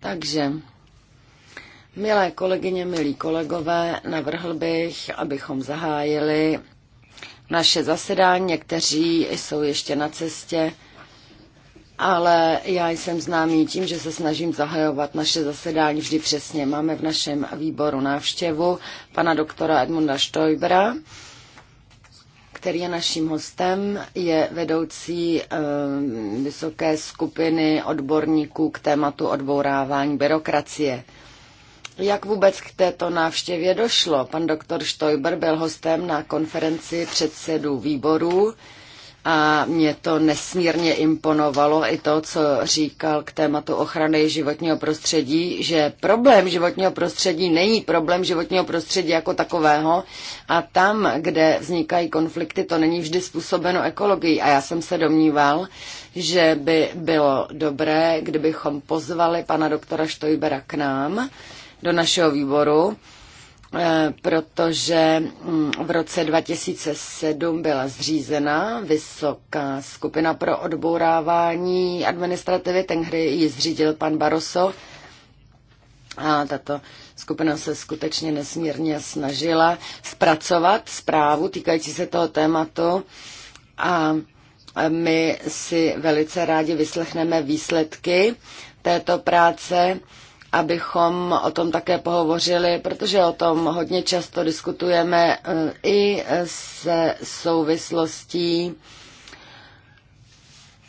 Takže, milé kolegyně, milí kolegové, navrhl bych, abychom zahájili naše zasedání. Někteří jsou ještě na cestě, ale já jsem známý tím, že se snažím zahajovat naše zasedání vždy přesně. Máme v našem výboru návštěvu pana doktora Edmunda Stoibera který je naším hostem, je vedoucí eh, vysoké skupiny odborníků k tématu odbourávání byrokracie. Jak vůbec k této návštěvě došlo? Pan doktor Stoiber byl hostem na konferenci předsedů výborů a mě to nesmírně imponovalo i to, co říkal k tématu ochrany životního prostředí, že problém životního prostředí není problém životního prostředí jako takového a tam, kde vznikají konflikty, to není vždy způsobeno ekologií. A já jsem se domníval, že by bylo dobré, kdybychom pozvali pana doktora Štojbera k nám do našeho výboru, protože mm, v roce 2007 byla zřízena vysoká skupina pro odbourávání administrativy, hry ji zřídil pan Baroso a tato skupina se skutečně nesmírně snažila zpracovat zprávu týkající se toho tématu a my si velice rádi vyslechneme výsledky této práce abychom o tom také pohovořili, protože o tom hodně často diskutujeme eh, i eh, se souvislostí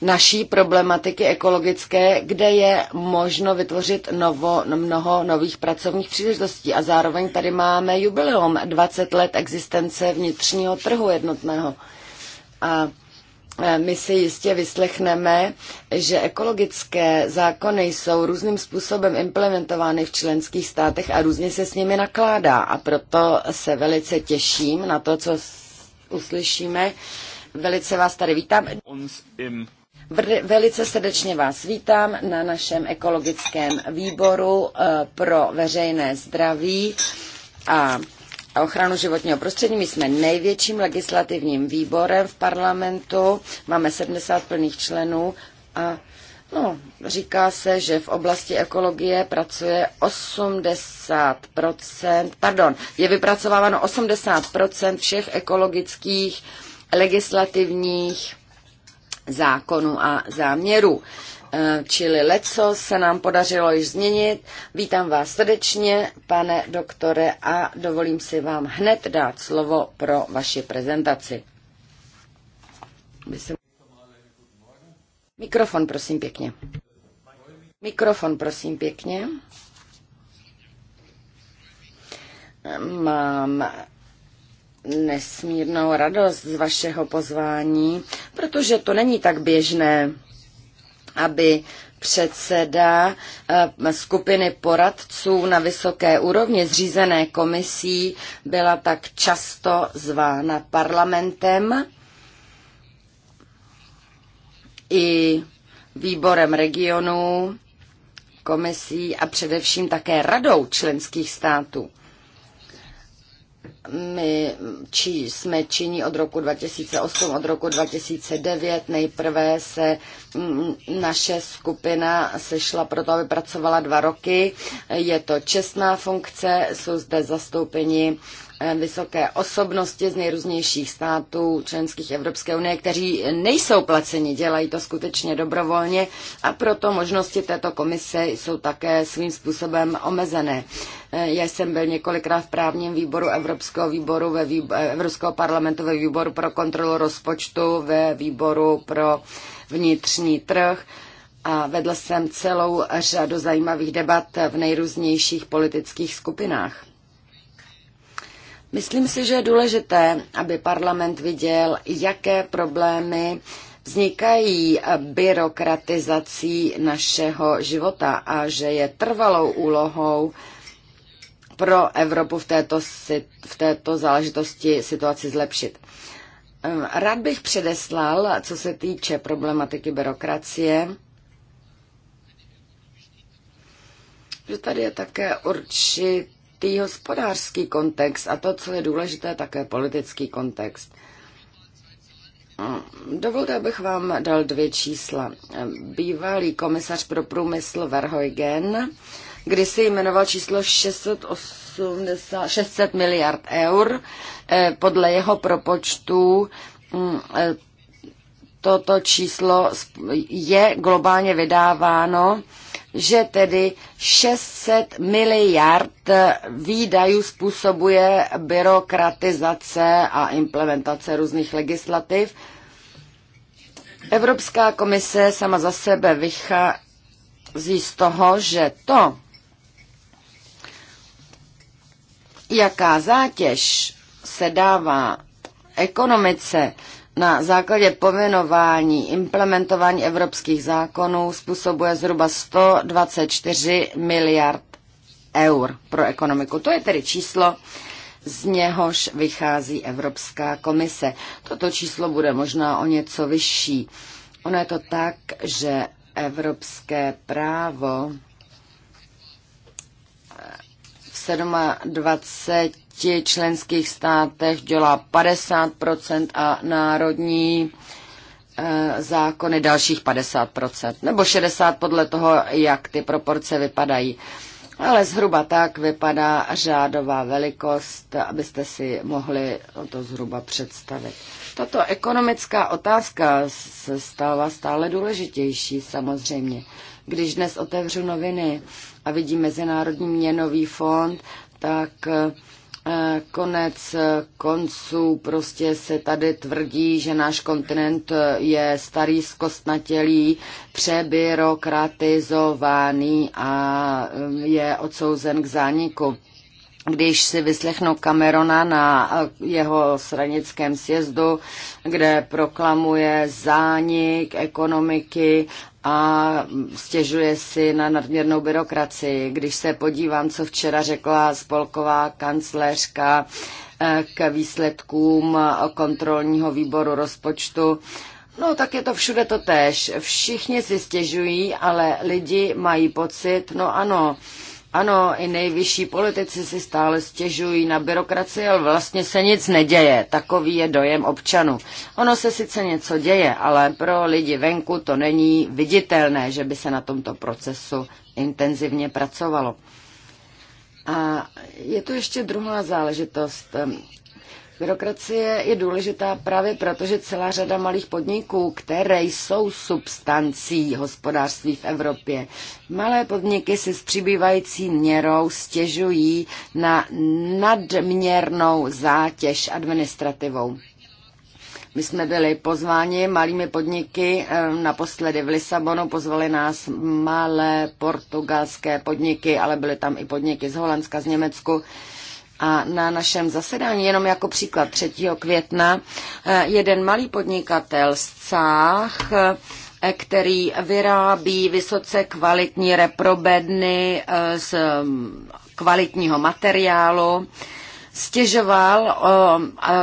naší problematiky ekologické, kde je možno vytvořit novo, mnoho nových pracovních příležitostí. A zároveň tady máme jubileum 20 let existence vnitřního trhu jednotného. A Eh, my si jistě vyslechneme, že ekologické zákony jsou různým způsobem implementovány v členských státech a různě se s nimi nakládá. A proto se velice těším na to, co uslyšíme. Velice vás tady vítám. Velice srdečně vás vítám na našem ekologickém výboru eh, pro veřejné zdraví a a ochranu životního prostředí. My jsme největším legislativním výborem v parlamentu, máme 70 plných členů a no, říká se, že v oblasti ekologie pracuje 80%, pardon, je vypracováváno 80% všech ekologických legislativních zákonů a záměrů. Eh, čili leco se nám podařilo již změnit. Vítám vás srdečně, pane doktore, a dovolím si vám hned dát slovo pro vaši prezentaci. Mikrofon, prosím, pěkně. Mikrofon, prosím, pěkně. Mám nesmírnou radost z vašeho pozvání, protože to není tak běžné aby předseda eh, skupiny poradců na vysoké úrovni zřízené komisí byla tak často zvána parlamentem i výborem regionů, komisí a především také radou členských států my či, jsme činí od roku 2008, od roku 2009. Nejprve se mm, naše skupina sešla proto, aby pracovala dva roky. Je to čestná funkce, jsou zde zastoupeni vysoké osobnosti z nejrůznějších států členských Evropské unie, kteří nejsou placeni, dělají to skutečně dobrovolně a proto možnosti této komise jsou také svým způsobem omezené. Eh, Já jsem byl několikrát v právním výboru Evropského, výboru ve výboru, eh, Evropského parlamentu ve výboru pro kontrolu rozpočtu, ve výboru pro vnitřní trh a vedl jsem celou řadu zajímavých debat v nejrůznějších politických skupinách. Myslím si, že je důležité, aby parlament viděl, jaké problémy vznikají byrokratizací našeho života a že je trvalou úlohou pro Evropu v této, v této záležitosti situaci zlepšit. Ehm, rád bych předeslal, co se týče problematiky byrokracie, že tady je také určit ty hospodářský kontext a to, co je důležité, také politický kontext. Dovolte, abych vám dal dvě čísla. Bývalý komisař pro průmysl Verheugen kdy si jmenoval číslo 680, 600 miliard eur. Eh, podle jeho propočtu mm, eh, toto číslo je globálně vydáváno že tedy 600 miliard výdajů způsobuje byrokratizace a implementace různých legislativ. Evropská komise sama za sebe vychází z toho, že to, jaká zátěž se dává ekonomice, na základě pomenování implementování evropských zákonů způsobuje zhruba 124 miliard eur pro ekonomiku. To je tedy číslo, z něhož vychází Evropská komise. Toto číslo bude možná o něco vyšší. Ono je to tak, že evropské právo v 27 šesti členských státech dělá 50% a národní eh, zákony dalších 50%, nebo 60% podle toho, jak ty proporce vypadají. Ale zhruba tak vypadá řádová velikost, abyste si mohli to zhruba představit. Tato ekonomická otázka se stává stále důležitější samozřejmě. Když dnes otevřu noviny a vidím Mezinárodní měnový fond, tak eh, Eh, konec konců prostě se tady tvrdí, že náš kontinent eh, je starý zkostnatělý, přebyrokratizovaný a eh, je odsouzen k zániku když si vyslechnu Camerona na jeho stranickém sjezdu, kde proklamuje zánik ekonomiky a stěžuje si na nadměrnou byrokracii. Když se podívám, co včera řekla spolková kancléřka eh, k výsledkům kontrolního výboru rozpočtu, No, tak je to všude to tež. Všichni si stěžují, ale lidi mají pocit, no ano, ano, i nejvyšší politici si stále stěžují na byrokracii, ale vlastně se nic neděje. Takový je dojem občanů. Ono se sice něco děje, ale pro lidi venku to není viditelné, že by se na tomto procesu intenzivně pracovalo. A je tu ještě druhá záležitost. Byrokracie je důležitá právě proto, že celá řada malých podniků, které jsou substancí hospodářství v Evropě, malé podniky si s přibývající měrou stěžují na nadměrnou zátěž administrativou. My jsme byli pozváni malými podniky, eh, naposledy v Lisabonu pozvali nás malé portugalské podniky, ale byly tam i podniky z Holandska, z Německu a na našem zasedání, jenom jako příklad 3. května, eh, jeden malý podnikatel z Cách, eh, který vyrábí vysoce kvalitní reprobedny eh, z mm, kvalitního materiálu, stěžoval,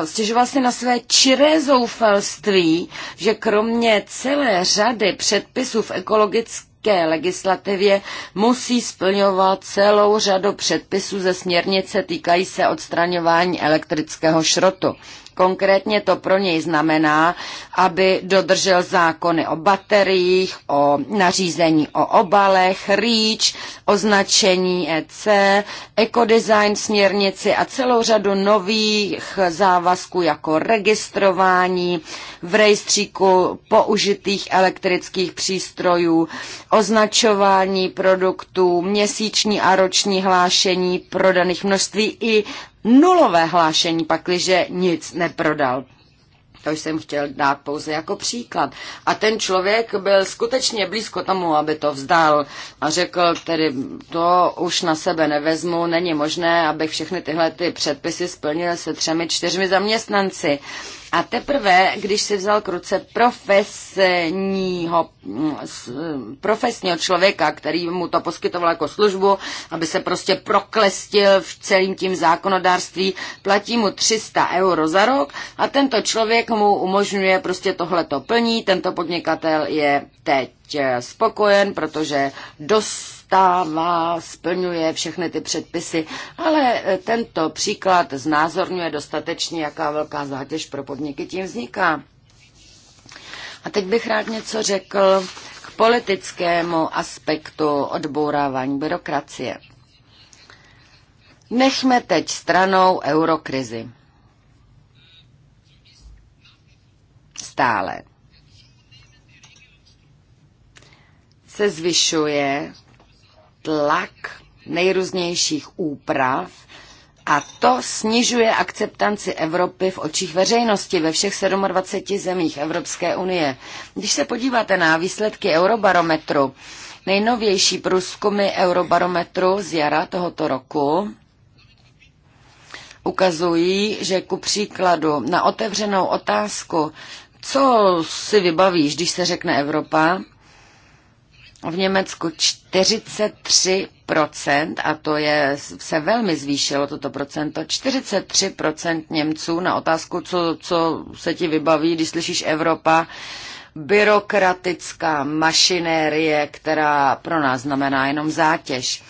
stěžoval si na své čiré zoufalství, že kromě celé řady předpisů v ekologické evropské legislativě musí splňovat celou řadu předpisů ze směrnice týkají se odstraňování elektrického šrotu. Konkrétně to pro něj znamená, aby dodržel zákony o bateriích, o nařízení o obalech, REACH, označení EC, ekodesign směrnici a celou řadu nových závazků jako registrování v rejstříku použitých elektrických přístrojů, označování produktů, měsíční a roční hlášení prodaných množství i nulové hlášení, pakliže nic neprodal. To jsem chtěl dát pouze jako příklad. A ten člověk byl skutečně blízko tomu, aby to vzdal a řekl, tedy to už na sebe nevezmu, není možné, abych všechny tyhle ty předpisy splnil se třemi, čtyřmi zaměstnanci. A teprve, když si vzal k ruce profesního, profesního člověka, který mu to poskytoval jako službu, aby se prostě proklestil v celým tím zákonodárství, platí mu 300 euro za rok a tento člověk mu umožňuje prostě tohle plní. Tento podnikatel je teď eh, spokojen, protože dost vstává, splňuje všechny ty předpisy, ale e, tento příklad znázorňuje dostatečně, jaká velká zátěž pro podniky tím vzniká. A teď bych rád něco řekl k politickému aspektu odbourávání byrokracie. Nechme teď stranou eurokrizi. Stále se zvyšuje tlak nejrůznějších úprav a to snižuje akceptanci Evropy v očích veřejnosti ve všech 27 zemích Evropské unie. Když se podíváte na výsledky Eurobarometru, nejnovější průzkumy Eurobarometru z jara tohoto roku, ukazují, že ku příkladu na otevřenou otázku, co si vybavíš, když se řekne Evropa, v Německu 43%, a to je, se velmi zvýšilo toto procento, 43% Němců na otázku, co, co se ti vybaví, když slyšíš Evropa, byrokratická mašinérie, která pro nás znamená jenom zátěž.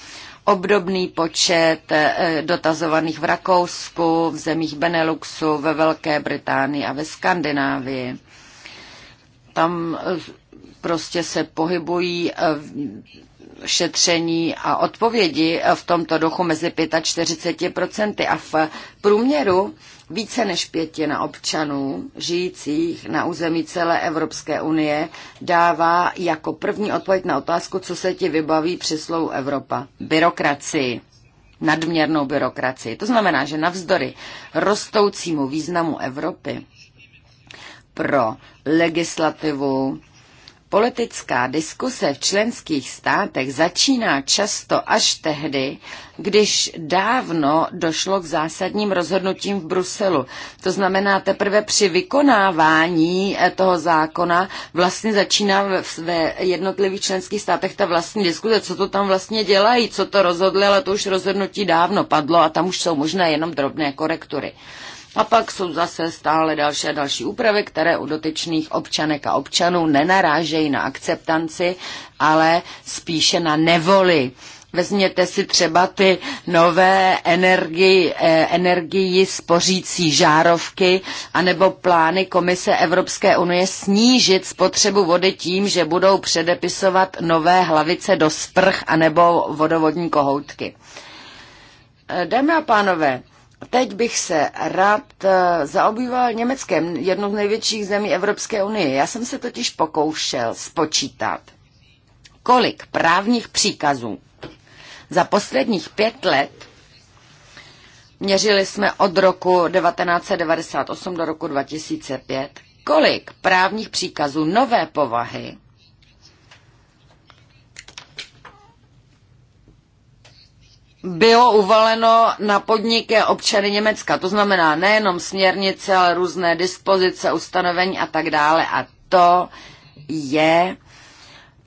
Obdobný počet eh, dotazovaných v Rakousku, v zemích Beneluxu, ve Velké Británii a ve Skandinávii. Tam eh, prostě se pohybují eh, šetření a odpovědi eh, v tomto duchu mezi 45% a v průměru více než pětina občanů žijících na území celé Evropské unie dává jako první odpověď na otázku, co se ti vybaví slovu Evropa. Byrokracii nadměrnou byrokracii. To znamená, že navzdory rostoucímu významu Evropy pro legislativu, politická diskuse v členských státech začíná často až tehdy, když dávno došlo k zásadním rozhodnutím v Bruselu. To znamená, teprve při vykonávání eh, toho zákona vlastně začíná ve jednotlivých členských státech ta vlastní diskuze, co to tam vlastně dělají, co to rozhodli, ale to už rozhodnutí dávno padlo a tam už jsou možné jenom drobné korektury. A pak jsou zase stále další a další úpravy, které u dotyčných občanek a občanů nenarážejí na akceptanci, ale spíše na nevoli. Vezměte si třeba ty nové energii, eh, energii spořící žárovky anebo plány Komise Evropské unie snížit spotřebu vody tím, že budou předepisovat nové hlavice do sprch anebo vodovodní kohoutky. Eh, dámy a pánové, Teď bych se rád eh, zaobýval Německem, jednou z největších zemí Evropské unie. Já jsem se totiž pokoušel spočítat, kolik právních příkazů za posledních pět let Měřili jsme od roku 1998 do roku 2005, kolik právních příkazů nové povahy bylo uvaleno na podniky a občany Německa. To znamená nejenom směrnice, ale různé dispozice, ustanovení a tak dále. A to je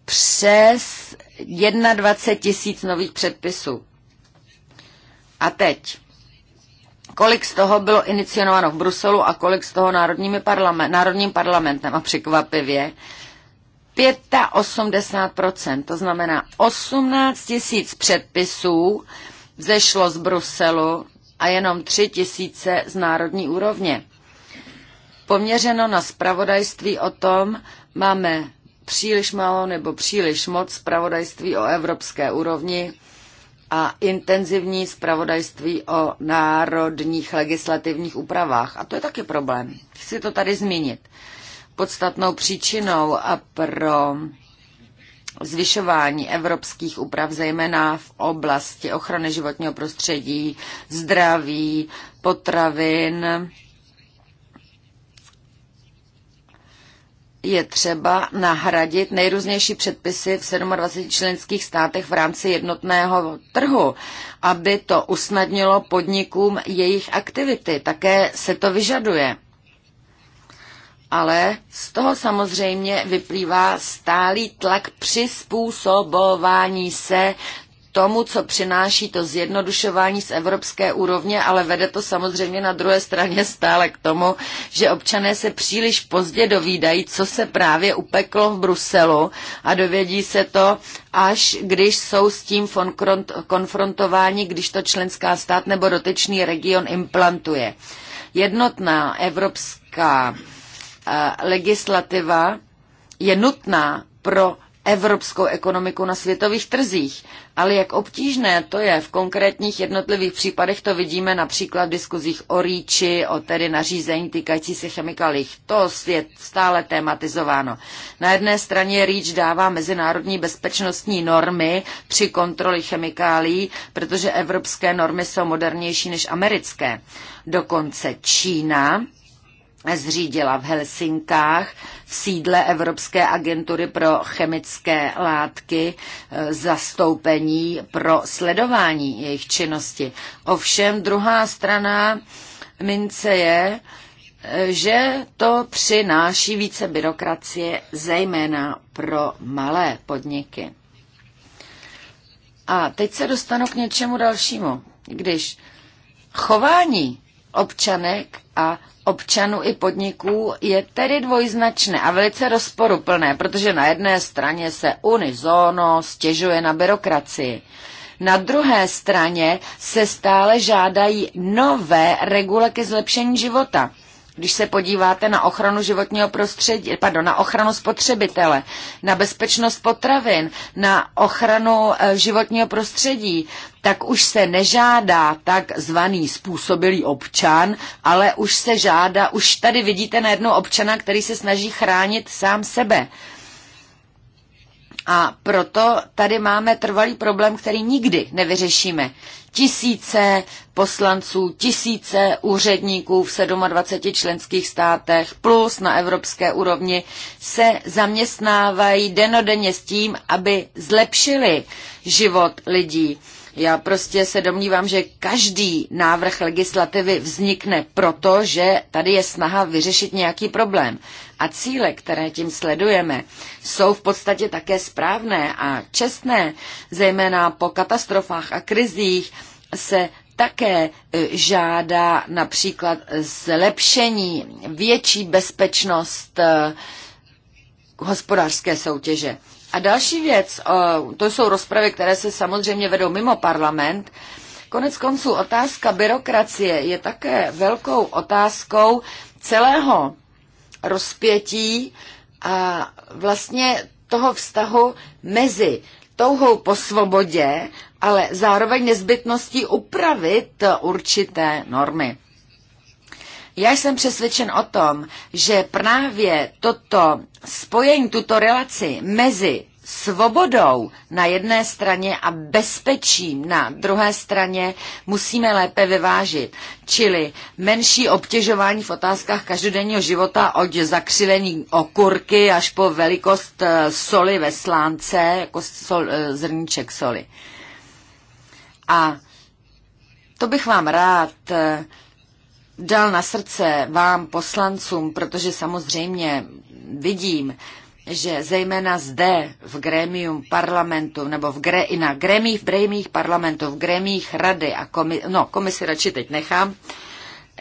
přes 21 tisíc nových předpisů. A teď, kolik z toho bylo iniciováno v Bruselu a kolik z toho národními parlament, národním parlamentem a překvapivě, 85%, to znamená 18 tisíc předpisů zešlo z Bruselu a jenom 3 tisíce z národní úrovně. Poměřeno na spravodajství o tom máme příliš málo nebo příliš moc spravodajství o evropské úrovni a intenzivní spravodajství o národních legislativních úpravách. A to je taky problém. Chci to tady zmínit. Podstatnou příčinou a pro zvyšování evropských úprav, zejména v oblasti ochrany životního prostředí, zdraví, potravin, je třeba nahradit nejrůznější předpisy v 27 členských státech v rámci jednotného trhu, aby to usnadnilo podnikům jejich aktivity. Také se to vyžaduje ale z toho samozřejmě vyplývá stálý tlak přizpůsobování se tomu, co přináší to zjednodušování z evropské úrovně, ale vede to samozřejmě na druhé straně stále k tomu, že občané se příliš pozdě dovídají, co se právě upeklo v Bruselu a dovědí se to, až když jsou s tím konfrontováni, když to členská stát nebo dotyčný region implantuje. Jednotná evropská Eh, legislativa je nutná pro evropskou ekonomiku na světových trzích. Ale jak obtížné to je v konkrétních jednotlivých případech, to vidíme například v diskuzích o rýči, o tedy nařízení týkající se chemikalích. To je stále tematizováno. Na jedné straně rýč dává mezinárodní bezpečnostní normy při kontroli chemikálí, protože evropské normy jsou modernější než americké. Dokonce Čína zřídila v Helsinkách v sídle Evropské agentury pro chemické látky e, zastoupení pro sledování jejich činnosti. Ovšem druhá strana mince je, e, že to přináší více byrokracie, zejména pro malé podniky. A teď se dostanu k něčemu dalšímu. Když chování občanek a občanů i podniků je tedy dvojznačné a velice rozporuplné, protože na jedné straně se unizóno stěžuje na byrokracii. Na druhé straně se stále žádají nové regule ke zlepšení života když se podíváte na ochranu životního prostředí, pardon, na ochranu spotřebitele, na bezpečnost potravin, na ochranu eh, životního prostředí, tak už se nežádá tak zvaný způsobilý občan, ale už se žádá, už tady vidíte jednu občana, který se snaží chránit sám sebe. A proto tady máme trvalý problém, který nikdy nevyřešíme. Tisíce poslanců, tisíce úředníků v 27 členských státech plus na evropské úrovni se zaměstnávají denodenně s tím, aby zlepšili život lidí já prostě se domnívám, že každý návrh legislativy vznikne proto, že tady je snaha vyřešit nějaký problém. A cíle, které tím sledujeme, jsou v podstatě také správné a čestné, zejména po katastrofách a krizích se také e, žádá například zlepšení, větší bezpečnost e, hospodářské soutěže. A další věc, to jsou rozpravy, které se samozřejmě vedou mimo parlament. Konec konců otázka byrokracie je také velkou otázkou celého rozpětí a vlastně toho vztahu mezi touhou po svobodě, ale zároveň nezbytností upravit určité normy. Já jsem přesvědčen o tom, že právě toto spojení, tuto relaci mezi svobodou na jedné straně a bezpečím na druhé straně musíme lépe vyvážit. Čili menší obtěžování v otázkách každodenního života od zakřivení okurky až po velikost eh, soli ve slánce, jako sol, eh, zrníček soli. A to bych vám rád eh, dal na srdce vám poslancům, protože samozřejmě vidím, že zejména zde v grémium parlamentu, nebo v gré, i na grémích, v grémích parlamentu, v grémích rady a komi, no, komisi radši teď nechám,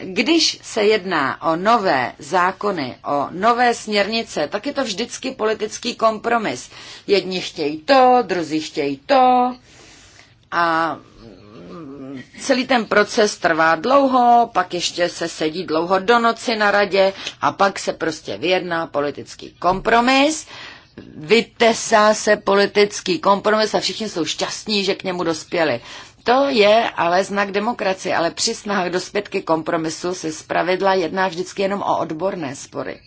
když se jedná o nové zákony, o nové směrnice, tak je to vždycky politický kompromis. Jedni chtějí to, druzí chtějí to a celý ten proces trvá dlouho, pak ještě se sedí dlouho do noci na radě a pak se prostě vyjedná politický kompromis, vytesá se politický kompromis a všichni jsou šťastní, že k němu dospěli. To je ale znak demokracie, ale při snahách dospět ke kompromisu se zpravidla jedná vždycky jenom o odborné spory.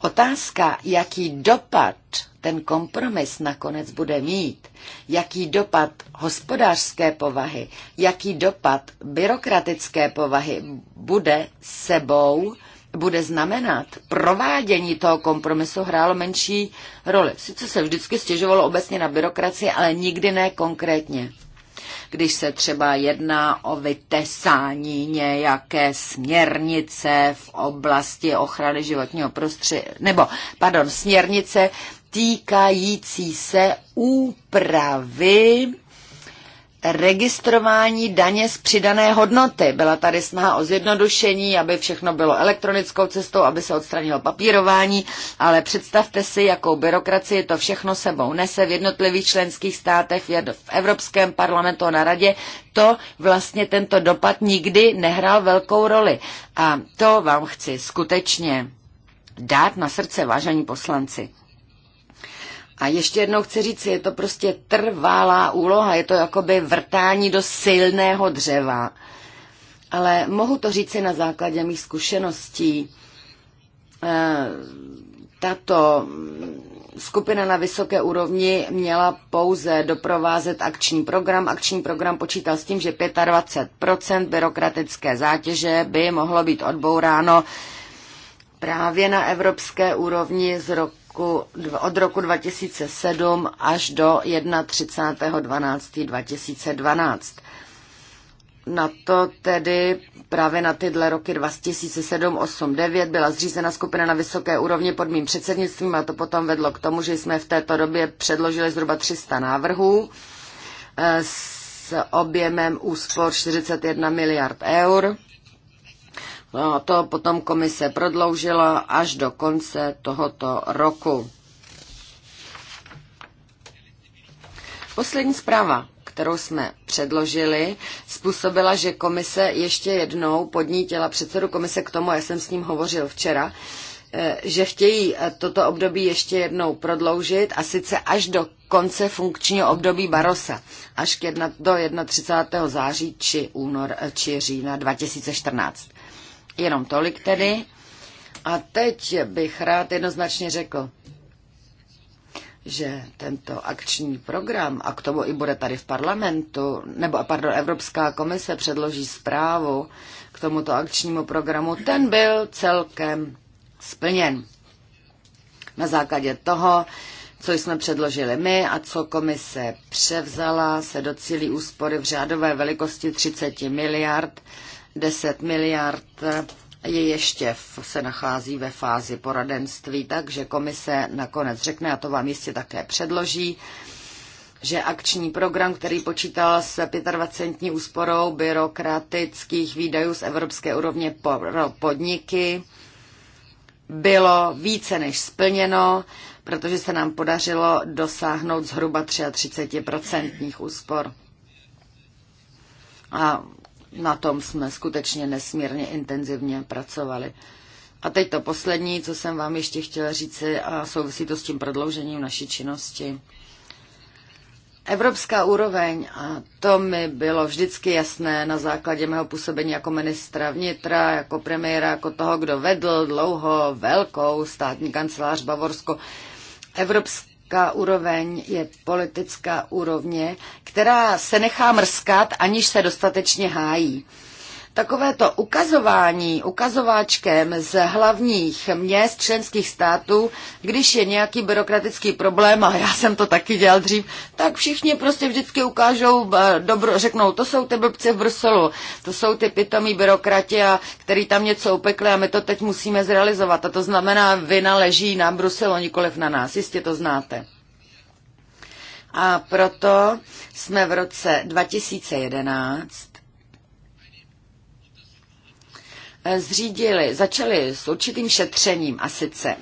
Otázka, jaký dopad ten kompromis nakonec bude mít, jaký dopad hospodářské povahy, jaký dopad byrokratické povahy bude sebou, bude znamenat provádění toho kompromisu hrálo menší roli. Sice se vždycky stěžovalo obecně na byrokracii, ale nikdy ne konkrétně když se třeba jedná o vytesání nějaké směrnice v oblasti ochrany životního prostředí, nebo, pardon, směrnice týkající se úpravy registrování daně z přidané hodnoty. Byla tady snaha o zjednodušení, aby všechno bylo elektronickou cestou, aby se odstranilo papírování, ale představte si, jakou byrokracii to všechno sebou nese v jednotlivých členských státech, v Evropském parlamentu a na radě. To vlastně tento dopad nikdy nehrál velkou roli. A to vám chci skutečně dát na srdce, vážení poslanci. A ještě jednou chci říct, je to prostě trvalá úloha, je to jakoby vrtání do silného dřeva. Ale mohu to říct na základě mých zkušeností. Eh, tato skupina na vysoké úrovni měla pouze doprovázet akční program. Akční program počítal s tím, že 25 byrokratické zátěže by mohlo být odbouráno právě na evropské úrovni z roku roku, od roku 2007 až do 31.12.2012. Na to tedy právě na tyhle roky 2007, 8, 9 byla zřízena skupina na vysoké úrovni pod mým předsednictvím a to potom vedlo k tomu, že jsme v této době předložili zhruba 300 návrhů eh, s objemem úspor 41 miliard eur No, to potom komise prodloužila až do konce tohoto roku. Poslední zpráva, kterou jsme předložili, způsobila, že komise ještě jednou podnítila předsedu komise k tomu, já jsem s ním hovořil včera, eh, že chtějí eh, toto období ještě jednou prodloužit a sice až do konce funkčního období Barosa, až k jedna, do 31. září či, únor, eh, či října 2014. Jenom tolik tedy. A teď bych rád jednoznačně řekl, že tento akční program, a k tomu i bude tady v parlamentu, nebo pardon, Evropská komise předloží zprávu k tomuto akčnímu programu, ten byl celkem splněn. Na základě toho, co jsme předložili my a co komise převzala, se docílí úspory v řádové velikosti 30 miliard 10 miliard je ještě v, se nachází ve fázi poradenství, takže komise nakonec řekne, a to vám jistě také předloží, že akční program, který počítal s 25% úsporou byrokratických výdajů z evropské úrovně pro podniky, bylo více než splněno, protože se nám podařilo dosáhnout zhruba 33% úspor. A na tom jsme skutečně nesmírně intenzivně pracovali. A teď to poslední, co jsem vám ještě chtěla říci a souvisí to s tím prodloužením naší činnosti. Evropská úroveň, a to mi bylo vždycky jasné na základě mého působení jako ministra vnitra, jako premiéra, jako toho, kdo vedl dlouho velkou státní kancelář Bavorsko. Evropská politická úroveň je politická úrovně, která se nechá mrskat, aniž se dostatečně hájí. Takovéto ukazování ukazováčkem z hlavních měst členských států, když je nějaký byrokratický problém, a já jsem to taky dělal dřív, tak všichni prostě vždycky ukážou, eh, dobro, řeknou, to jsou ty blbce v Bruselu, to jsou ty pitomí byrokrati, a který tam něco upekli a my to teď musíme zrealizovat. A to znamená, vina leží na Bruselu, nikoliv na nás, jistě to znáte. A proto jsme v roce 2011 zřídili, začali s určitým šetřením a sice,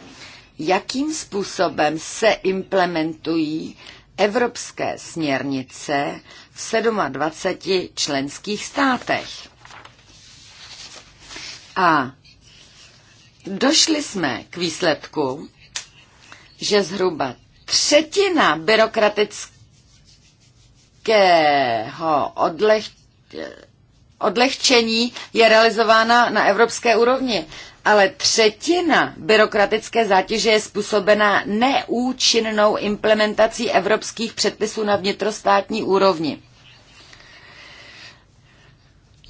jakým způsobem se implementují evropské směrnice v 27 členských státech. A došli jsme k výsledku, že zhruba třetina byrokratického odlehčení odlehčení je realizována na evropské úrovni. Ale třetina byrokratické zátěže je způsobena neúčinnou implementací evropských předpisů na vnitrostátní úrovni.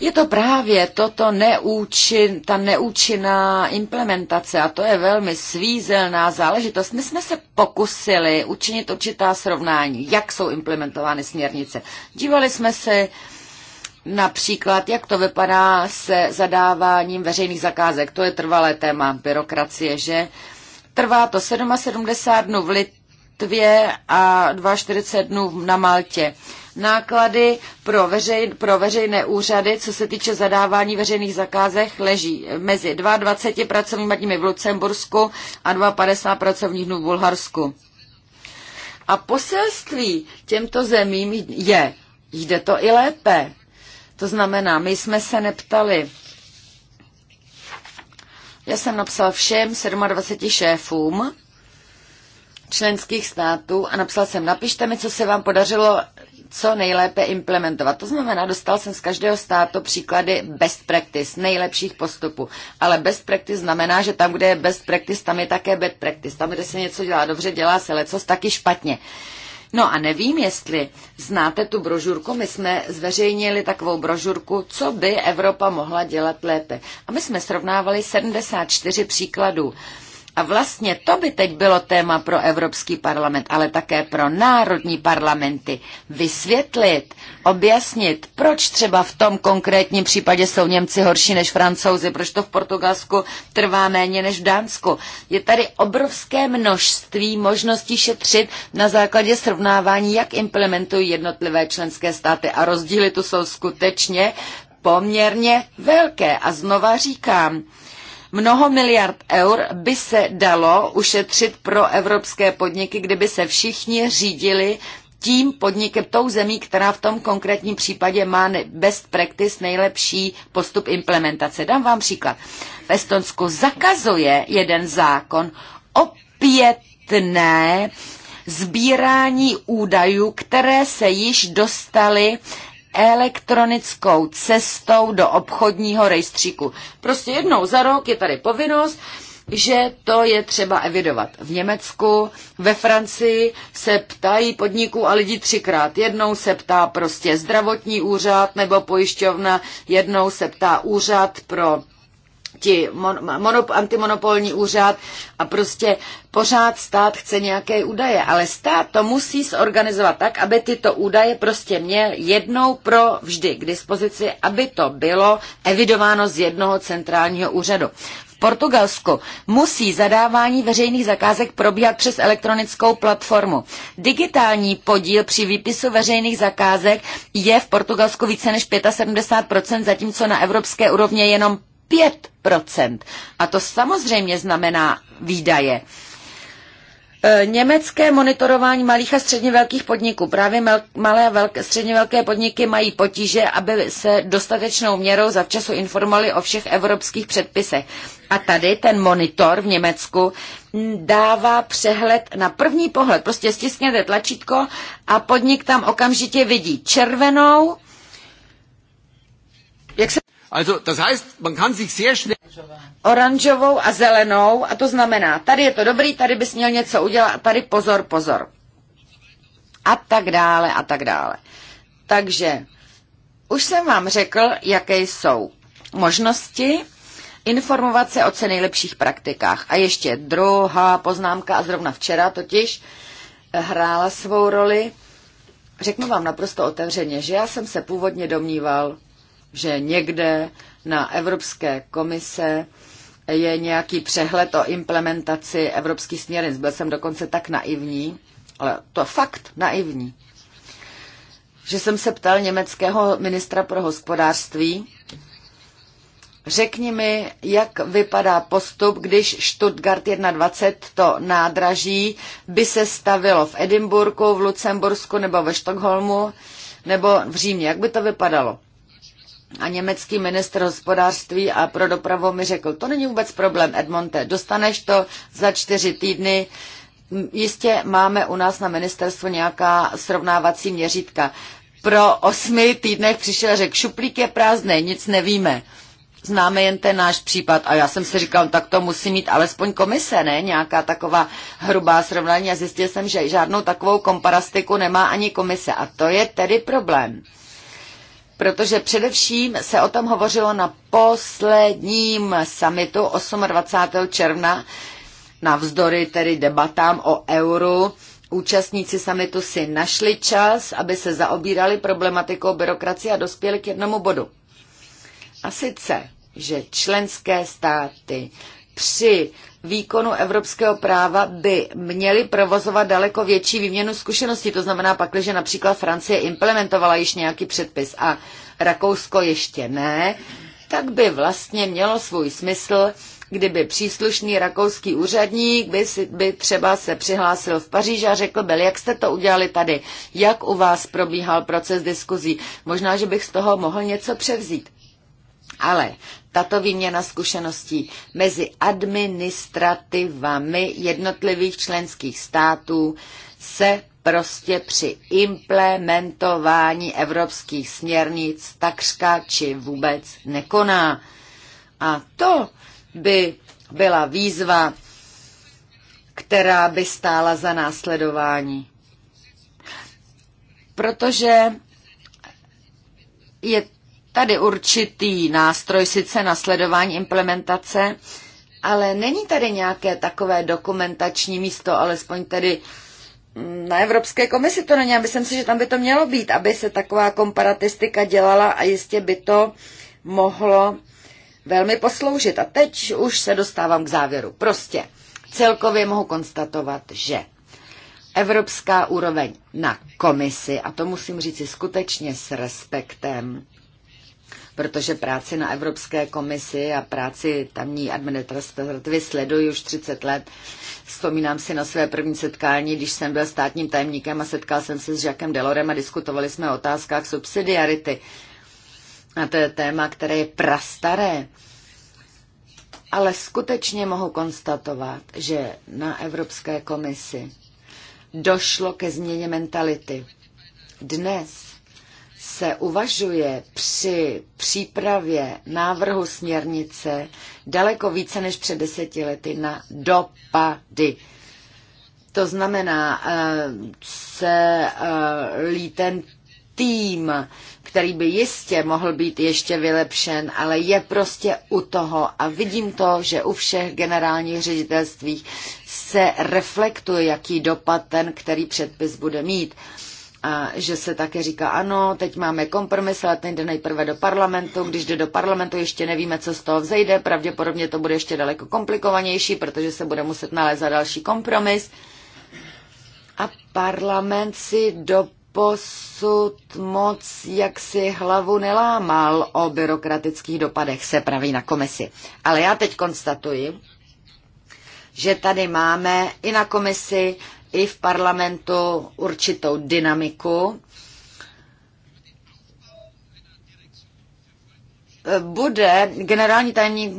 Je to právě toto neúčin, ta neúčinná implementace a to je velmi svízelná záležitost. My jsme se pokusili učinit určitá srovnání, jak jsou implementovány směrnice. Dívali jsme se Například, jak to vypadá se zadáváním veřejných zakázek. To je trvalé téma byrokracie, že? Trvá to 77 dnů v Litvě a 42 dnů na Maltě. Náklady pro, veřej, pro veřejné úřady, co se týče zadávání veřejných zakázek, leží mezi 22 pracovními dními v Lucembursku a 52 pracovních dnů v Bulharsku. A poselství těmto zemím je, jde to i lépe to znamená, my jsme se neptali. Já jsem napsal všem 27 šéfům členských států a napsal jsem, napište mi, co se vám podařilo co nejlépe implementovat. To znamená, dostal jsem z každého státu příklady best practice, nejlepších postupů. Ale best practice znamená, že tam, kde je best practice, tam je také bad practice. Tam, kde se něco dělá dobře, dělá se lecos taky špatně. Uh, No a nevím, jestli znáte tu brožurku, my jsme zveřejnili takovou brožurku, co by Evropa mohla dělat lépe. A my jsme srovnávali 74 příkladů a vlastně to by teď bylo téma pro Evropský parlament, ale také pro národní parlamenty. Vysvětlit, objasnit, proč třeba v tom konkrétním případě jsou Němci horší než Francouzi, proč to v Portugalsku trvá méně než v Dánsku. Je tady obrovské množství možností šetřit na základě srovnávání, jak implementují jednotlivé členské státy a rozdíly tu jsou skutečně poměrně velké. A znova říkám, Mnoho miliard eur by se dalo ušetřit pro evropské podniky, kdyby se všichni řídili tím podnikem, tou zemí, která v tom konkrétním případě má best practice, nejlepší postup implementace. Dám vám příklad. V Estonsku zakazuje jeden zákon opětné sbírání údajů, které se již dostaly elektronickou cestou do obchodního rejstříku. Prostě jednou za rok je tady povinnost, že to je třeba evidovat. V Německu, ve Francii se ptají podniků a lidi třikrát. Jednou se ptá prostě zdravotní úřad nebo pojišťovna, jednou se ptá úřad pro ti mon, monop, antimonopolní úřad a prostě pořád stát chce nějaké údaje, ale stát to musí zorganizovat tak, aby tyto údaje prostě měl jednou pro vždy k dispozici, aby to bylo evidováno z jednoho centrálního úřadu. V Portugalsku musí zadávání veřejných zakázek probíhat přes elektronickou platformu. Digitální podíl při výpisu veřejných zakázek je v Portugalsku více než 75%, zatímco na evropské úrovně jenom 5 A to samozřejmě znamená výdaje. E, německé monitorování malých a středně velkých podniků. Právě malé a velké, středně velké podniky mají potíže, aby se dostatečnou měrou zavčasu informovali o všech evropských předpisech. A tady ten monitor v Německu dává přehled na první pohled. Prostě stiskněte tlačítko a podnik tam okamžitě vidí červenou, jak se Also, das heißt, man kann sich sehr schnell... Oranžovou a zelenou, a to znamená, tady je to dobrý, tady bys měl něco udělat, tady pozor, pozor. A tak dále, a tak dále. Takže, už jsem vám řekl, jaké jsou možnosti informovat se o co nejlepších praktikách. A ještě druhá poznámka, a zrovna včera totiž eh, hrála svou roli. Řeknu vám naprosto otevřeně, že já jsem se původně domníval, že někde na Evropské komise je nějaký přehled o implementaci evropských směrnic. Byl jsem dokonce tak naivní, ale to fakt naivní, že jsem se ptal německého ministra pro hospodářství, řekni mi, jak vypadá postup, když Stuttgart 21 to nádraží by se stavilo v Edimburku, v Lucembursku nebo ve Štokholmu nebo v Římě. Jak by to vypadalo? A německý ministr hospodářství a pro dopravu mi řekl, to není vůbec problém, Edmonte, dostaneš to za čtyři týdny, jistě máme u nás na ministerstvu nějaká srovnávací měřítka. Pro osmi týdnech přišel a řekl, šuplík je prázdný, nic nevíme. Známe jen ten náš případ a já jsem si říkal, no, tak to musí mít alespoň komise, ne? Nějaká taková hrubá srovnání a zjistil jsem, že žádnou takovou komparastiku nemá ani komise a to je tedy problém protože především se o tom hovořilo na posledním summitu 28. června, navzdory tedy debatám o euru. Účastníci summitu si našli čas, aby se zaobírali problematikou byrokracie a dospěli k jednomu bodu. A sice, že členské státy při výkonu evropského práva by měly provozovat daleko větší výměnu zkušeností. To znamená pak, že například Francie implementovala již nějaký předpis a Rakousko ještě ne, tak by vlastně mělo svůj smysl, kdyby příslušný rakouský úředník by, si, by třeba se přihlásil v Paříži a řekl byl, jak jste to udělali tady, jak u vás probíhal proces diskuzí. Možná, že bych z toho mohl něco převzít. Ale tato výměna zkušeností mezi administrativami jednotlivých členských států se prostě při implementování evropských směrnic takřka či vůbec nekoná. A to by byla výzva, která by stála za následování. Protože je tady určitý nástroj sice na sledování implementace, ale není tady nějaké takové dokumentační místo, alespoň tedy mm, na Evropské komisi to není. Myslím si, že tam by to mělo být, aby se taková komparatistika dělala a jistě by to mohlo velmi posloužit. A teď už se dostávám k závěru. Prostě celkově mohu konstatovat, že evropská úroveň na komisi, a to musím říci skutečně s respektem, protože práci na Evropské komisi a práci tamní administrativy sleduji už 30 let. Vzpomínám si na své první setkání, když jsem byl státním tajemníkem a setkal jsem se s Žakem Delorem a diskutovali jsme o otázkách subsidiarity. A to je téma, které je prastaré. Ale skutečně mohu konstatovat, že na Evropské komisi došlo ke změně mentality. Dnes se uvažuje při přípravě návrhu směrnice daleko více než před deseti lety na dopady. To znamená, celý eh, eh, ten tým, který by jistě mohl být ještě vylepšen, ale je prostě u toho a vidím to, že u všech generálních ředitelstvích se reflektuje, jaký dopad ten, který předpis bude mít a že se také říká, ano, teď máme kompromis, ale ten jde nejprve do parlamentu, když jde do parlamentu, ještě nevíme, co z toho vzejde, pravděpodobně to bude ještě daleko komplikovanější, protože se bude muset nalézat další kompromis. A parlament si do posud moc jak si hlavu nelámal o byrokratických dopadech, se praví na komisi. Ale já teď konstatuji, že tady máme i na komisi i v parlamentu určitou dynamiku. Bude generální tajemník,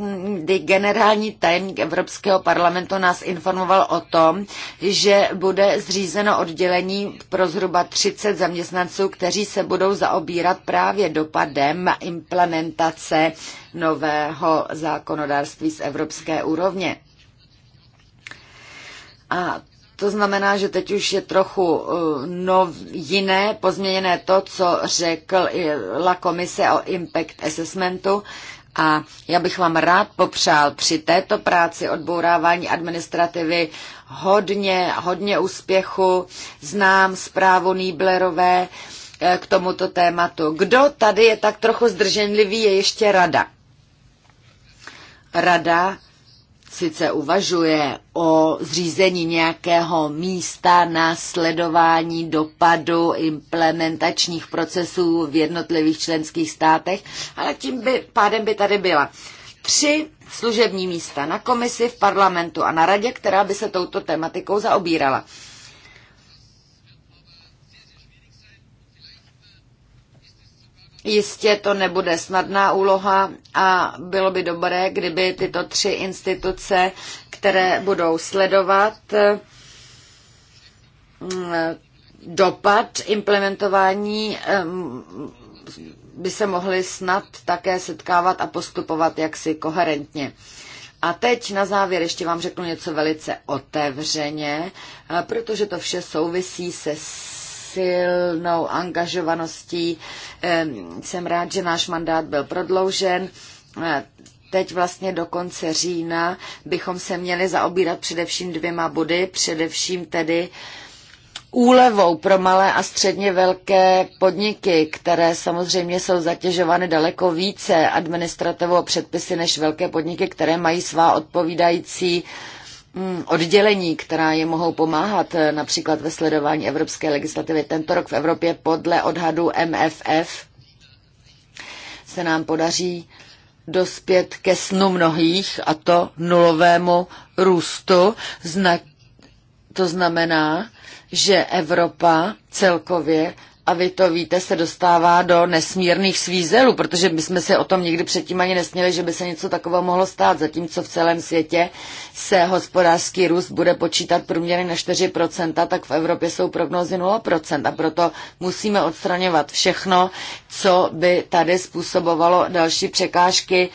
generální tajemník Evropského parlamentu nás informoval o tom, že bude zřízeno oddělení pro zhruba 30 zaměstnanců, kteří se budou zaobírat právě dopadem implementace nového zákonodárství z evropské úrovně. A to znamená, že teď už je trochu eh, nov, jiné, pozměněné to, co řekl la komise o impact assessmentu. A já bych vám rád popřál při této práci odbourávání administrativy hodně, hodně úspěchu. Znám zprávu Nýblerové eh, k tomuto tématu. Kdo tady je tak trochu zdrženlivý, je ještě rada. Rada sice uvažuje o zřízení nějakého místa na sledování dopadu implementačních procesů v jednotlivých členských státech, ale tím by, pádem by tady byla tři služební místa na komisi, v parlamentu a na radě, která by se touto tematikou zaobírala. Jistě to nebude snadná úloha a bylo by dobré, kdyby tyto tři instituce, které budou sledovat eh, dopad implementování, eh, by se mohly snad také setkávat a postupovat jaksi koherentně. A teď na závěr ještě vám řeknu něco velice otevřeně, eh, protože to vše souvisí se silnou angažovaností. Jsem rád, že náš mandát byl prodloužen e, teď vlastně do konce října bychom se měli zaobírat především dvěma body, především tedy úlevou pro malé a středně velké podniky, které samozřejmě jsou zatěžovány daleko více administrativou předpisy než velké podniky, které mají svá odpovídající eh, Mm, oddělení, která je mohou pomáhat eh, například ve sledování evropské legislativy. Tento rok v Evropě podle odhadu MFF se nám podaří dospět ke snu mnohých a to nulovému růstu. Zna- to znamená, že Evropa celkově a vy to víte, se dostává do nesmírných svízelů, protože my jsme se o tom nikdy předtím ani nesměli, že by se něco takového mohlo stát, zatímco v celém světě se hospodářský růst bude počítat průměrně na 4%, tak v Evropě jsou prognózy 0% a proto musíme odstraňovat všechno, co by tady způsobovalo další překážky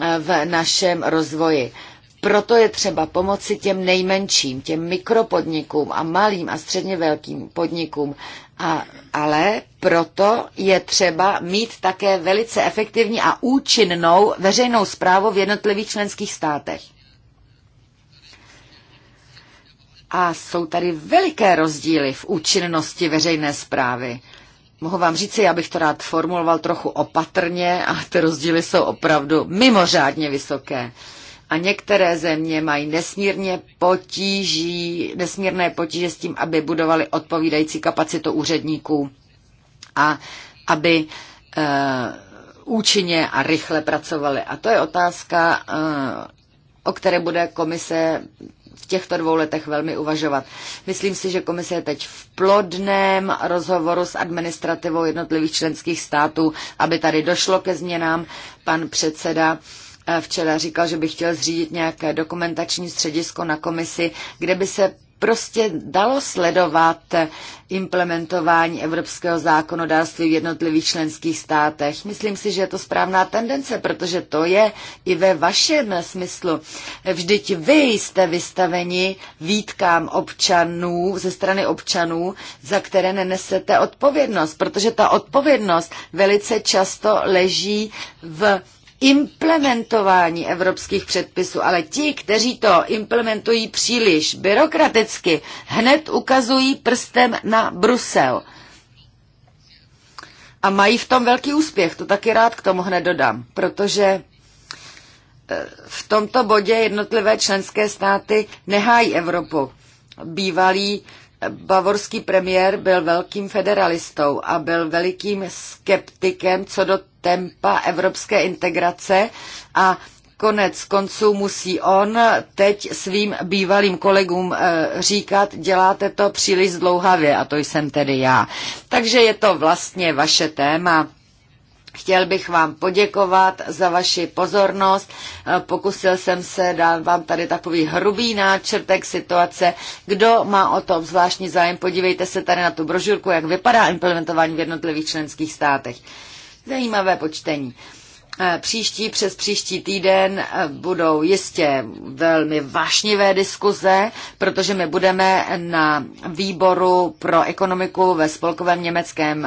eh, v našem rozvoji. Proto je třeba pomoci těm nejmenším, těm mikropodnikům a malým a středně velkým podnikům, a, ale proto je třeba mít také velice efektivní a účinnou veřejnou zprávu v jednotlivých členských státech. A jsou tady veliké rozdíly v účinnosti veřejné zprávy. Mohu vám říct, já bych to rád formuloval trochu opatrně, a ty rozdíly jsou opravdu mimořádně vysoké. A některé země mají nesmírně potíží, nesmírné potíže s tím, aby budovali odpovídající kapacitu úředníků a aby e, účinně a rychle pracovali. A to je otázka, e, o které bude komise v těchto dvou letech velmi uvažovat. Myslím si, že komise je teď v plodném rozhovoru s administrativou jednotlivých členských států, aby tady došlo ke změnám. Pan předseda Eh, včera říkal, že by chtěl zřídit nějaké dokumentační středisko na komisi, kde by se prostě dalo sledovat eh, implementování evropského zákonodárství v jednotlivých členských státech. Myslím si, že je to správná tendence, protože to je i ve vašem smyslu. Vždyť vy jste vystaveni výtkám občanů, ze strany občanů, za které nenesete odpovědnost, protože ta odpovědnost velice často leží v implementování evropských předpisů, ale ti, kteří to implementují příliš byrokraticky, hned ukazují prstem na Brusel. A mají v tom velký úspěch, to taky rád k tomu hned dodám, protože eh, v tomto bodě jednotlivé členské státy nehájí Evropu. Bývalý Bavorský premiér byl velkým federalistou a byl velikým skeptikem co do tempa evropské integrace a konec konců musí on teď svým bývalým kolegům eh, říkat, děláte to příliš zdlouhavě a to jsem tedy já. Takže je to vlastně vaše téma Chtěl bych vám poděkovat za vaši pozornost. Eh, pokusil jsem se dát vám tady takový hrubý náčrtek situace. Kdo má o to zvláštní zájem, podívejte se tady na tu brožurku, jak vypadá implementování v jednotlivých členských státech. Zajímavé počtení. Eh, příští přes příští týden eh, budou jistě velmi vášnivé diskuze, protože my budeme na výboru pro ekonomiku ve spolkovém německém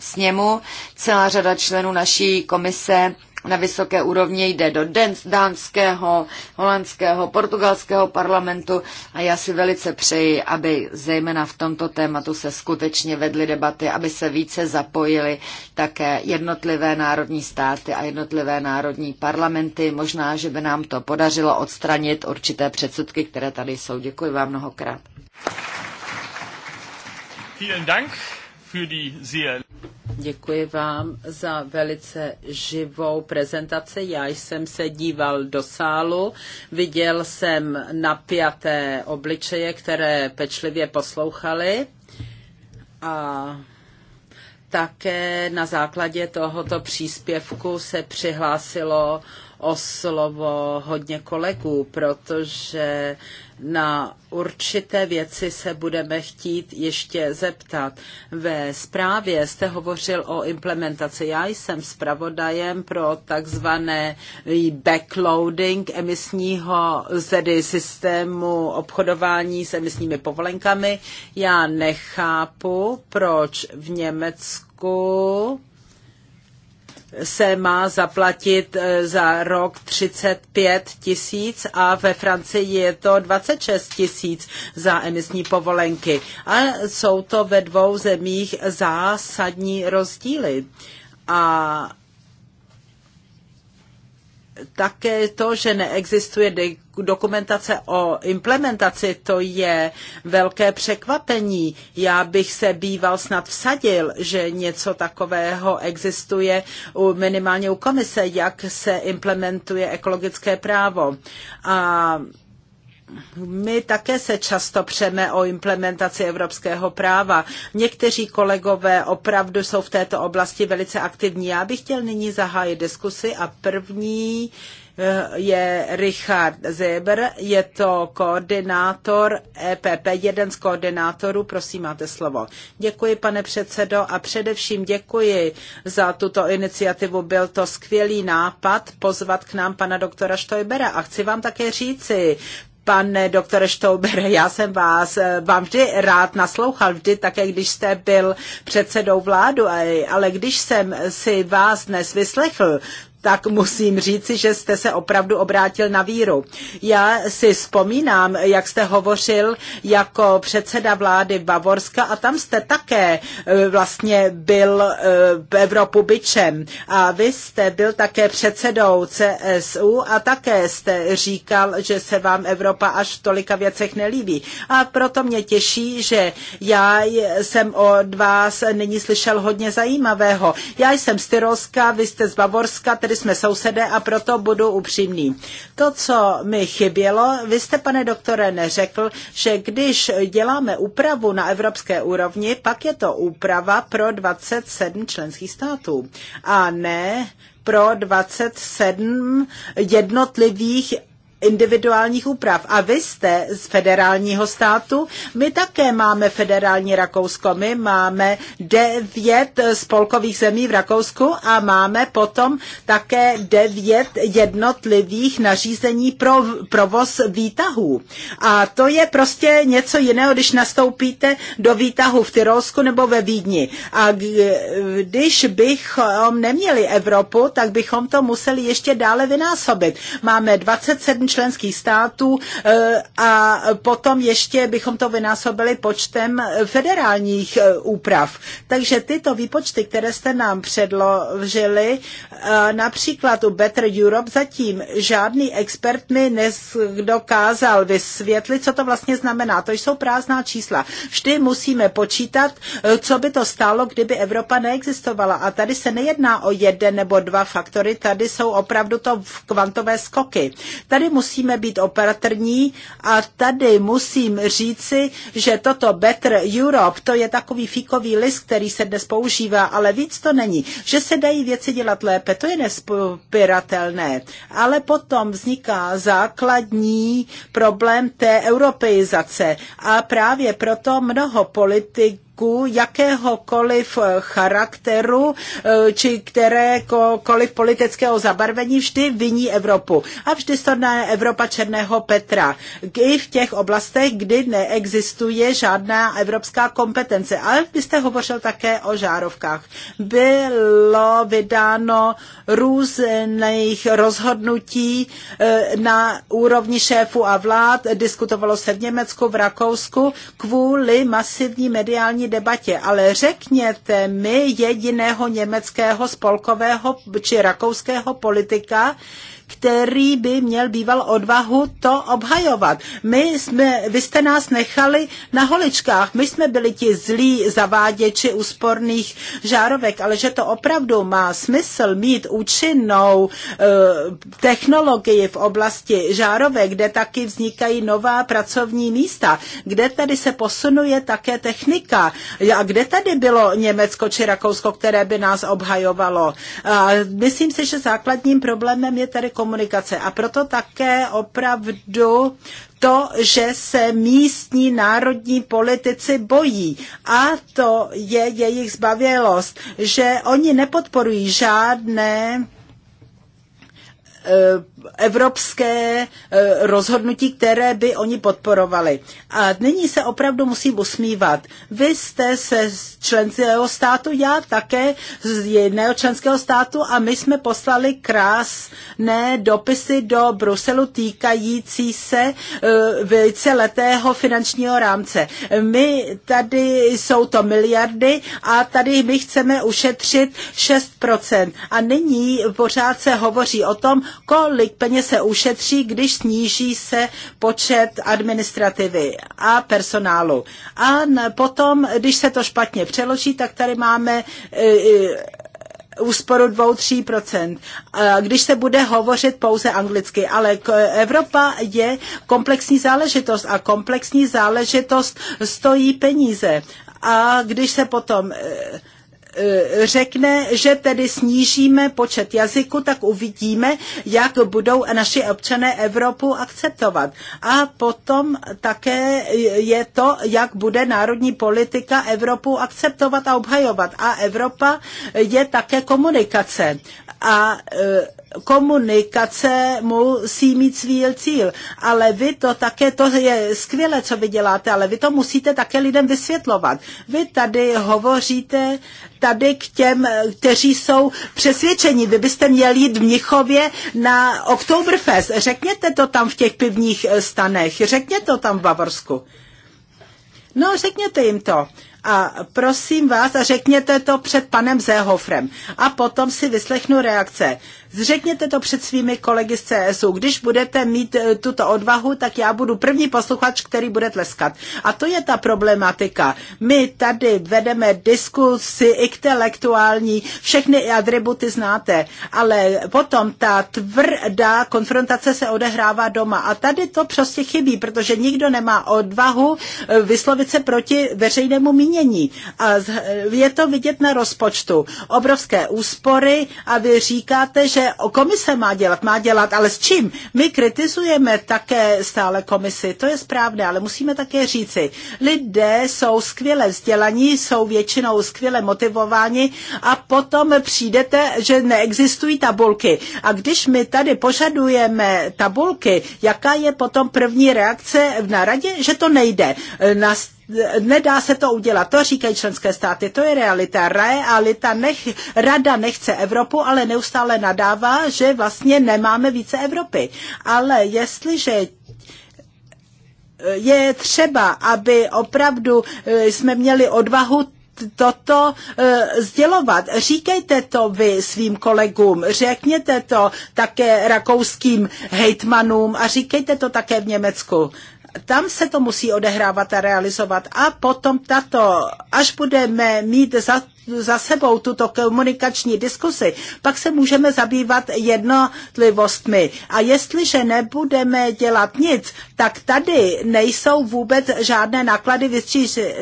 sněmu. Celá řada členů naší komise na vysoké úrovni jde do dánského, holandského, portugalského parlamentu a já si velice přeji, aby zejména v tomto tématu se skutečně vedly debaty, aby se více zapojily také jednotlivé národní státy a jednotlivé národní parlamenty. Možná, že by nám to podařilo odstranit určité předsudky, které tady jsou. Děkuji vám mnohokrát. Vielen Dank. Děkuji vám za velice živou prezentaci. Já jsem se díval do sálu, viděl jsem napjaté obličeje, které pečlivě poslouchali a také na základě tohoto příspěvku se přihlásilo o slovo hodně kolegů, protože na určité věci se budeme chtít ještě zeptat. Ve zprávě jste hovořil o implementaci. Já jsem zpravodajem pro takzvané backloading emisního tedy systému obchodování s emisními povolenkami. Já nechápu, proč v Německu se má zaplatit eh, za rok 35 tisíc a ve Francii je to 26 tisíc za emisní povolenky. A jsou to ve dvou zemích zásadní rozdíly. A také to, že neexistuje dokumentace o implementaci, to je velké překvapení. Já bych se býval snad vsadil, že něco takového existuje u, minimálně u komise, jak se implementuje ekologické právo. A my také se často přeme o implementaci evropského práva. Někteří kolegové opravdu jsou v této oblasti velice aktivní. Já bych chtěl nyní zahájit diskusi a první eh, je Richard Zeber, je to koordinátor EPP, jeden z koordinátorů, prosím, máte slovo. Děkuji, pane předsedo, a především děkuji za tuto iniciativu. Byl to skvělý nápad pozvat k nám pana doktora Štojbera a chci vám také říci, Pane doktore Štouber, já jsem vás, eh, vám vždy rád naslouchal, vždy také, když jste byl předsedou vládu, ale když jsem si vás dnes vyslechl, tak musím říci, že jste se opravdu obrátil na víru. Já si vzpomínám, jak jste hovořil jako předseda vlády Bavorska a tam jste také e, vlastně byl e, v Evropu byčem. A vy jste byl také předsedou CSU a také jste říkal, že se vám Evropa až v tolika věcech nelíbí. A proto mě těší, že já jsem od vás nyní slyšel hodně zajímavého. Já jsem z Tyrolska, vy jste z Bavorska, tedy jsme sousedé a proto budu upřímný. To, co mi chybělo, vy jste, pane doktore, neřekl, že když děláme úpravu na evropské úrovni, pak je to úprava pro 27 členských států. A ne pro 27 jednotlivých individuálních úprav. A vy jste z federálního státu, my také máme federální Rakousko, my máme devět spolkových zemí v Rakousku a máme potom také devět jednotlivých nařízení pro provoz výtahů. A to je prostě něco jiného, když nastoupíte do výtahu v Tyrolsku nebo ve Vídni. A když bychom neměli Evropu, tak bychom to museli ještě dále vynásobit. Máme 27 členských států eh, a potom ještě bychom to vynásobili počtem federálních eh, úprav. Takže tyto výpočty, které jste nám předložili, eh, například u Better Europe zatím žádný expert mi nedokázal vysvětlit, co to vlastně znamená. To jsou prázdná čísla. Vždy musíme počítat, co by to stálo, kdyby Evropa neexistovala. A tady se nejedná o jeden nebo dva faktory, tady jsou opravdu to kvantové skoky. Tady musíme být operativní a tady musím říci, že toto Better Europe, to je takový fíkový list, který se dnes používá, ale víc to není. Že se dají věci dělat lépe, to je nespiratelné. Ale potom vzniká základní problém té europeizace a právě proto mnoho politik politiků jakéhokoliv eh, charakteru eh, či kterékoliv politického zabarvení vždy viní Evropu. A vždy na Evropa Černého Petra. I v těch oblastech, kdy neexistuje žádná evropská kompetence. Ale vy jste hovořil také o žárovkách. Bylo vydáno různých rozhodnutí eh, na úrovni šéfů a vlád, diskutovalo se v Německu, v Rakousku, kvůli masivní mediální debatě, ale řekněte mi jediného německého spolkového či rakouského politika, který by měl býval odvahu to obhajovat. My jsme, vy jste nás nechali na holičkách, my jsme byli ti zlí zaváděči úsporných žárovek, ale že to opravdu má smysl mít účinnou e, technologii v oblasti žárovek, kde taky vznikají nová pracovní místa, kde tady se posunuje také technika a kde tady bylo Německo či Rakousko, které by nás obhajovalo. A myslím si, že základním problémem je tady komunikace. A proto také opravdu to, že se místní národní politici bojí. A to je jejich zbavělost, že oni nepodporují žádné eh, evropské eh, rozhodnutí, které by oni podporovali. A nyní se opravdu musím usmívat. Vy jste se z členského státu, já také z jiného členského státu a my jsme poslali krásné dopisy do Bruselu týkající se eh, víceletého finančního rámce. My tady jsou to miliardy a tady my chceme ušetřit 6%. A nyní pořád se hovoří o tom, kolik kolik peněz se ušetří, když sníží se počet administrativy a personálu. A potom, když se to špatně přeloží, tak tady máme e, e, úsporu 2-3%, když se bude hovořit pouze anglicky. Ale Evropa je komplexní záležitost a komplexní záležitost stojí peníze. A když se potom e, Eh, řekne, že tedy snížíme počet jazyků, tak uvidíme, jak budou naši občané Evropu akceptovat. A potom také je to, jak bude národní politika Evropu akceptovat a obhajovat. A Evropa je také komunikace. A eh, komunikace musí mít svý cíl. Ale vy to také, to je skvělé, co vy děláte, ale vy to musíte také lidem vysvětlovat. Vy tady hovoříte tady k těm, kteří jsou přesvědčeni. Vy byste měli jít v Mnichově na Oktoberfest. Řekněte to tam v těch pivních eh, stanech. Řekněte to tam v Bavorsku. No, řekněte jim to a prosím vás a řekněte to před panem Zéhofrem. A potom si vyslechnu reakce. Zřekněte to před svými kolegy z CSU. Když budete mít eh, tuto odvahu, tak já budu první posluchač, který bude tleskat. A to je ta problematika. My tady vedeme diskusy intelektuální, všechny atributy znáte, ale potom ta tvrdá konfrontace se odehrává doma. A tady to prostě chybí, protože nikdo nemá odvahu eh, vyslovit se proti veřejnému mínění. A je to vidět na rozpočtu. Obrovské úspory a vy říkáte, že že komise má dělat, má dělat, ale s čím? My kritizujeme také stále komisi, to je správné, ale musíme také říci, lidé jsou skvěle vzdělaní, jsou většinou skvěle motivováni a potom přijdete, že neexistují tabulky. A když my tady požadujeme tabulky, jaká je potom první reakce na radě, že to nejde. Na nedá se to udělat. To říkají členské státy, to je realita. Realita nech, rada nechce Evropu, ale neustále nadává, že vlastně nemáme více Evropy. Ale jestliže eh, je třeba, aby opravdu eh, jsme měli odvahu toto e, sdělovat. Říkejte to vy svým kolegům, řekněte to také rakouským hejtmanům a říkejte to také v Německu tam se to musí odehrávat a realizovat. A potom tato, až budeme mít za za sebou tuto komunikační diskusi, pak se můžeme zabývat jednotlivostmi. A jestliže nebudeme dělat nic, tak tady nejsou vůbec žádné náklady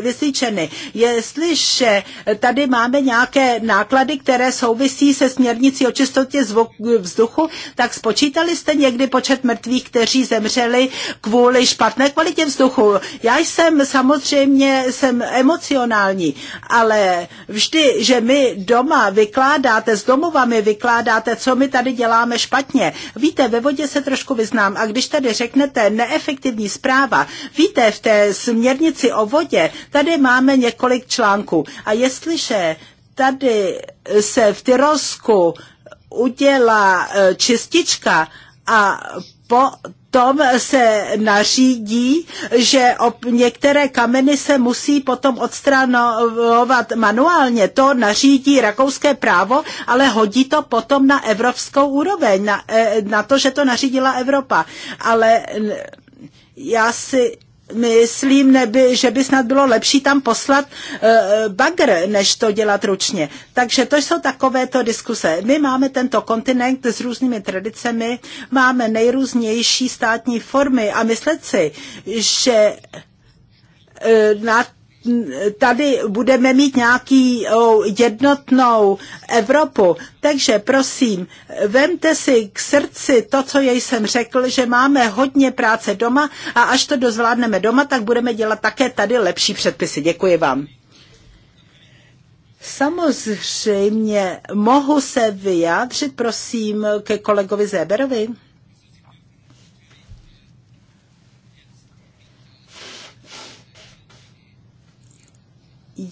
vysíčeny. Jestliže tady máme nějaké náklady, které souvisí se směrnicí o čistotě vzduchu, tak spočítali jste někdy počet mrtvých, kteří zemřeli kvůli špatné kvalitě vzduchu. Já jsem samozřejmě jsem emocionální, ale vždy vy, že my doma vykládáte, s domovami vykládáte, co my tady děláme špatně. Víte, ve vodě se trošku vyznám a když tady řeknete neefektivní zpráva, víte, v té směrnici o vodě, tady máme několik článků a jestliže tady se v Tyrolsku udělá e, čistička a potom se nařídí, že ob některé kameny se musí potom odstranovat manuálně. To nařídí rakouské právo, ale hodí to potom na evropskou úroveň, na, e, na to, že to nařídila Evropa. Ale já si myslím, neby, že by snad bylo lepší tam poslat uh, bagr, než to dělat ručně. Takže to jsou takovéto diskuse. My máme tento kontinent s různými tradicemi, máme nejrůznější státní formy a myslet si, že eh, na tady budeme mít nějaký jednotnou Evropu. Takže prosím, vemte si k srdci to, co jej jsem řekl, že máme hodně práce doma a až to dozvládneme doma, tak budeme dělat také tady lepší předpisy. Děkuji vám. Samozřejmě mohu se vyjádřit, prosím, ke kolegovi Zéberovi.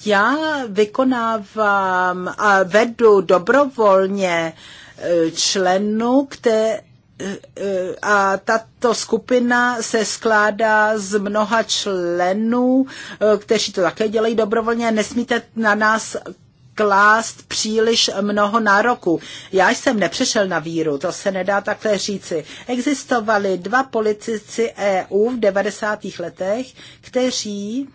já vykonávám a vedu dobrovolně e, členů, které e, e, a tato skupina se skládá z mnoha členů, kteří to také dělají dobrovolně. Nesmíte na nás klást příliš mnoho nároků. Já jsem nepřešel na víru, to se nedá takhle říci. Existovali dva politici EU v 90. letech, kteří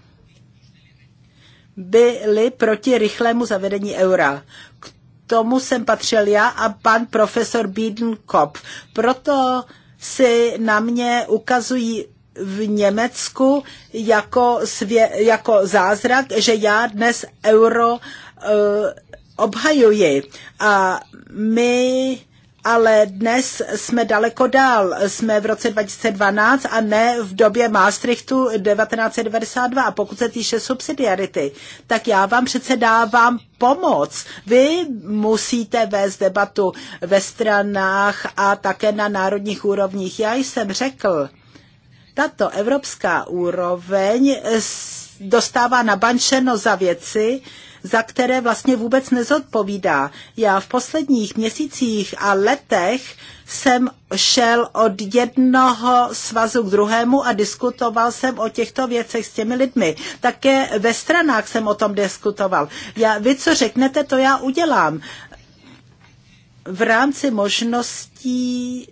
byli proti rychlému zavedení eura. K tomu jsem patřil já a pan profesor Biedenkopf. Proto si na mě ukazují v Německu jako, svě, jako zázrak, že já dnes euro uh, obhajuji. A my ale dnes jsme daleko dál. Jsme v roce 2012 a ne v době Maastrichtu 1992. A pokud se týče subsidiarity, tak já vám přece dávám pomoc. Vy musíte vést debatu ve stranách a také na národních úrovních. Já jsem řekl, tato evropská úroveň dostává nabančeno za věci, za které vlastně vůbec nezodpovídá. Já v posledních měsících a letech jsem šel od jednoho svazu k druhému a diskutoval jsem o těchto věcech s těmi lidmi. Také ve stranách jsem o tom diskutoval. Já, vy, co řeknete, to já udělám. V rámci možností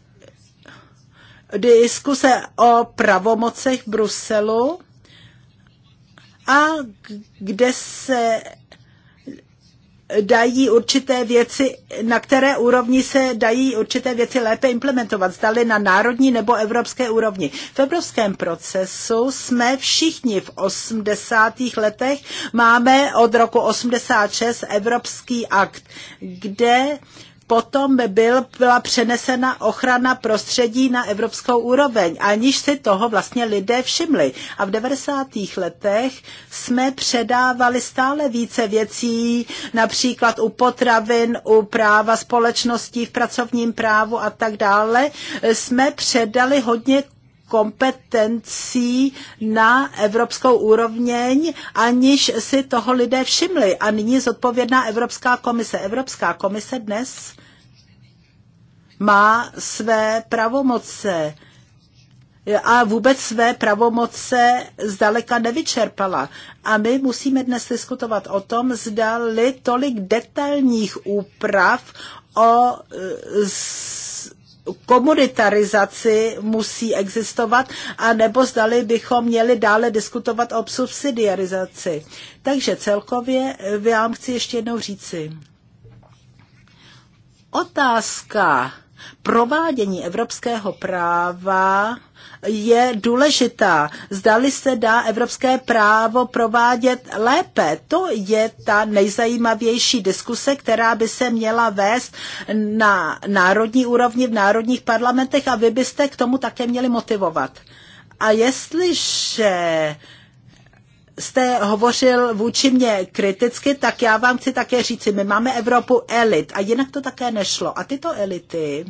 diskuse o pravomocech Bruselu a kde se dají určité věci, na které úrovni se dají určité věci lépe implementovat, zdali na národní nebo evropské úrovni. V evropském procesu jsme všichni v 80. letech, máme od roku 86 Evropský akt, kde potom byl, byla přenesena ochrana prostředí na evropskou úroveň, aniž si toho vlastně lidé všimli. A v 90. letech jsme předávali stále více věcí, například u potravin, u práva společností v pracovním právu a tak dále. Jsme předali hodně kompetencí na evropskou úrovněň, aniž si toho lidé všimli. A nyní zodpovědná Evropská komise. Evropská komise dnes má své pravomoce a vůbec své pravomoce zdaleka nevyčerpala. A my musíme dnes diskutovat o tom, zdali tolik detailních úprav o z e, komunitarizaci musí existovat, a nebo zdali bychom měli dále diskutovat o subsidiarizaci. Takže celkově eh, vám chci ještě jednou říci. Otázka provádění evropského práva je důležitá. Zdali se dá evropské právo provádět lépe. To je ta nejzajímavější diskuse, která by se měla vést na národní úrovni v národních parlamentech a vy byste k tomu také měli motivovat. A jestliže jste hovořil vůči mně kriticky, tak já vám chci také říci, my máme Evropu elit a jinak to také nešlo. A tyto elity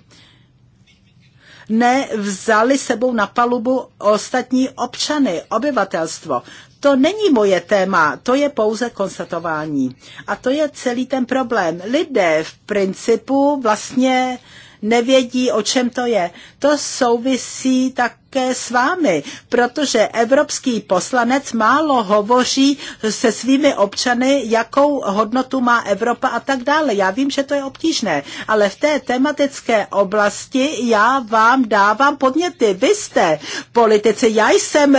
nevzali sebou na palubu ostatní občany, obyvatelstvo. To není moje téma, to je pouze konstatování. A to je celý ten problém. Lidé v principu vlastně nevědí, o čem to je. To souvisí také s vámi, protože evropský poslanec málo hovoří se svými občany, jakou hodnotu má Evropa a tak dále. Já vím, že to je obtížné, ale v té tematické oblasti já vám dávám podněty. Vy jste politici, já jsem,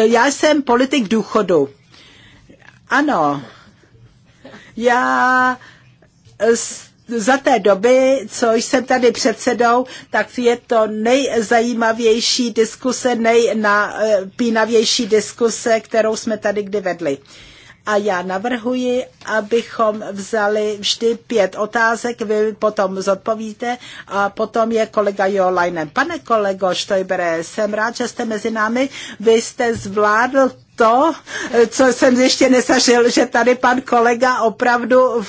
já jsem politik důchodu. Ano, já za té doby, co jsem tady předsedou, tak je to nejzajímavější diskuse, nejnapínavější diskuse, kterou jsme tady kdy vedli a já navrhuji, abychom vzali vždy pět otázek, vy potom zodpovíte a potom je kolega Leinen. Pane kolego Štojbere, jsem rád, že jste mezi námi. Vy jste zvládl to, co jsem ještě nesažil, že tady pan kolega opravdu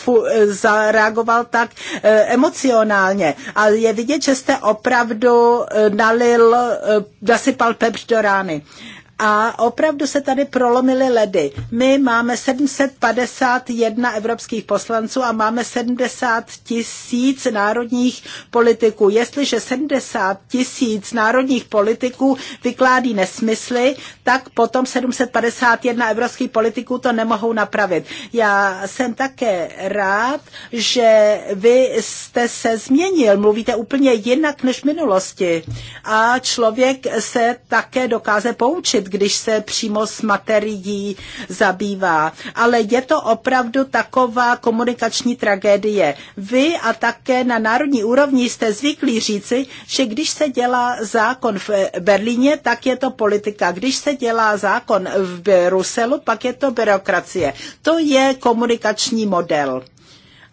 zareagoval tak eh, emocionálně. A je vidět, že jste opravdu eh, nalil, eh, nasypal pepř do rány. E, a opravdu se tady prolomily ledy. My máme 751 evropských poslanců a máme 70 tisíc národních politiků. Jestliže 70 tisíc národních politiků vykládí nesmysly, tak potom 751 evropských politiků to nemohou napravit. Já jsem také rád, že vy jste se změnil, mluvíte úplně jinak než v minulosti a člověk se také dokáže poučit vidět, když se přímo s materií zabývá. Ale je to opravdu taková komunikační tragédie. Vy a také na národní úrovni jste zvyklí říci, že když se dělá zákon v Berlíně, tak je to politika. Když se dělá zákon v Bruselu, pak je to byrokracie. To je komunikační model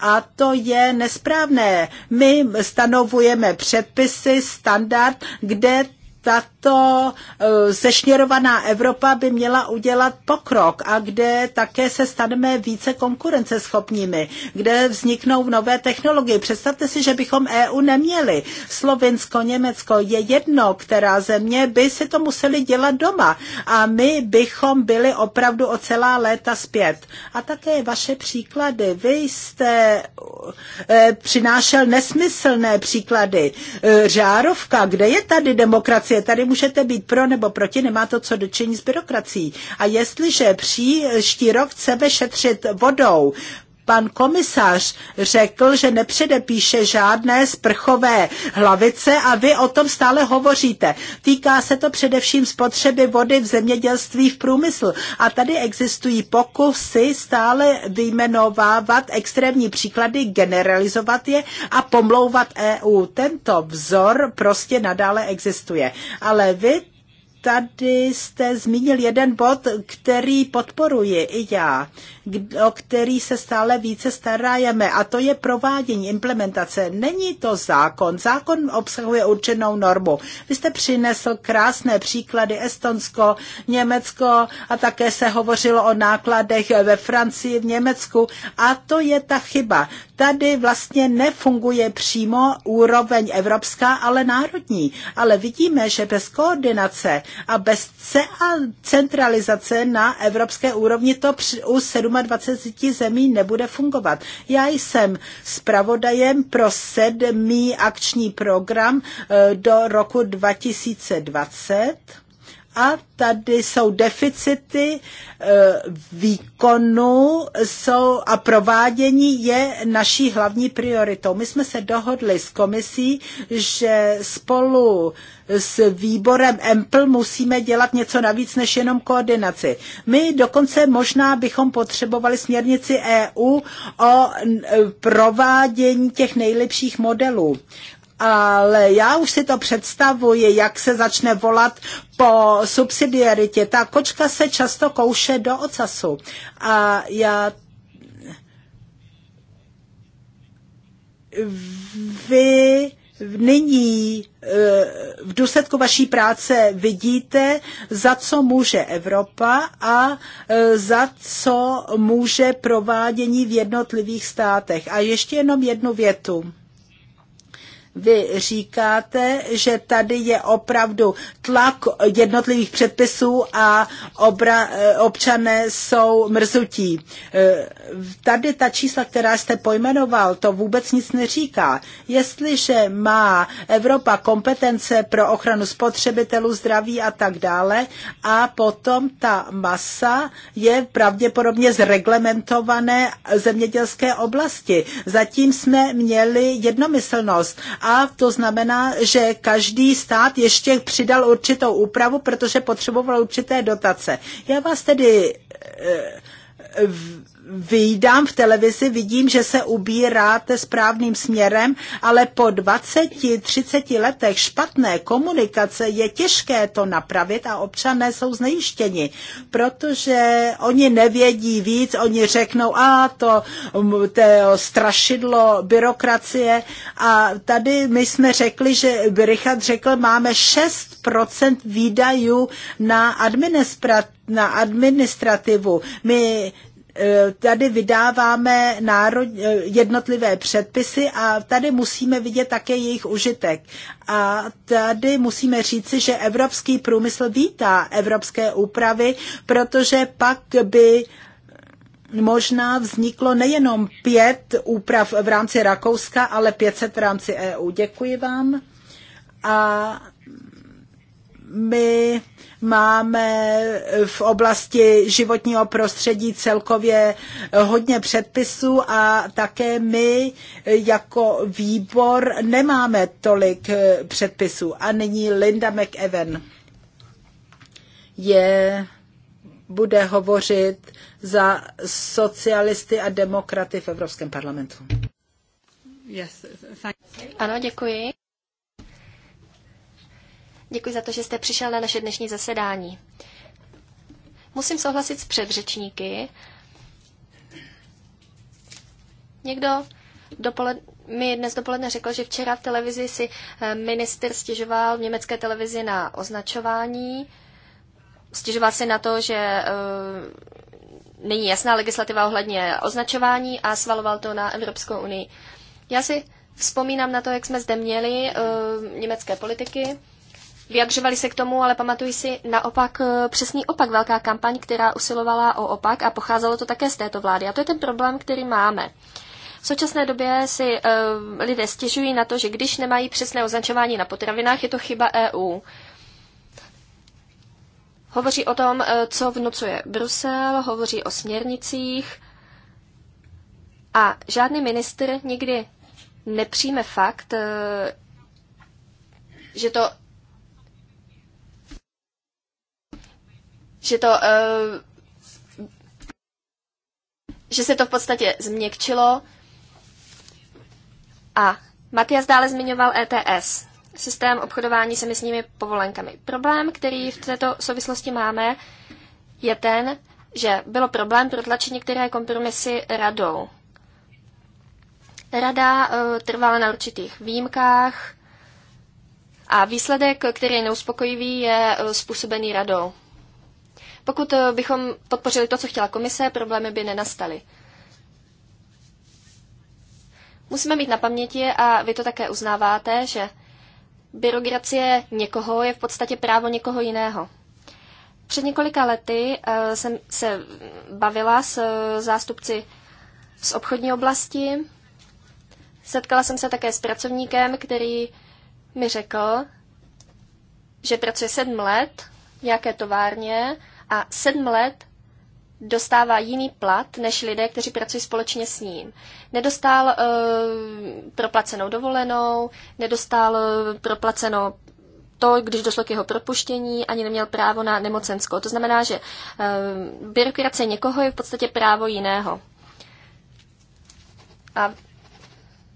a to je nesprávné. My stanovujeme předpisy, standard, kde tato eh, sešněrovaná Evropa by měla udělat pokrok a kde také se staneme více konkurenceschopními, kde vzniknou nové technologie. Představte si, že bychom EU neměli. Slovinsko, Německo je jedno, která země by si to museli dělat doma a my bychom byli opravdu o celá léta zpět. A také vaše příklady. Vy jste eh, přinášel nesmyslné příklady. Eh, žárovka, kde je tady demokracie? byrokracie. Tady můžete být pro nebo proti, nemá to co dočení s byrokracií. A jestliže příští rok chceme šetřit vodou, pan komisař řekl, že nepředepíše žádné sprchové hlavice a vy o tom stále hovoříte. Týká se to především spotřeby vody v zemědělství v průmyslu. A tady existují pokusy stále vyjmenovávat extrémní příklady, generalizovat je a pomlouvat EU. Tento vzor prostě nadále existuje. Ale vy tady jste zmínil jeden bod, který podporuji i já, o který se stále více starájeme, a to je provádění implementace. Není to zákon. Zákon obsahuje určenou normu. Vy jste přinesl krásné příklady Estonsko, Německo a také se hovořilo o nákladech ve Francii, v Německu a to je ta chyba. Tady vlastně nefunguje přímo úroveň evropská, ale národní. Ale vidíme, že bez koordinace a bez centralizace na evropské úrovni to u 27 zemí nebude fungovat. Já jsem zpravodajem pro sedmý akční program eh, do roku 2020 a tady jsou deficity e, výkonu jsou a provádění je naší hlavní prioritou. My jsme se dohodli s komisí, že spolu s výborem EMPL musíme dělat něco navíc než jenom koordinaci. My dokonce možná bychom potřebovali směrnici EU o e, provádění těch nejlepších modelů ale já už si to představuji, jak se začne volat po subsidiaritě. Ta kočka se často kouše do ocasu a já vy nyní eh, v důsledku vaší práce vidíte, za co může Evropa a eh, za co může provádění v jednotlivých státech. A ještě jenom jednu větu. Vy říkáte, že tady je opravdu tlak jednotlivých předpisů a obra, eh, občané jsou mrzutí. Eh, tady ta čísla, která jste pojmenoval, to vůbec nic neříká. Jestliže má Evropa kompetence pro ochranu spotřebitelů, zdraví a tak dále a potom ta masa je pravděpodobně zreglementované zemědělské oblasti. Zatím jsme měli jednomyslnost a to znamená, že každý stát ještě přidal určitou úpravu, protože potřeboval určité dotace. Já vás tedy eh, vyjdám v televizi, vidím, že se ubíráte správným směrem, ale po 20-30 letech špatné komunikace je těžké to napravit a občané jsou znejištěni, protože oni nevědí víc, oni řeknou, a to, to strašidlo byrokracie a tady my jsme řekli, že Richard řekl, máme 6% výdajů na administrativu na administrativu. My E, tady vydáváme národ, e, jednotlivé předpisy a tady musíme vidět také jejich užitek. A tady musíme říci, že evropský průmysl vítá evropské úpravy, protože pak by možná vzniklo nejenom pět úprav v rámci Rakouska, ale 500 v rámci EU. Děkuji vám. A my máme v oblasti životního prostředí celkově hodně předpisů a také my jako výbor nemáme tolik předpisů. A nyní Linda McEwen je, bude hovořit za socialisty a demokraty v Evropském parlamentu. Yes, ano, děkuji. Děkuji za to, že jste přišel na naše dnešní zasedání. Musím souhlasit s předřečníky. Někdo dopoled... mi dnes dopoledne řekl, že včera v televizi si eh, minister stěžoval v německé televizi na označování. Stěžoval si na to, že uh, není jasná legislativa ohledně označování a svaloval to na Evropskou unii. Já si vzpomínám na to, jak jsme zde měli uh, německé politiky vyjadřovali se k tomu, ale pamatuji si naopak eh, přesný opak, velká kampaň, která usilovala o opak a pocházelo to také z této vlády. A to je ten problém, který máme. V současné době si uh, lidé stěžují na to, že když nemají přesné označování na potravinách, je to chyba EU. Hovoří o tom, eh, co vnucuje Brusel, hovoří o směrnicích a žádný minister nikdy nepřijme fakt, že to že to eh, že se to v podstatě změkčilo a Matias dále zmiňoval ETS, systém obchodování se místními povolenkami. Problém, který v této souvislosti máme, je ten, že bylo problém protlačit některé kompromisy radou. Rada uh, trvala na určitých výjimkách a výsledek, který je neuspokojivý, je uh, způsobený radou. Pokud eh, bychom podpořili to, co chtěla komise, problémy by nenastaly. Musíme mít na paměti, a vy to také uznáváte, že byrokracie někoho je v podstatě právo někoho jiného. Před několika lety eh, jsem se bavila s eh, zástupci z obchodní oblasti. Setkala jsem se také s pracovníkem, který mi řekl, že pracuje sedm let v nějaké továrně a sedm let dostává jiný plat než lidé, kteří pracují společně s ním. Nedostal uh, proplacenou dovolenou, nedostal uh, proplaceno to, když došlo k jeho propuštění, ani neměl právo na nemocenskou. To znamená, že uh, byrokracie někoho je v podstatě právo jiného. A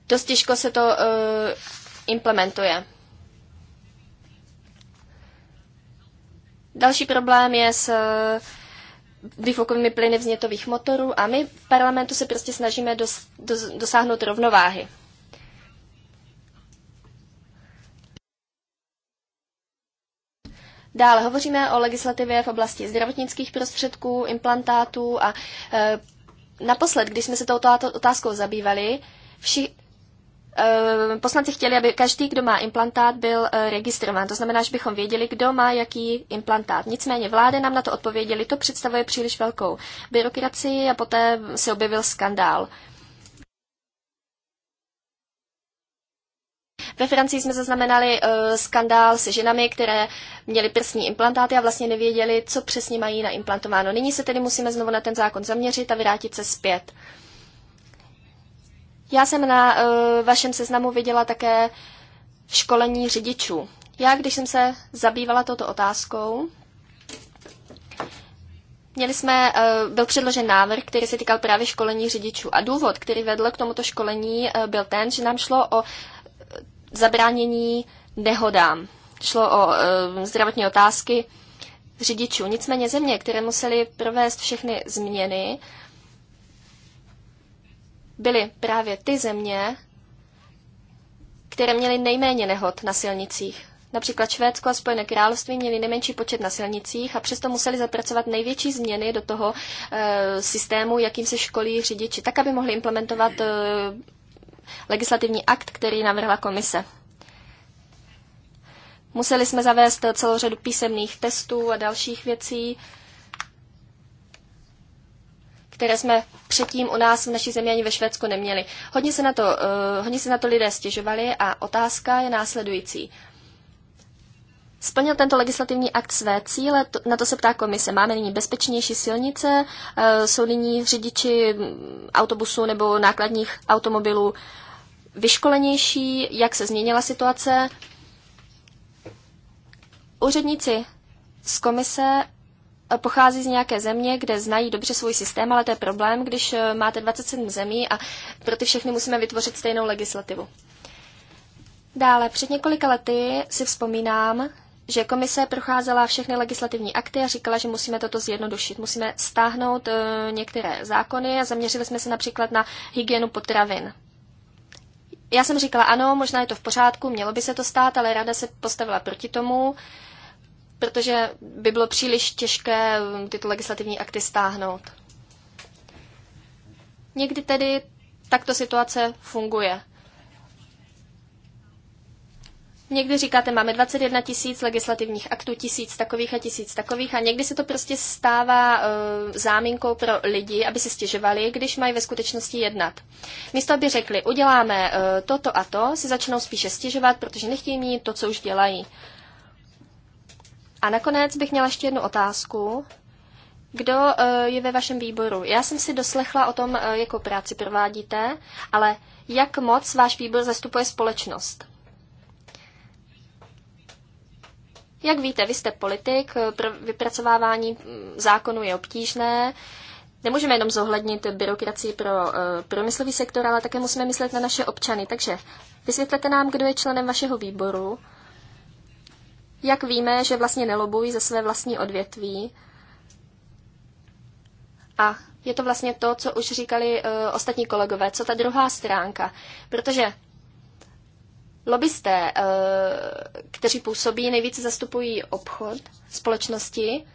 dost těžko se to uh, implementuje. Další problém je s eh, výfukovými plyny vznětových motorů a my v parlamentu se prostě snažíme dos, dos, dosáhnout rovnováhy. Dále hovoříme o legislativě v oblasti zdravotnických prostředků, implantátů a e, naposled, když jsme se touto otázkou zabývali, vši, Ehm, poslanci chtěli, aby každý, kdo má implantát, byl eh, registrován. To znamená, že bychom věděli, kdo má jaký implantát. Nicméně vláda nám na to odpověděli, to představuje příliš velkou byrokracii a poté se objevil skandál. Ve Francii jsme zaznamenali uh, skandál se ženami, které měly prsní implantáty a vlastně nevěděli, co přesně mají naimplantováno. Nyní se tedy musíme znovu na ten zákon zaměřit a vrátit se zpět. Uh, já jsem na uh, vašem seznamu viděla také školení řidičů. Já, když jsem se zabývala touto otázkou, Měli jsme, eh, byl předložen návrh, který se týkal právě školení řidičů. A důvod, který vedl k tomuto školení, eh, byl ten, že nám šlo o zabránění nehodám. Šlo o zdravotní otázky řidičů. Nicméně země, které museli provést všechny změny, byly právě ty země, které měly nejméně nehod na silnicích. Například Švédsko a Spojené království měly nejmenší počet na silnicích a přesto museli zapracovat největší změny do toho e, systému, jakým se školí řidiči, tak aby mohli implementovat e, legislativní akt, který navrhla komise. Museli jsme zavést celou řadu písemných testů a dalších věcí, e, které jsme předtím u nás v naší zemi ani ve Švédsku neměli. Hodně se na to, uh, hodně se na to lidé stěžovali a otázka je následující. Splnil tento legislativní akt své cíle? To, na to se ptá komise. Máme nyní bezpečnější silnice, uh, jsou nyní řidiči autobusů nebo nákladních automobilů vyškolenější, jak se změnila situace. Úředníci z komise pochází z nějaké země, kde znají dobře svůj systém, ale to je problém, když eh, máte 27 zemí a pro ty všechny musíme vytvořit stejnou legislativu. Dále, před několika lety si vzpomínám, že komise procházela všechny legislativní akty a říkala, že musíme toto zjednodušit. Musíme stáhnout e, některé zákony a zaměřili jsme se například na hygienu potravin. Já jsem říkala, ano, možná je to v pořádku, mělo by se to stát, ale rada se postavila proti tomu. E, protože by bylo příliš těžké um, tyto legislativní akty stáhnout. Někdy tedy takto situace funguje. Někdy říkáte, máme 21 tisíc legislativních aktů, tisíc takových a tisíc takových a někdy se to prostě stává e, záminkou pro lidi, aby si stěžovali, když mají ve skutečnosti jednat. Místo, aby řekli, uděláme e, toto a to, si začnou spíše stěžovat, protože nechtějí mít to, co už dělají. A nakonec bych měla ještě jednu otázku. Kdo eh, je ve vašem výboru? Já jsem si doslechla o tom, eh, jakou práci provádíte, ale jak moc váš výbor zastupuje společnost? Jak víte, vy jste politik, eh, pro vypracovávání mm, zákonů je obtížné. Nemůžeme jenom zohlednit byrokracii pro průmyslový sektor, ale také musíme myslet na naše občany. Takže vysvětlete nám, kdo je členem vašeho výboru jak víme, že vlastně nelobují za své vlastní odvětví. A je to vlastně to, co už říkali e, ostatní kolegové, co ta druhá stránka. Protože lobbysté, e, kteří působí, nejvíce zastupují obchod společnosti,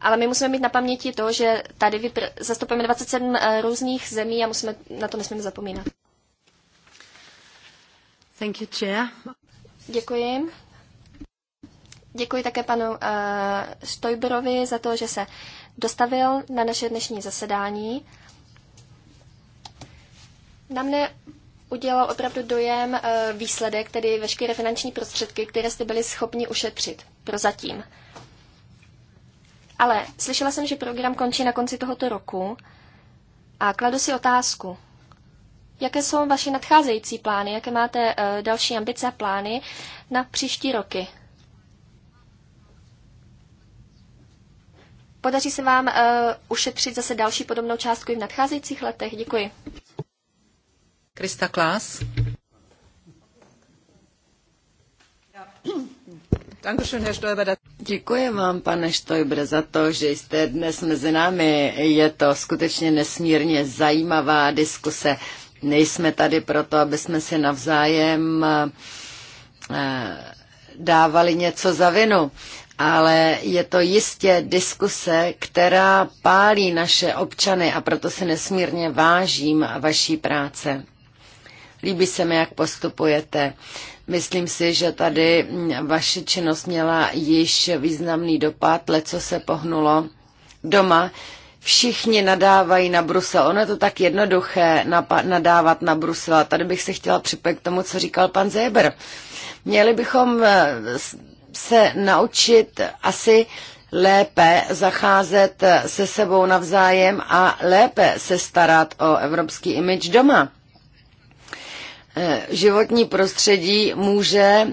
ale my musíme mít na paměti to, že tady zastupujeme 27 eh, různých zemí a musíme, na to nesmíme zapomínat. Thank you, chair. Děkuji. Děkuji také panu uh, eh, Stojberovi za to, že se dostavil na naše dnešní zasedání. Na mne udělal opravdu dojem uh, výsledek, tedy veškeré finanční prostředky, které jste byli schopni ušetřit prozatím. Ale slyšela jsem, že program končí na konci tohoto roku a kladu si otázku. Jaké jsou vaše nadcházející plány? Jaké máte eh, další ambice a plány na příští roky? Podaří se vám uh, ušetřit zase další podobnou částku i v nadcházejících letech? Děkuji. Krista Klás. Děkuji vám, pane Štojbre, za to, že jste dnes mezi námi. Je to skutečně nesmírně zajímavá diskuse. Nejsme tady proto, aby jsme si navzájem eh, dávali něco za vinu, ale je to jistě diskuse, která pálí naše občany a proto si nesmírně vážím vaší práce. Líbí se mi, jak postupujete. Myslím si, že tady vaše činnost měla již významný dopad, leco se pohnulo doma Všichni nadávají na Brusel. Ono je to tak jednoduché nadávat na Brusel. A tady bych se chtěla připojit k tomu, co říkal pan Zéber. Měli bychom eh, se naučit asi lépe zacházet eh, se sebou navzájem a lépe se starat o evropský image doma. Eh, životní prostředí může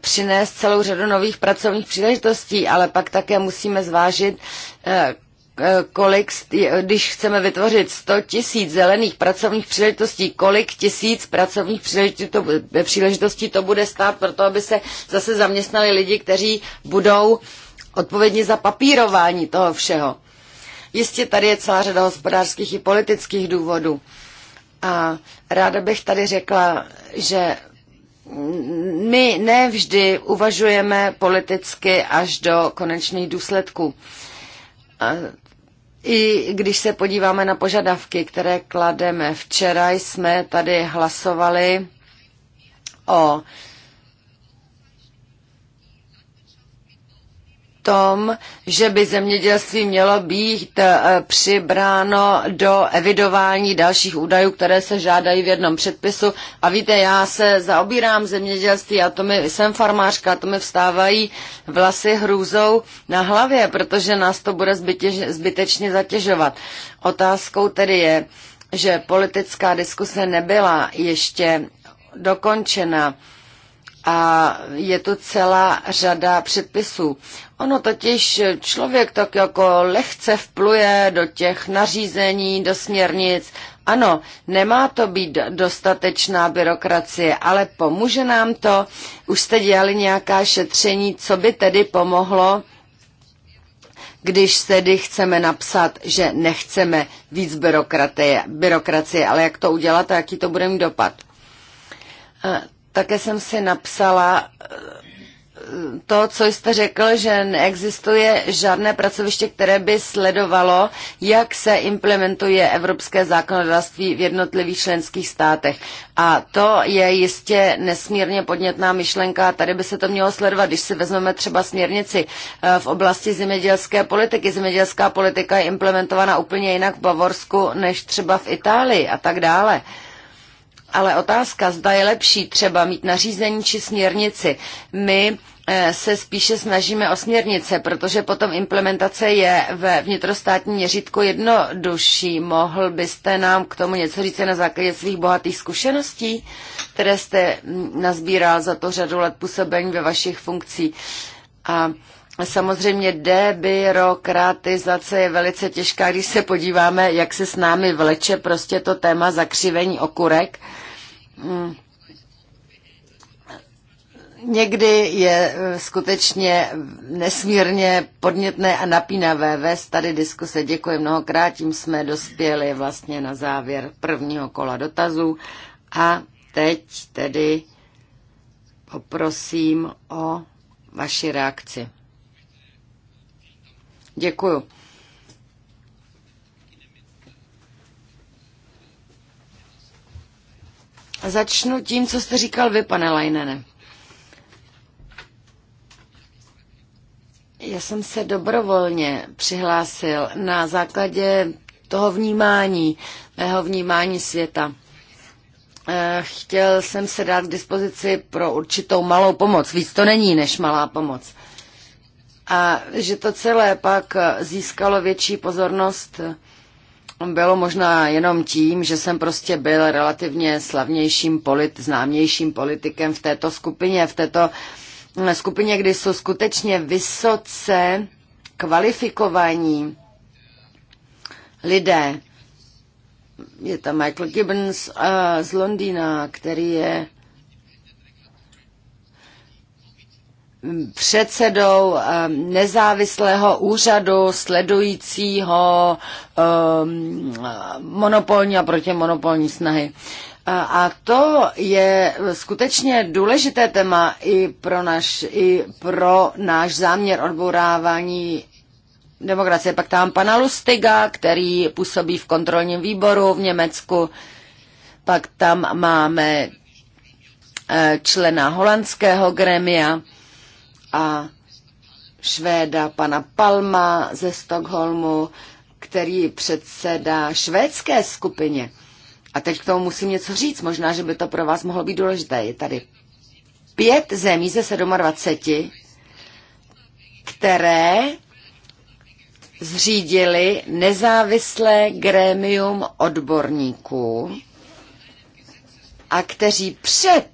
přinést celou řadu nových pracovních příležitostí, ale pak také musíme zvážit, Eh, kolik, když chceme vytvořit 100 tisíc zelených pracovních příležitostí, kolik tisíc pracovních příležitostí to eh, bude stát to, aby se zase zaměstnali lidi, kteří budou odpovědní za papírování toho všeho. Jistě tady je celá řada hospodářských i politických důvodů. A ráda bych tady řekla, že my nevždy uvažujeme politicky až do konečných důsledků. A i když se podíváme na požadavky, které klademe, včera jsme tady hlasovali o tom, že by zemědělství mělo být eh, přibráno do evidování dalších údajů, které se žádají v jednom předpisu. A víte, já se zaobírám zemědělství a to mi, jsem farmářka, a to mi vstávají vlasy hrůzou na hlavě, protože nás to bude zbytěž, zbytečně zatěžovat. Otázkou tedy je, že politická diskuse nebyla ještě dokončena a je tu celá řada předpisů. Ono totiž člověk tak jako lehce vpluje do těch nařízení, do směrnic. Ano, nemá to být dostatečná byrokracie, ale pomůže nám to. Už jste dělali nějaká šetření, co by tedy pomohlo, když tedy chceme napsat, že nechceme víc byrokracie, byrokracie ale jak to udělat a jaký to bude mít dopad. Také jsem si napsala eh, to, co jste řekl, že neexistuje žádné pracoviště, které by sledovalo, jak se implementuje evropské zákonodárství v jednotlivých členských státech. A to je jistě nesmírně podnětná myšlenka. Tady by se to mělo sledovat, když si vezmeme třeba směrnici eh, v oblasti zemědělské politiky. Zemědělská politika je implementována úplně jinak v Bavorsku než třeba v Itálii a tak dále. Uh, ale otázka, zda je lepší třeba mít nařízení či směrnici. My eh, se spíše snažíme o směrnice, protože potom implementace je ve vnitrostátním měřítku jednodušší. Mohl byste nám k tomu něco říct na základě svých bohatých zkušeností, které jste mm, nazbíral za to řadu let působení ve vašich funkcích? A Samozřejmě debirokratizace je velice těžká, když se podíváme, jak se s námi vleče prostě to téma zakřivení okurek. Mm. Někdy je eh, skutečně nesmírně podnětné a napínavé vést tady diskuse. Děkuji mnohokrát, tím jsme dospěli vlastně na závěr prvního kola dotazů. A teď tedy poprosím o vaši reakci. Děkuju. Začnu tím, co jste říkal vy, pane Lajnene. Já jsem se dobrovolně přihlásil na základě toho vnímání, mého vnímání světa. Eh, chtěl jsem se dát k dispozici pro určitou malou pomoc. Víc to není než malá pomoc a že to celé pak získalo větší pozornost, bylo možná jenom tím, že jsem prostě byl relativně slavnějším, polit, známějším politikem v této skupině, v této eh, skupině, kdy jsou skutečně vysoce kvalifikovaní lidé. Je tam Michael Gibbons eh, z Londýna, který je předsedou ehm, nezávislého úřadu sledujícího ehm, monopolní a protimonopolní snahy. A to je skutečně důležité téma i pro, naš, i pro náš záměr odbourávání demokracie. Pak tam pana Lustiga, který působí v kontrolním výboru v Německu. Pak tam máme eh, člena holandského gremia a Švéda pana Palma ze Stockholmu, který předsedá švédské skupině. A teď k tomu musím něco říct, možná, že by to pro vás mohlo být důležité. Je tady pět zemí ze 27, které zřídili nezávislé grémium odborníků a kteří před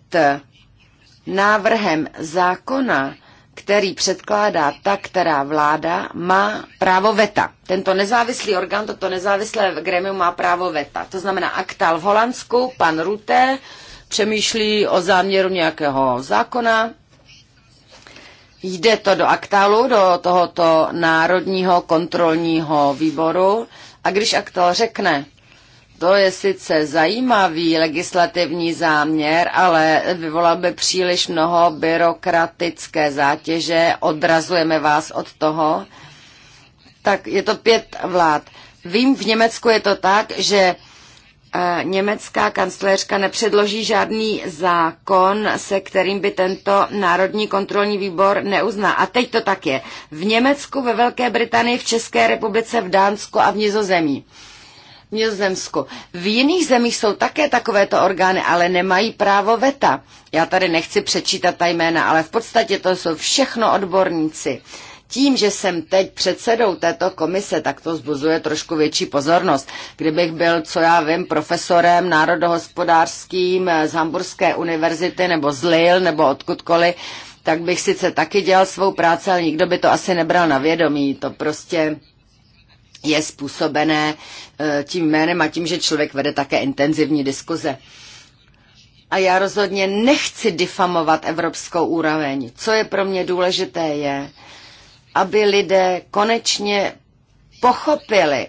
návrhem zákona který předkládá ta, která vláda, má právo veta. Tento nezávislý orgán, toto nezávislé gremium má právo veta. To znamená aktal v Holandsku, pan Ruté přemýšlí o záměru nějakého zákona, jde to do aktálu, do tohoto národního kontrolního výboru a když aktal řekne, to je sice zajímavý legislativní záměr, ale vyvolal by příliš mnoho byrokratické zátěže, odrazujeme vás od toho. Tak je to pět vlád. Vím, v Německu je to tak, že eh, německá kancléřka nepředloží žádný zákon, se kterým by tento Národní kontrolní výbor neuzná. A teď to tak je. V Německu, ve Velké Británii, v České republice, v Dánsku a v Nizozemí v Nizozemsku. V jiných zemích jsou také takovéto orgány, ale nemají právo veta. Já tady nechci přečítat ta jména, ale v podstatě to jsou všechno odborníci. Tím, že jsem teď předsedou této komise, tak to zbuzuje trošku větší pozornost. Kdybych byl, co já vím, profesorem národohospodářským eh, z Hamburské univerzity nebo z Lille nebo odkudkoliv, tak bych sice taky dělal svou práci, ale nikdo by to asi nebral na vědomí. To prostě je způsobené eh, tím jménem a tím, že člověk vede také intenzivní diskuze. A já rozhodně nechci difamovat evropskou úroveň. Co je pro mě důležité je, aby lidé konečně pochopili,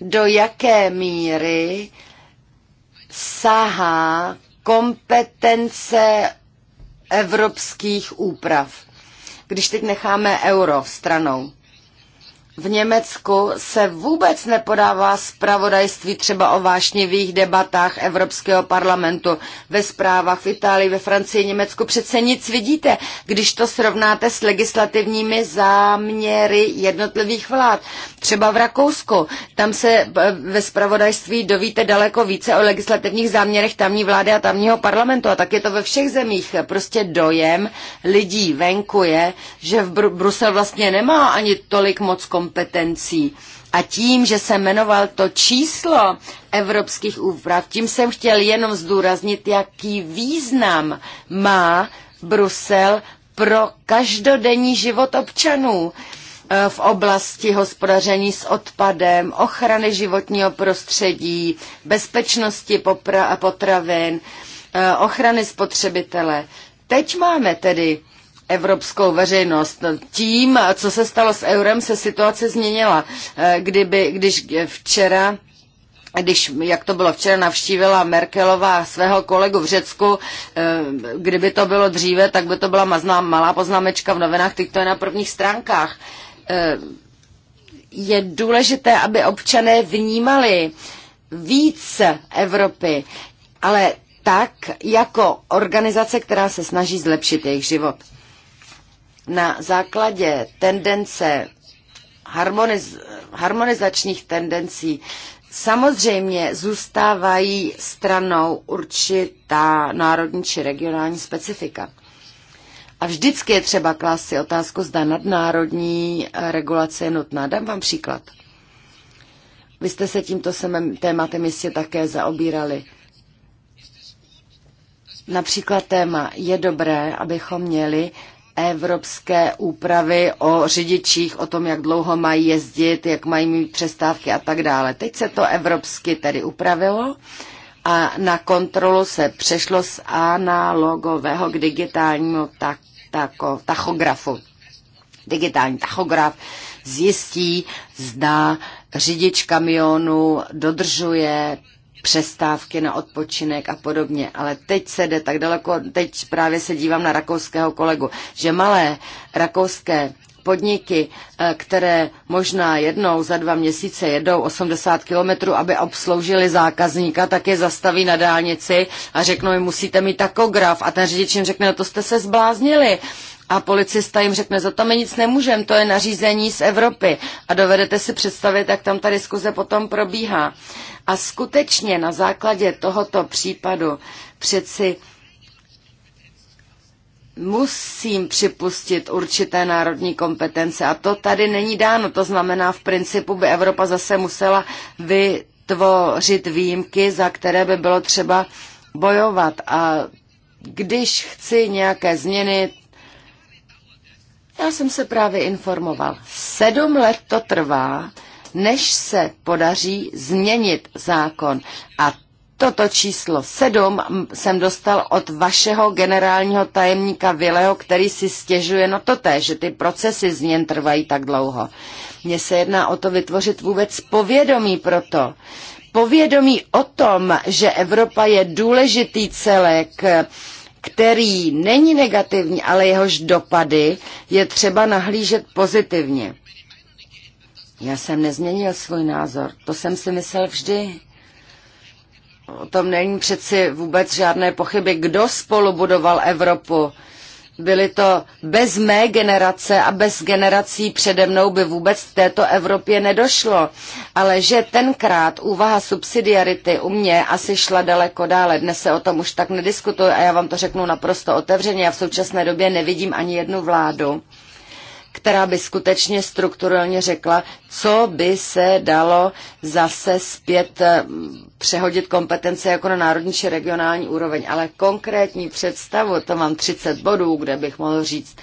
do jaké míry sahá kompetence evropských úprav. Když teď necháme euro stranou, v Německu se vůbec nepodává zpravodajství třeba o vášnivých debatách Evropského parlamentu ve zprávách v Itálii, ve Francii, Německu. Přece nic vidíte, když to srovnáte s legislativními záměry jednotlivých vlád. Třeba v Rakousku, tam se eh, ve zpravodajství dovíte daleko více o legislativních záměrech tamní vlády a tamního parlamentu. A tak je to ve všech zemích. Prostě dojem lidí venku je, že v Brusel vlastně nemá ani tolik moc kom kompetencí. A tím, že jsem jmenoval to číslo evropských úprav, tím jsem chtěl jenom zdůraznit, jaký význam má Brusel pro každodenní život občanů eh, v oblasti hospodaření s odpadem, ochrany životního prostředí, bezpečnosti potravin, eh, ochrany spotřebitele. Teď máme tedy evropskou veřejnost. Tím, co se stalo s eurem, se situace změnila. Eh, kdyby, když včera když, jak to bylo včera, navštívila Merkelová svého kolegu v Řecku, eh, kdyby to bylo dříve, tak by to byla mazná, malá poznámečka v novinách, teď to je na prvních stránkách. Eh, je důležité, aby občané vnímali více Evropy, ale tak jako organizace, která se snaží zlepšit jejich život na základě tendence harmoniz, harmonizačních tendencí samozřejmě zůstávají stranou určitá národní či regionální specifika. A vždycky je třeba klást si otázku, zda nadnárodní eh, regulace je nutná. Dám vám příklad. Vy jste se tímto tématem jistě také zaobírali. Například téma je dobré, abychom měli evropské úpravy o řidičích, o tom, jak dlouho mají jezdit, jak mají mít přestávky a tak dále. Teď se to evropsky tedy upravilo a na kontrolu se přešlo z analogového k digitálnímu tak, tako, tachografu. Digitální tachograf zjistí, zda řidič kamionu dodržuje přestávky na odpočinek a podobně. Ale teď se jde tak daleko, teď právě se dívám na rakouského kolegu, že malé rakouské podniky, eh, které možná jednou za dva měsíce jedou 80 kilometrů, aby obsloužili zákazníka, tak je zastaví na dálnici a řeknou musíte mít takograf. A ten řidič jim řekne, no to jste se zbláznili a policista jim řekne, za to my nic nemůžeme, to je nařízení z Evropy. A dovedete si představit, jak tam ta diskuze potom probíhá. A skutečně na základě tohoto případu přeci musím připustit určité národní kompetence a to tady není dáno. To znamená, v principu by Evropa zase musela vytvořit výjimky, za které by bylo třeba bojovat. A když chci nějaké změny, já jsem se právě informoval. Sedm let to trvá, než se podaří změnit zákon. A Toto číslo sedm jsem dostal od vašeho generálního tajemníka Vileho, který si stěžuje no té, že ty procesy změn trvají tak dlouho. Mně se jedná o to vytvořit vůbec povědomí pro to. Povědomí o tom, že Evropa je důležitý celek, který není negativní, ale jehož dopady je třeba nahlížet pozitivně. Já jsem nezměnil svůj názor, to jsem si myslel vždy. O tom není přeci vůbec žádné pochyby, kdo spolu budoval Evropu. Byly to bez mé generace a bez generací přede mnou by vůbec v této Evropě nedošlo. Ale že tenkrát úvaha subsidiarity u mě asi šla daleko dále. Dnes se o tom už tak nediskutuje a já vám to řeknu naprosto otevřeně. Já v současné době nevidím ani jednu vládu, která by skutečně strukturálně řekla, co by se dalo zase zpět eh, přehodit kompetence jako na národní či regionální úroveň. Ale konkrétní představu, to mám 30 bodů, kde bych mohl říct,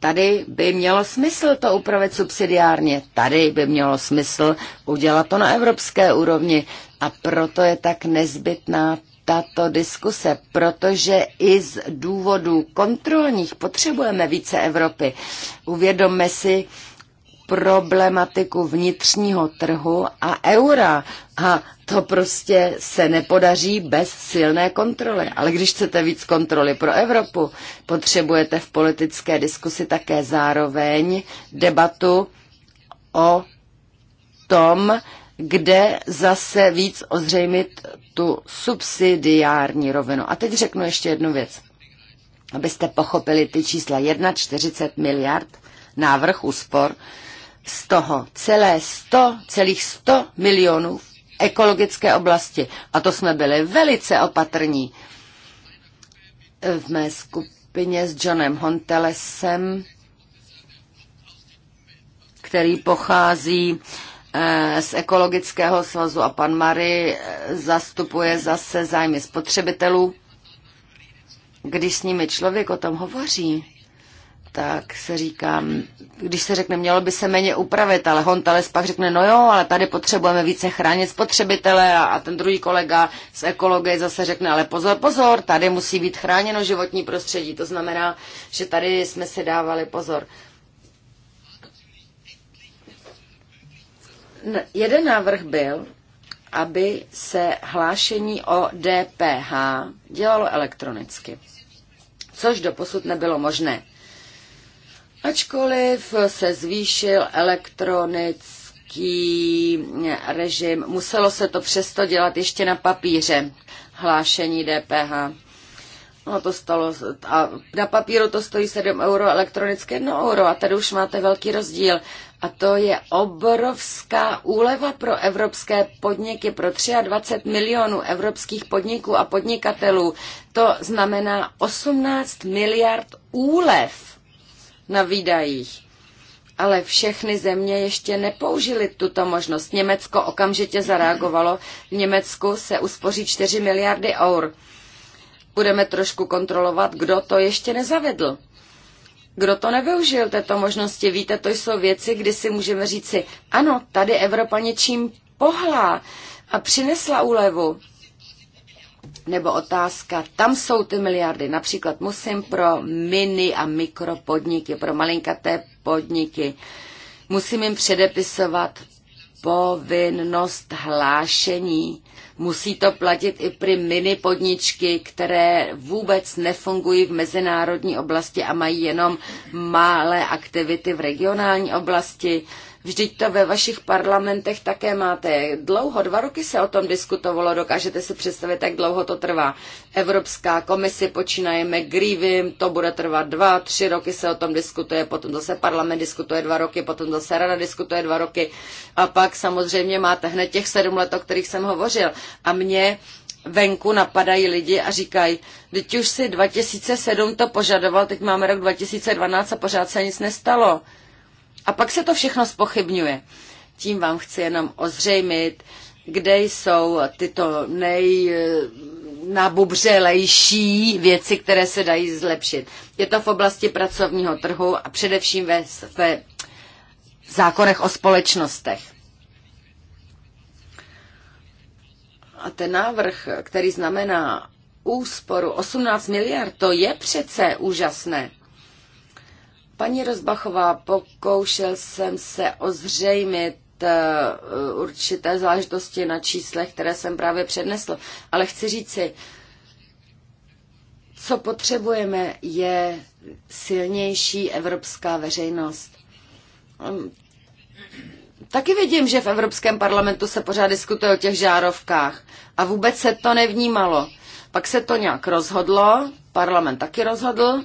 tady by mělo smysl to upravit subsidiárně, tady by mělo smysl udělat to na evropské úrovni a proto je tak nezbytná tato diskuse, protože i z důvodů kontrolních potřebujeme více Evropy. Uvědomme si problematiku vnitřního trhu a eura. A to prostě se nepodaří bez silné kontroly. Ale když chcete víc kontroly pro Evropu, potřebujete v politické diskusi také zároveň debatu o tom, kde zase víc ozřejmit tu subsidiární rovinu. A teď řeknu ještě jednu věc, abyste pochopili ty čísla 1,40 miliard návrh úspor, z toho celé 100, celých 100 milionů v ekologické oblasti. A to jsme byli velice opatrní. V mé skupině s Johnem Hontelesem, který pochází uh, Eh, z ekologického svazu a pan Mary eh, zastupuje zase zájmy spotřebitelů. Když s nimi člověk o tom hovoří, tak se říkám, když se řekne, mělo by se méně upravit, ale Hontales pak řekne, no jo, ale tady potřebujeme více chránit spotřebitele a, a ten druhý kolega z ekologie zase řekne, ale pozor, pozor, tady musí být chráněno životní prostředí, to znamená, že tady jsme si dávali pozor. jeden návrh byl, aby se hlášení o DPH dělalo elektronicky, což doposud nebylo možné. Ačkoliv se zvýšil elektronický režim, muselo se to přesto dělat ještě na papíře, hlášení DPH. No to stalo, a na papíru to stojí 7 euro, elektronicky 1 euro a tady už máte velký rozdíl. A to je obrovská úleva pro evropské podniky, pro 23 milionů evropských podniků a podnikatelů. To znamená 18 miliard úlev na výdajích. Ale všechny země ještě nepoužili tuto možnost. Německo okamžitě zareagovalo. V Německu se uspoří 4 miliardy eur. Budeme trošku kontrolovat, kdo to ještě nezavedl. Kdo to nevyužil této možnosti? Víte, to jsou věci, kdy si můžeme říci, ano, tady Evropa něčím pohlá a přinesla úlevu. Nebo otázka, tam jsou ty miliardy, například musím pro mini a mikropodniky, pro malinkaté podniky, musím jim předepisovat povinnost hlášení Musí to platit i pro mini podničky, které vůbec nefungují v mezinárodní oblasti a mají jenom malé aktivity v regionální oblasti. Vždyť to ve vašich parlamentech také máte. Dlouho, dva roky se o tom diskutovalo, dokážete si představit, jak dlouho to trvá. Evropská komise počínaje McGreevym, to bude trvat dva, tři roky se o tom diskutuje, potom zase parlament diskutuje dva roky, potom zase rada diskutuje dva roky a pak samozřejmě máte hned těch sedm let, o kterých jsem hovořil. A mě venku napadají lidi a říkají, teď už si 2007 to požadoval, teď máme rok 2012 a pořád se nic nestalo. A pak se to všechno spochybňuje. Tím vám chci jenom ozřejmit, kde jsou tyto nejnabubřelejší eh, věci, které se dají zlepšit. Je to v oblasti pracovního trhu a především ve, ve zákonech o společnostech. A ten návrh, který znamená úsporu 18 miliard, to je přece úžasné. Paní Rozbachová, pokoušel jsem se ozřejmit eh, určité záležitosti na číslech, které jsem právě přednesl, ale chci říci, co potřebujeme, je silnější evropská veřejnost. Ehm, taky vidím, že v Evropském parlamentu se pořád diskutuje o těch žárovkách a vůbec se to nevnímalo. Pak se to nějak rozhodlo, parlament taky rozhodl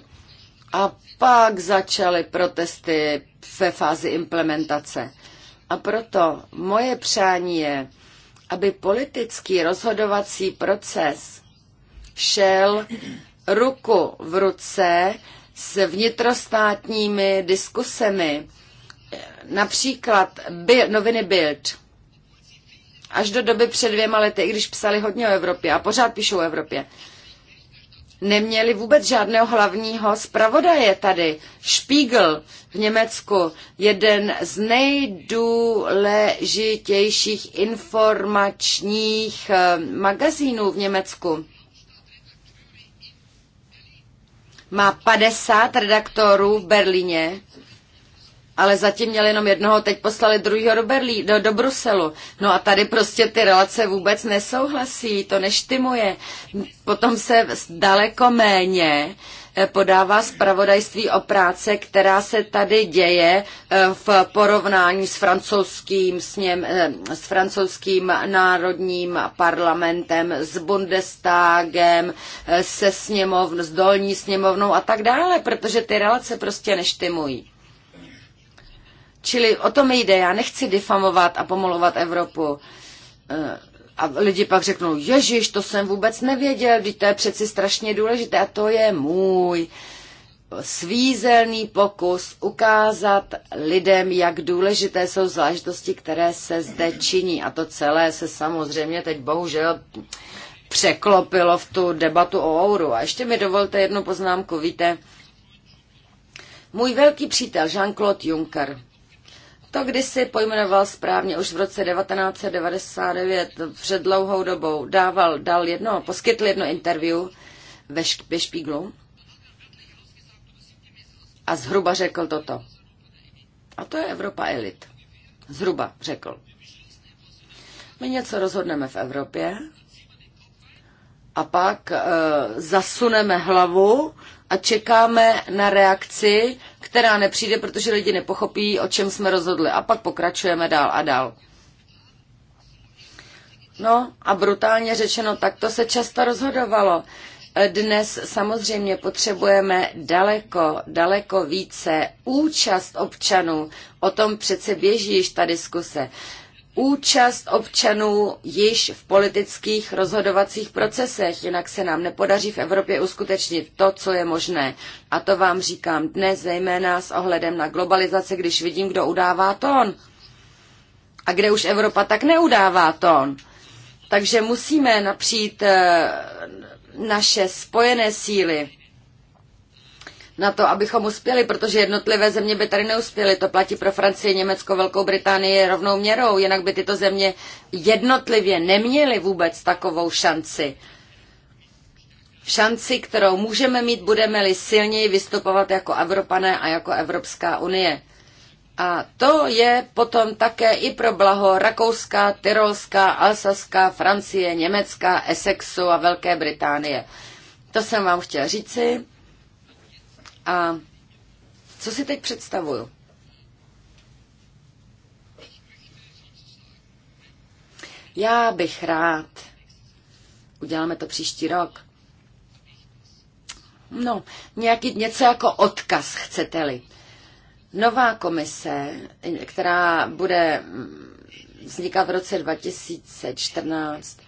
a pak začaly protesty ve fázi implementace. A proto moje přání je, aby politický rozhodovací proces šel ruku v ruce s vnitrostátními diskusemi. Například noviny Bild až do doby před dvěma lety, i když psali hodně o Evropě a pořád píšou o Evropě, neměli vůbec žádného hlavního zpravodaje tady. Spiegel v Německu, jeden z nejdůležitějších informačních eh, magazínů v Německu. Má 50 redaktorů v Berlíně ale zatím měli jenom jednoho, teď poslali druhého do, Berlí, do, do Bruselu. No a tady prostě ty relace vůbec nesouhlasí, to neštimuje. Potom se daleko méně eh, podává zpravodajství o práce, která se tady děje eh, v porovnání s francouzským, s, něm, eh, s francouzským národním parlamentem, s Bundestagem, se sněmovn, s dolní sněmovnou a tak dále, protože ty relace prostě neštimují. Čili o to mi jde, já nechci difamovat a pomolovat Evropu. Eh, a lidi pak řeknou, ježiš, to jsem vůbec nevěděl, teď to je přeci strašně důležité a to je můj svízelný pokus ukázat lidem, jak důležité jsou záležitosti, které se zde činí. A to celé se samozřejmě teď bohužel překlopilo v tu debatu o ouru. A ještě mi dovolte jednu poznámku. Víte, můj velký přítel Jean-Claude Juncker to kdysi pojmenoval správně už v roce 1999, před dlouhou dobou, dával, dal jedno, poskytl jedno interview ve, ve Špíglu a zhruba řekl toto. A to je Evropa elit. Zhruba řekl. My něco rozhodneme v Evropě a pak e, zasuneme hlavu a čekáme na reakci která nepřijde, protože lidi nepochopí, o čem jsme rozhodli. A pak pokračujeme dál a dál. No a brutálně řečeno, tak to se často rozhodovalo. Dnes samozřejmě potřebujeme daleko, daleko více účast občanů. O tom přece běží již ta diskuse účast občanů již v politických rozhodovacích procesech, jinak se nám nepodaří v Evropě uskutečnit to, co je možné. A to vám říkám dnes, zejména s ohledem na globalizaci, když vidím, kdo udává tón. A kde už Evropa tak neudává tón. Takže musíme napřít eh, naše spojené síly na to, abychom uspěli, protože jednotlivé země by tady neuspěly. To platí pro Francii, Německo, Velkou Británii rovnou měrou, jinak by tyto země jednotlivě neměly vůbec takovou šanci. Šanci, kterou můžeme mít, budeme-li silněji vystupovat jako Evropané a jako Evropská unie. A to je potom také i pro blaho Rakouska, Tyrolska, Alsaska, Francie, Německa, Essexu a Velké Británie. To jsem vám chtěl říci. A co si teď představuju? Já bych rád, uděláme to příští rok, no, nějaký, něco jako odkaz, chcete-li. Nová komise, která bude vznikat v roce 2014,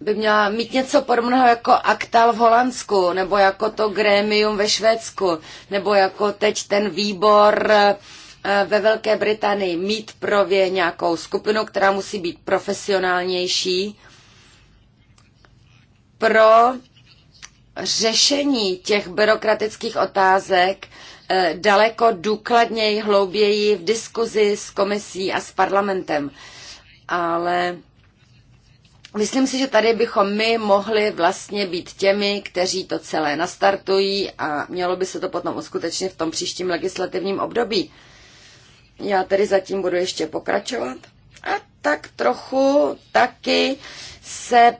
by měla mít něco podobného jako Aktal v Holandsku, nebo jako to Grémium ve Švédsku, nebo jako teď ten výbor eh, ve Velké Británii mít prově nějakou skupinu, která musí být profesionálnější pro řešení těch byrokratických otázek eh, daleko důkladněji, hlouběji v diskuzi s komisí a s parlamentem. Ale Myslím si, že tady bychom my mohli vlastně být těmi, kteří to celé nastartují a mělo by se to potom uskutečnit v tom příštím legislativním období. Já tedy zatím budu ještě pokračovat a tak trochu taky se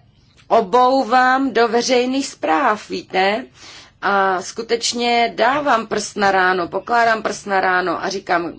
obouvám do veřejných zpráv, víte? A skutečně dávám prst na ráno, pokládám prst na ráno a říkám,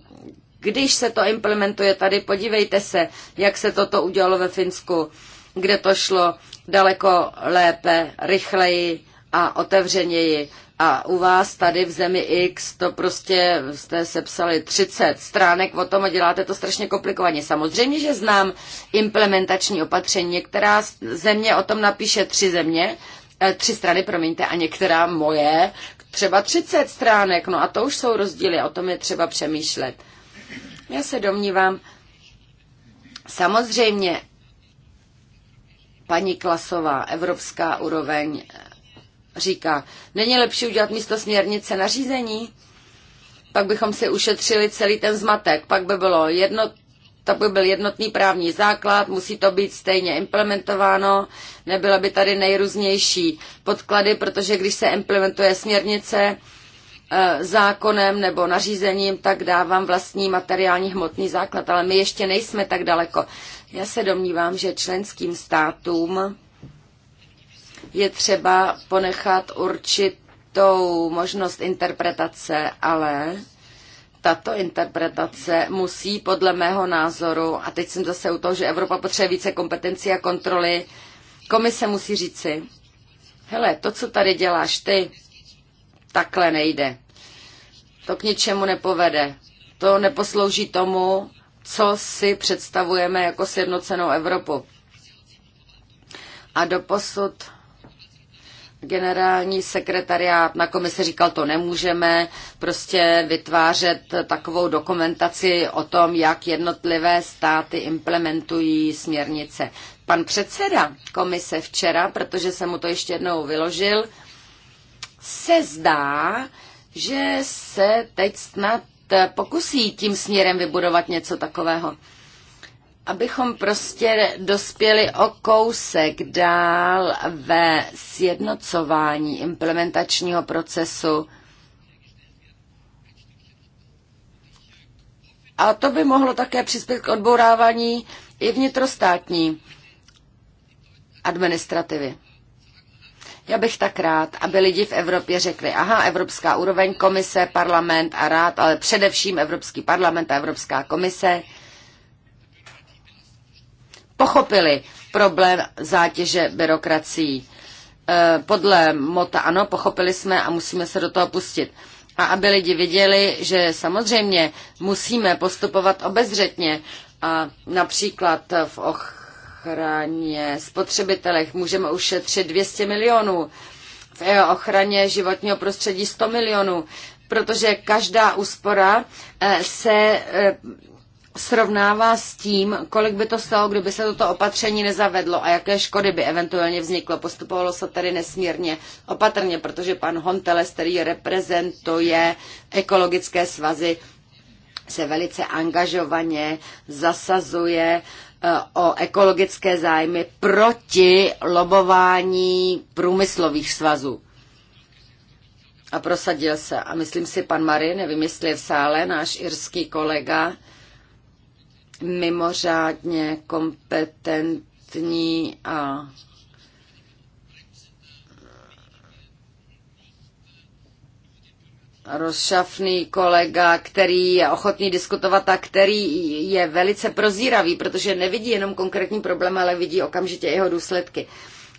když se to implementuje tady, podívejte se, jak se toto udělalo ve Finsku kde to šlo daleko lépe, rychleji a otevřeněji. A u vás tady v zemi X to prostě jste sepsali 30 stránek o tom a děláte to strašně komplikovaně. Samozřejmě, že znám implementační opatření. Některá země o tom napíše tři země, eh, tři strany, promiňte, a některá moje, třeba 30 stránek, no a to už jsou rozdíly, o tom je třeba přemýšlet. Já se domnívám, samozřejmě, Paní Klasová, evropská úroveň, eh, říká, není lepší udělat místo směrnice nařízení? Pak bychom si ušetřili celý ten zmatek. Pak by bylo jedno, to by byl jednotný právní základ, musí to být stejně implementováno, nebyla by tady nejrůznější podklady, protože když se implementuje směrnice, eh, zákonem nebo nařízením, tak dávám vlastní materiální hmotný základ, ale my ještě nejsme tak daleko. Já se domnívám, že členským státům je třeba ponechat určitou možnost interpretace, ale tato interpretace musí podle mého názoru, a teď jsem zase u toho, že Evropa potřebuje více kompetencí a kontroly, komise musí říci, hele, to, co tady děláš ty, takhle nejde. To k ničemu nepovede. To neposlouží tomu, co si představujeme jako sjednocenou Evropu. A doposud generální sekretariát na komise říkal, to nemůžeme prostě vytvářet takovou dokumentaci o tom, jak jednotlivé státy implementují směrnice. Pan předseda komise včera, protože jsem mu to ještě jednou vyložil, se zdá, že se teď snad Eh, pokusí tím směrem vybudovat něco takového. Abychom prostě dospěli o kousek dál ve sjednocování implementačního procesu, A to by mohlo také přispět k odbourávání i vnitrostátní administrativy. Já bych tak rád, aby lidi v Evropě řekli, aha, Evropská úroveň, komise, parlament a rád, ale především Evropský parlament a Evropská komise pochopili problém zátěže byrokracií. E, podle Mota ano, pochopili jsme a musíme se do toho pustit a aby lidi viděli, že samozřejmě musíme postupovat obezřetně a například v och ochraně spotřebitelech můžeme ušetřit 200 milionů, v ochraně životního prostředí 100 milionů, protože každá úspora eh, se eh, srovnává s tím, kolik by to stalo, kdyby se toto opatření nezavedlo a jaké škody by eventuálně vzniklo. Postupovalo se tady nesmírně opatrně, protože pan Honteles, který reprezentuje ekologické svazy, se velice angažovaně zasazuje o ekologické zájmy proti lobování průmyslových svazů. A prosadil se. A myslím si, pan Marin, nevím, jestli je v sále, náš irský kolega, mimořádně kompetentní a rozšafný kolega, který je ochotný diskutovat a který je velice prozíravý, protože nevidí jenom konkrétní problém, ale vidí okamžitě jeho důsledky.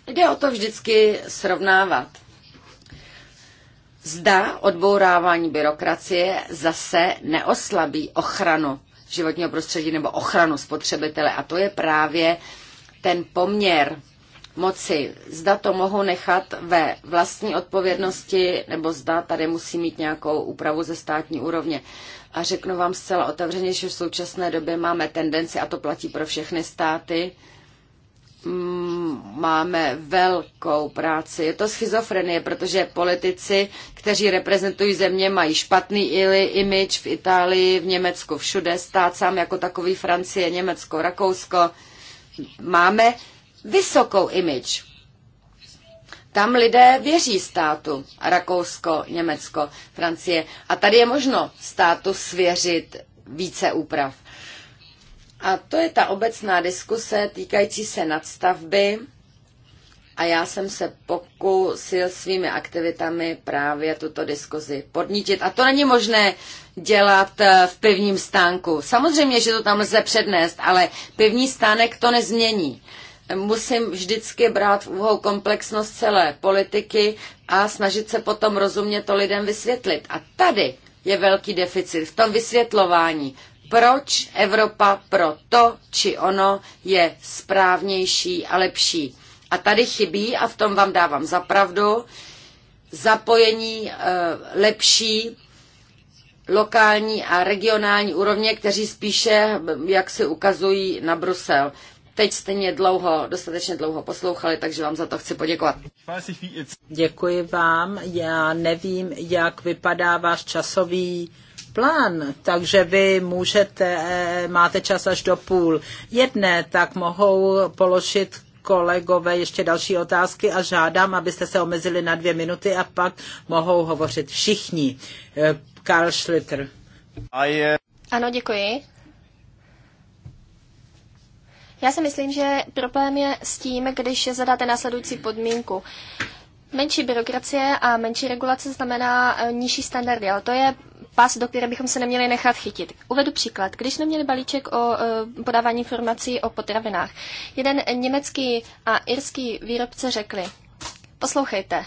Jde o to vždycky srovnávat. Zda odbourávání byrokracie zase neoslabí ochranu životního prostředí nebo ochranu spotřebitele. A to je právě ten poměr moci. Zda to mohou nechat ve vlastní odpovědnosti, nebo zda tady musí mít nějakou úpravu ze státní úrovně. A řeknu vám zcela otevřeně, že v současné době máme tendenci, a to platí pro všechny státy, mm, máme velkou práci. Je to schizofrenie, protože politici, kteří reprezentují země, mají špatný image v Itálii, v Německu, všude. Stát sám jako takový Francie, Německo, Rakousko. Máme vysokou image. Tam lidé věří státu, Rakousko, Německo, Francie. A tady je možno státu svěřit více úprav. A to je ta obecná diskuse týkající se nadstavby. A já jsem se pokusil svými aktivitami právě tuto diskuzi podnítit. A to není možné dělat eh, v pivním stánku. Samozřejmě, že to tam lze přednést, ale pivní stánek to nezmění musím vždycky brát v úvahu komplexnost celé politiky a snažit se potom rozumně to lidem vysvětlit. A tady je velký deficit v tom vysvětlování, proč Evropa pro to či ono je správnější a lepší. A tady chybí, a v tom vám dávám zapravdu, zapojení eh, lepší lokální a regionální úrovně, kteří spíše, jak si ukazují, na Brusel teď jste mě dlouho, dostatečně dlouho poslouchali, takže vám za to chci poděkovat. Děkuji vám. Já nevím, jak vypadá váš časový plán, takže vy můžete, máte čas až do půl jedné, tak mohou položit kolegové ještě další otázky a žádám, abyste se omezili na dvě minuty a pak mohou hovořit všichni. Karl Schlitter. Ano, děkuji. Já si myslím, že problém je s tím, když zadáte následující podmínku. Menší byrokracie a menší regulace znamená eh, nižší standardy, ale to je pas, do které bychom se neměli nechat chytit. Uvedu příklad. Když jsme měli balíček o e, podávání informací o potravinách, jeden německý a irský výrobce řekli, poslouchejte,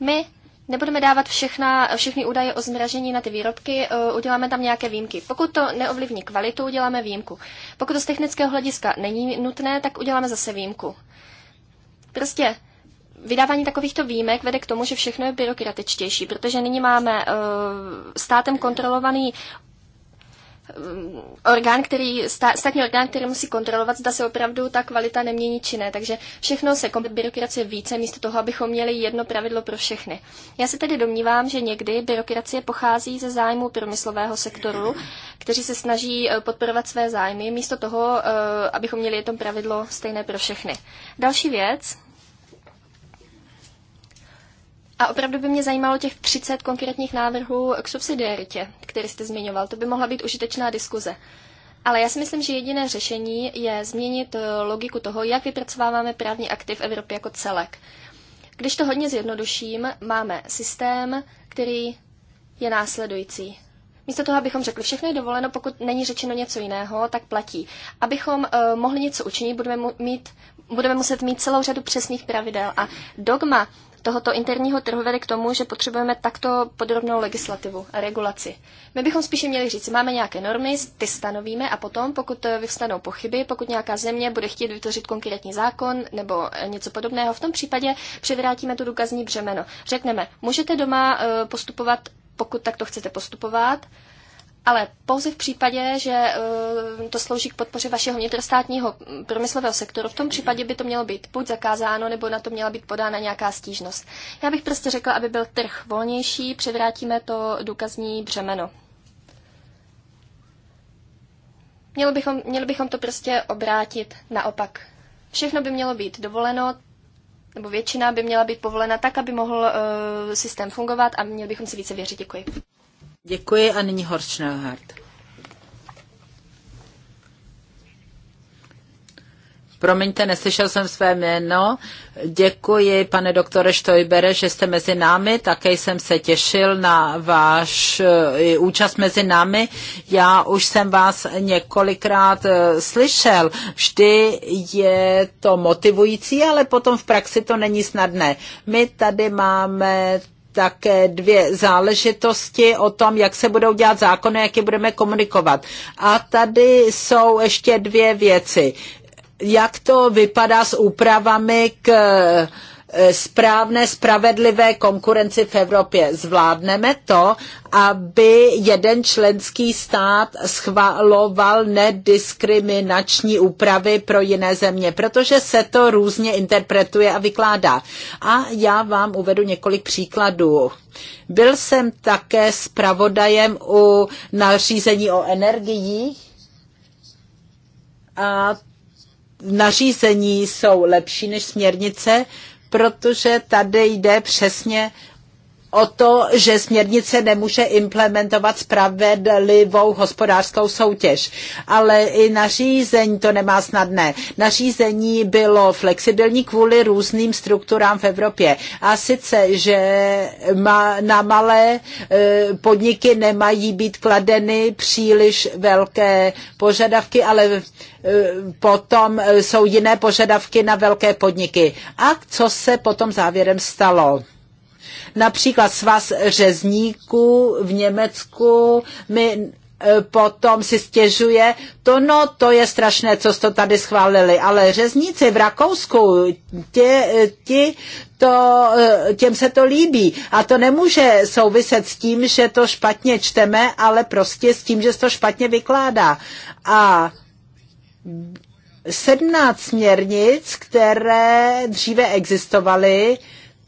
my nebudeme dávat všechna, všechny údaje o zmražení na ty výrobky, eh, uděláme tam nějaké výjimky. Pokud to neovlivní kvalitu, uděláme výjimku. Pokud to z technického hlediska není nutné, tak uděláme zase výjimku. Prostě vydávání takovýchto výjimek vede k tomu, že všechno je byrokratičtější, protože nyní máme eh, státem kontrolovaný Um, orgán, který, státní orgán, který musí kontrolovat, zda se opravdu ta kvalita nemění či ne. Takže všechno se byrokracie více, místo toho, abychom měli jedno pravidlo pro všechny. Já se tedy domnívám, že někdy byrokracie pochází ze zájmu průmyslového sektoru, kteří se snaží eh, podporovat své zájmy, místo toho, eh, abychom měli jedno pravidlo stejné pro všechny. Další věc, a opravdu by mě zajímalo těch 30 konkrétních návrhů k subsidiaritě, které jste zmiňoval. To by mohla být užitečná diskuze. Ale já si myslím, že jediné řešení je změnit eh, logiku toho, jak vypracováváme právní akty v Evropě jako celek. Když to hodně zjednoduším, máme systém, který je následující. Místo toho, abychom řekli, všechno je dovoleno, pokud není řečeno něco jiného, tak platí. Abychom uh, mohli něco učinit, budeme, mu, mít, budeme muset mít celou řadu přesných pravidel. A dogma tohoto interního trhu vede k tomu, že potřebujeme takto podrobnou legislativu a regulaci. My bychom spíše měli říct, máme nějaké normy, ty stanovíme a potom, pokud vyvstanou pochyby, pokud nějaká země bude chtít vytvořit konkrétní zákon nebo něco podobného, v tom případě převrátíme tu důkazní břemeno. Řekneme, můžete doma eh, postupovat, pokud takto chcete postupovat, ale pouze v případě, že eh, to slouží k podpoře vašeho vnitrostátního průmyslového sektoru. V tom případě by to mělo být buď zakázáno, nebo na to měla být podána nějaká stížnost. Já bych prostě řekla, aby byl trh volnější, převrátíme to důkazní břemeno. Měli bychom, měli bychom to prostě obrátit naopak. Všechno by mělo být dovoleno, nebo většina by měla být povolena tak, aby mohl uh, systém fungovat a měli bychom si více věřit. Děkuji. Děkuji a nyní Horst Schnellhardt. Promiňte, neslyšel jsem své jméno. Děkuji, pane doktore Štojbere, že jste mezi námi. Také jsem se těšil na váš eh, účast mezi námi. Já už jsem vás několikrát eh, slyšel. Vždy je to motivující, ale potom v praxi to není snadné. My tady máme také dvě záležitosti o tom, jak se budou dělat zákony, jak je budeme komunikovat. A tady jsou ještě dvě věci. Jak to vypadá s úpravami k E, správné, spravedlivé konkurenci v Evropě. Zvládneme to, aby jeden členský stát schvaloval nediskriminační úpravy pro jiné země, protože se to různě interpretuje a vykládá. A já vám uvedu několik příkladů. Byl jsem také zpravodajem u nařízení o energiích a nařízení jsou lepší než směrnice protože tady jde přesně o to, že směrnice nemůže implementovat spravedlivou hospodářskou soutěž. Ale i nařízení to nemá snadné. Nařízení bylo flexibilní kvůli různým strukturám v Evropě. A sice, že na malé e, podniky nemají být kladeny příliš velké požadavky, ale e, potom jsou jiné požadavky na velké podniky. A co se potom závěrem stalo? Například svaz řezníků v Německu mi e, potom si stěžuje, to no, to je strašné, co jste tady schválili, ale řezníci v Rakousku, tě, e, ti to, e, těm se to líbí. A to nemůže souviset s tím, že to špatně čteme, ale prostě s tím, že se to špatně vykládá. A 17 směrnic, které dříve existovaly,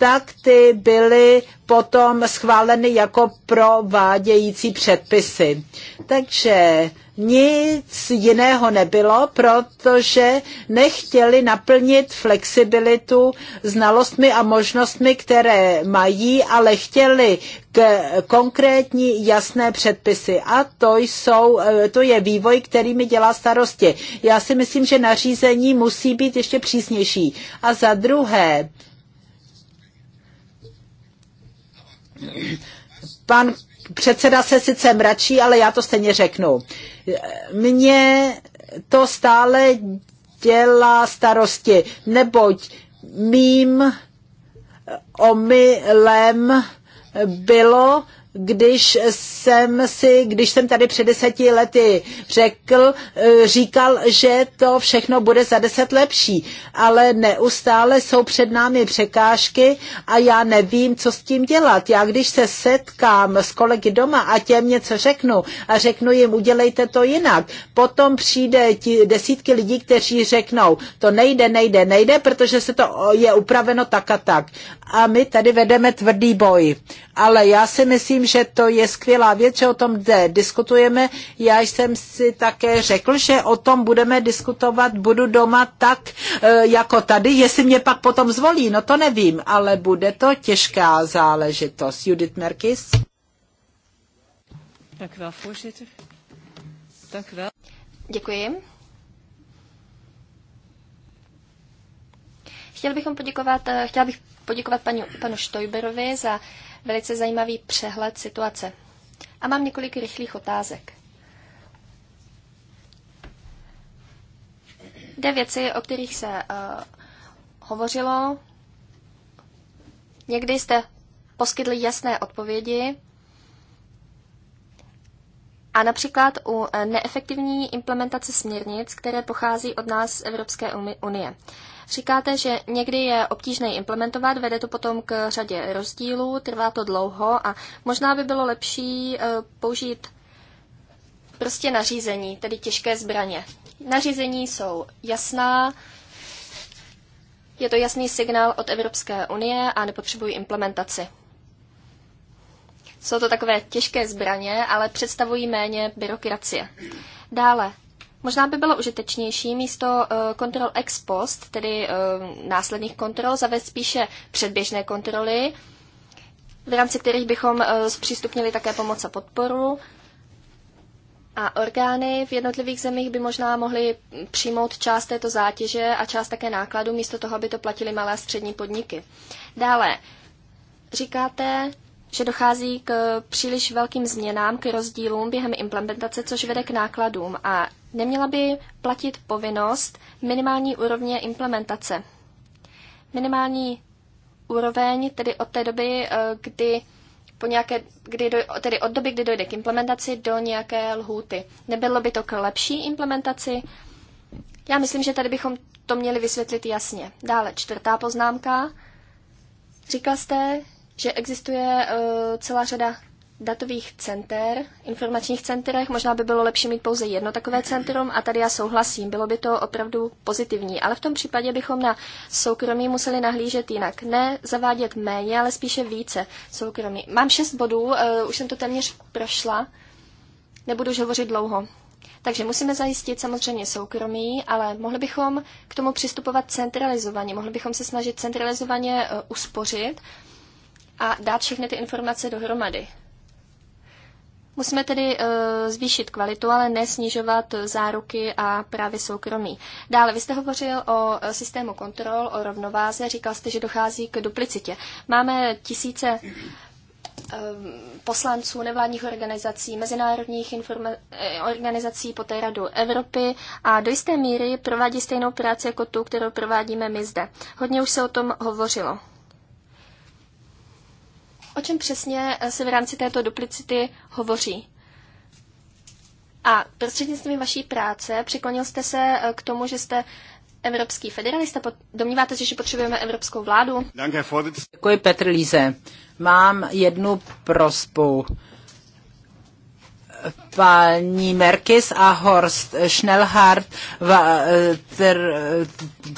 tak ty byly potom schváleny jako provádějící předpisy. Takže nic jiného nebylo, protože nechtěli naplnit flexibilitu znalostmi a možnostmi, které mají, ale chtěli k konkrétní jasné předpisy. A to, jsou, eh, to je vývoj, který mi dělá starosti. Já si myslím, že nařízení musí být ještě přísnější. A za druhé, Pan předseda se sice mračí, ale já to stejně řeknu. Mně to stále dělá starosti, neboť mým omylem bylo, když jsem si, když jsem tady před deseti lety řekl, eh, říkal, že to všechno bude za deset lepší, ale neustále jsou před námi překážky a já nevím, co s tím dělat. Já když se setkám s kolegy doma a těm něco řeknu a řeknu jim, udělejte to jinak, potom přijde ti desítky lidí, kteří řeknou, to nejde, nejde, nejde, protože se to je upraveno tak a tak. A my tady vedeme tvrdý boj. Ale já si myslím, myslím, že to je skvělá věc, že o tom zde diskutujeme. Já jsem si také řekl, že o tom budeme diskutovat, budu doma tak e, jako tady, jestli mě pak potom zvolí, no to nevím, ale bude to těžká záležitost. Judith Merkis. Dank u wel, Děkuji. Chtěl bychom poděkovat, e, chtěla bych poděkovat panu, panu Štojberovi za velice zajímavý přehled situace. A mám několik rychlých otázek. Jde věci, o kterých se uh, hovořilo. Někdy jste poskytli jasné odpovědi. A například u eh, neefektivní implementace směrnic, které pochází od nás z Evropské unie. Říkáte, že někdy je obtížné implementovat, vede to potom k řadě rozdílů, trvá to dlouho a možná by bylo lepší eh, použít prostě nařízení, tedy těžké zbraně. Nařízení jsou jasná, je to jasný signál od Evropské unie a nepotřebují implementaci. Jsou to takové těžké zbraně, ale představují méně byrokracie. Dále, Možná by bylo užitečnější místo kontrol eh, ex post, tedy eh, následných kontrol, zavést spíše předběžné kontroly, v rámci kterých bychom eh, zpřístupnili také pomoc a podporu. A orgány v jednotlivých zemích by možná mohly přijmout část této zátěže a část také nákladů, místo toho, aby to platili malé a střední podniky. Dále, říkáte, že dochází k eh, příliš velkým změnám, k rozdílům během implementace, což vede k nákladům a neměla by platit povinnost minimální úrovně implementace. Minimální úroveň tedy od té doby, eh, kdy po nějaké, kdy do, tedy od doby, kdy dojde k implementaci, do nějaké lhůty. Nebylo by to k lepší implementaci? Já myslím, že tady bychom to měli vysvětlit jasně. Dále čtvrtá poznámka. Říkal jste, že existuje eh, celá řada datových center, informačních centrech. Možná by bylo lepší mít pouze jedno takové centrum a tady já souhlasím, bylo by to opravdu pozitivní. Ale v tom případě bychom na soukromí museli nahlížet jinak. Ne zavádět méně, ale spíše více soukromí. Mám šest bodů, uh, už jsem to téměř prošla. Nebudu už hovořit dlouho. Takže musíme zajistit samozřejmě soukromí, ale mohli bychom k tomu přistupovat centralizovaně. Mohli bychom se snažit centralizovaně uh, uspořit. Uh, a dát všechny ty informace dohromady. Musíme tedy e, zvýšit kvalitu, ale nesnižovat záruky a právě soukromí. Dále, vy jste hovořil o eh, systému kontrol, o rovnováze, říkal jste, že dochází k duplicitě. Máme tisíce e, poslanců nevládních organizací, mezinárodních informa- organizací, té Radu Evropy a do jisté míry provádí stejnou práci jako tu, kterou provádíme my zde. Hodně už se o tom hovořilo. O čem přesně se v rámci této duplicity hovoří? A prostřednictvím vaší práce přiklonil jste se eh, k tomu, že jste evropský federalista. Domníváte se, že potřebujeme evropskou vládu? Děkuji, Petr Líze. Mám jednu prosbu paní Merkis a Horst Schnellhardt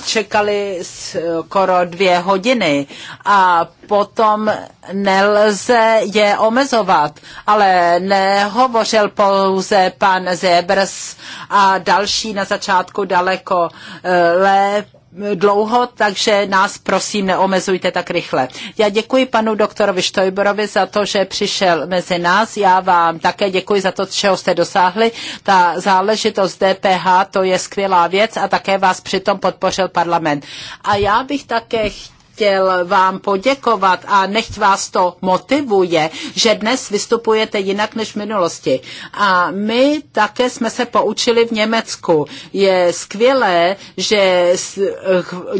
čekali skoro dvě hodiny a potom nelze je omezovat. Ale nehovořil pouze pan Zebrs a další na začátku daleko eh, lépe dlouho, takže nás prosím neomezujte tak rychle. Já děkuji panu doktorovi Štojborovi za to, že přišel mezi nás. Já vám také děkuji za to, čeho jste dosáhli. Ta záležitost DPH, to je skvělá věc a také vás přitom podpořil parlament. A já bych také chtěl chtěl vám poděkovat a nechť vás to motivuje, že dnes vystupujete jinak než v minulosti. A my také jsme se poučili v Německu. Je skvělé, že eh,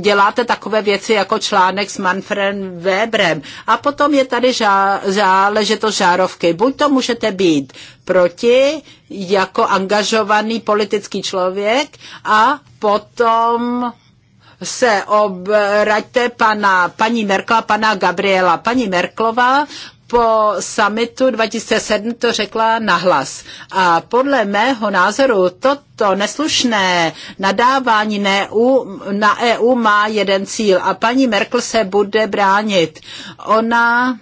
děláte takové věci jako článek s Manfredem Weberem. A potom je tady žá, záležitost žárovky. Buď to můžete být proti jako angažovaný politický člověk a potom se obraťte pana, paní Merkla, pana Gabriela. Paní Merklová po summitu 2007 to řekla nahlas. A podle mého názoru toto neslušné nadávání na EU, na EU má jeden cíl a paní Merkel se bude bránit. Ona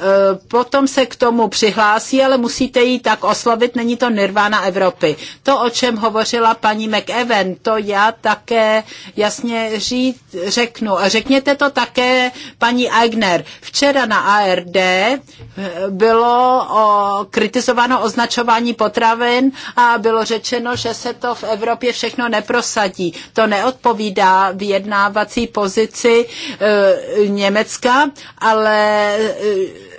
Eh, potom se k tomu přihlásí, ale musíte ji tak oslovit, není to nirvána Evropy. To, o čem hovořila paní McEwen, to já také jasně říct, řeknu. A řekněte to také paní Eigner. Včera na ARD eh, bylo o, kritizováno označování potravin a bylo řečeno, že se to v Evropě všechno neprosadí. To neodpovídá vyjednávací pozici e, Německa, ale e,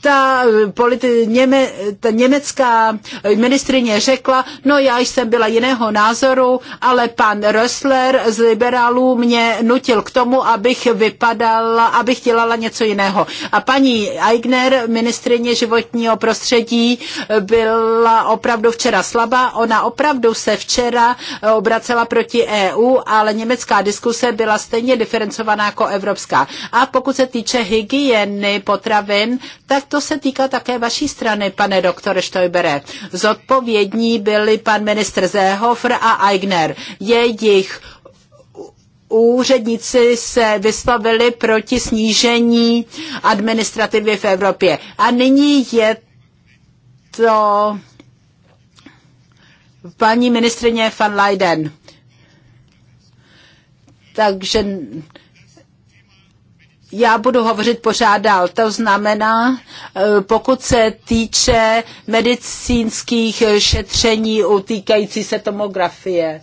ta, politi- něme- ta německá ministrině řekla, no já jsem byla jiného názoru, ale pan Rössler z liberálů mě nutil k tomu, abych vypadala, abych dělala něco jiného. A paní Eigner, ministrině životního prostředí, byla opravdu včera slabá. Ona opravdu se včera obracela proti EU, ale německá diskuse byla stejně diferencovaná jako evropská. A pokud se týče hygieny potravin, tak to se týká také vaší strany, pane doktore Štojbere. Zodpovědní byli pan ministr Zéhofer a Eigner. Jejich úředníci se vyslovili proti snížení administrativy v Evropě. A nyní je to paní ministrině van Leiden. Takže já budu hovořit pořád dál. To znamená, eh, pokud se týče medicínských šetření utýkající se tomografie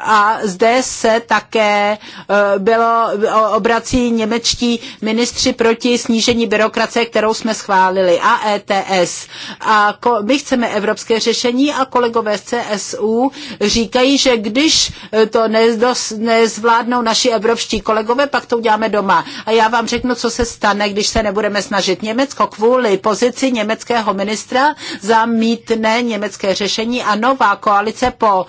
a zde se také eh, bylo, obrací němečtí ministři proti snížení byrokracie, kterou jsme schválili, a ETS. A my chceme evropské řešení a kolegové z CSU říkají, že když eh, to nezvládnou naši evropští kolegové, pak to uděláme doma. A já vám řeknu, co se stane, když se nebudeme snažit. Německo kvůli pozici německého ministra zamítne německé řešení a nová koalice po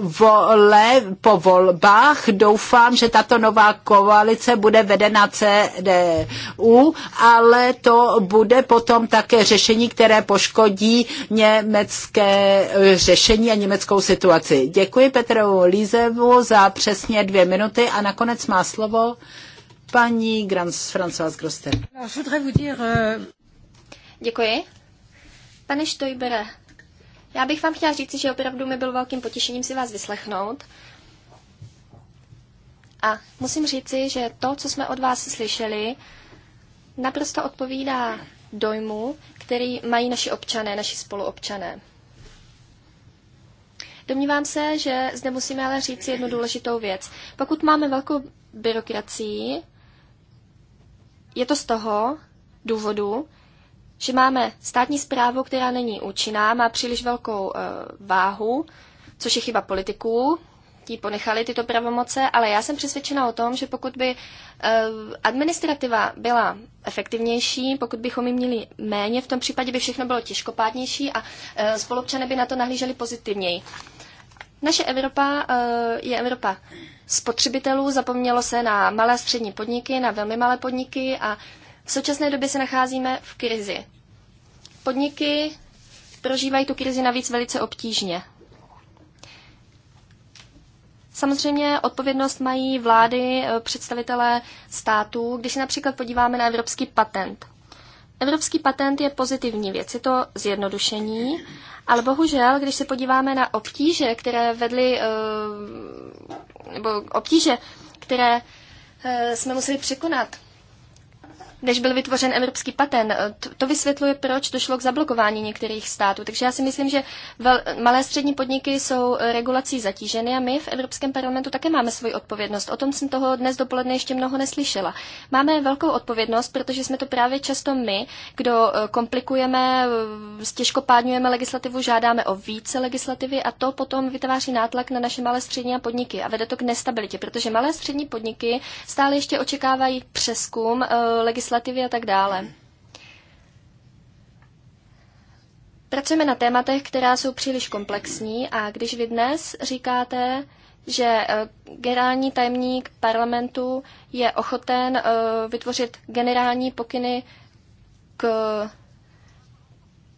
vole po volbách doufám, že tato nová koalice bude vedena CDU, ale to bude potom také řešení, které poškodí německé eh, řešení a německou situaci. Děkuji Petru Lízevu za přesně dvě minuty a nakonec má slovo paní Françoise Groster. Eh, Děkuji. Pane Štojbere, já bych vám chtěla říct, že opravdu mi bylo velkým potěšením si vás vyslechnout. A musím říci, že to, co jsme od vás slyšeli, naprosto odpovídá dojmu, který mají naši občané, naši spoluobčané. Domnívám se, že zde musíme ale říct jednu důležitou věc. Pokud máme velkou byrokracii, je to z toho důvodu, že máme státní zprávu, která není účinná, má příliš velkou e, váhu, což je chyba politiků, ti ponechali tyto pravomoce, ale já jsem přesvědčena o tom, že pokud by e, administrativa byla efektivnější, pokud bychom ji měli méně, v tom případě by všechno bylo těžkopádnější a e, spolupčané by na to nahlíželi pozitivněji. Naše Evropa je Evropa spotřebitelů, zapomnělo se na malé a střední podniky, na velmi malé podniky a v současné době se nacházíme v krizi. Podniky prožívají tu krizi navíc velice obtížně. Samozřejmě odpovědnost mají vlády, eh, představitelé států, když se například podíváme na evropský patent. Evropský patent je pozitivní věc, je to zjednodušení, ale bohužel, když se podíváme na obtíže, které vedly, eh, nebo obtíže, které eh, jsme museli překonat než byl vytvořen evropský patent. To vysvětluje, proč došlo k zablokování některých států. Takže já si myslím, že vel, malé střední podniky jsou regulací zatíženy a my v Evropském parlamentu také máme svoji odpovědnost. O tom jsem toho dnes dopoledne ještě mnoho neslyšela. Máme velkou odpovědnost, protože jsme to právě často my, kdo eh, komplikujeme, eh, stěžkopádňujeme legislativu, žádáme o více legislativy a to potom vytváří nátlak na naše malé střední a podniky a vede to k nestabilitě, protože malé střední podniky stále ještě očekávají přeskum eh, legislativy legislativy a tak dále. Pracujeme na tématech, která jsou příliš komplexní a když vy dnes říkáte, že eh, generální tajemník parlamentu je ochoten eh, vytvořit generální pokyny k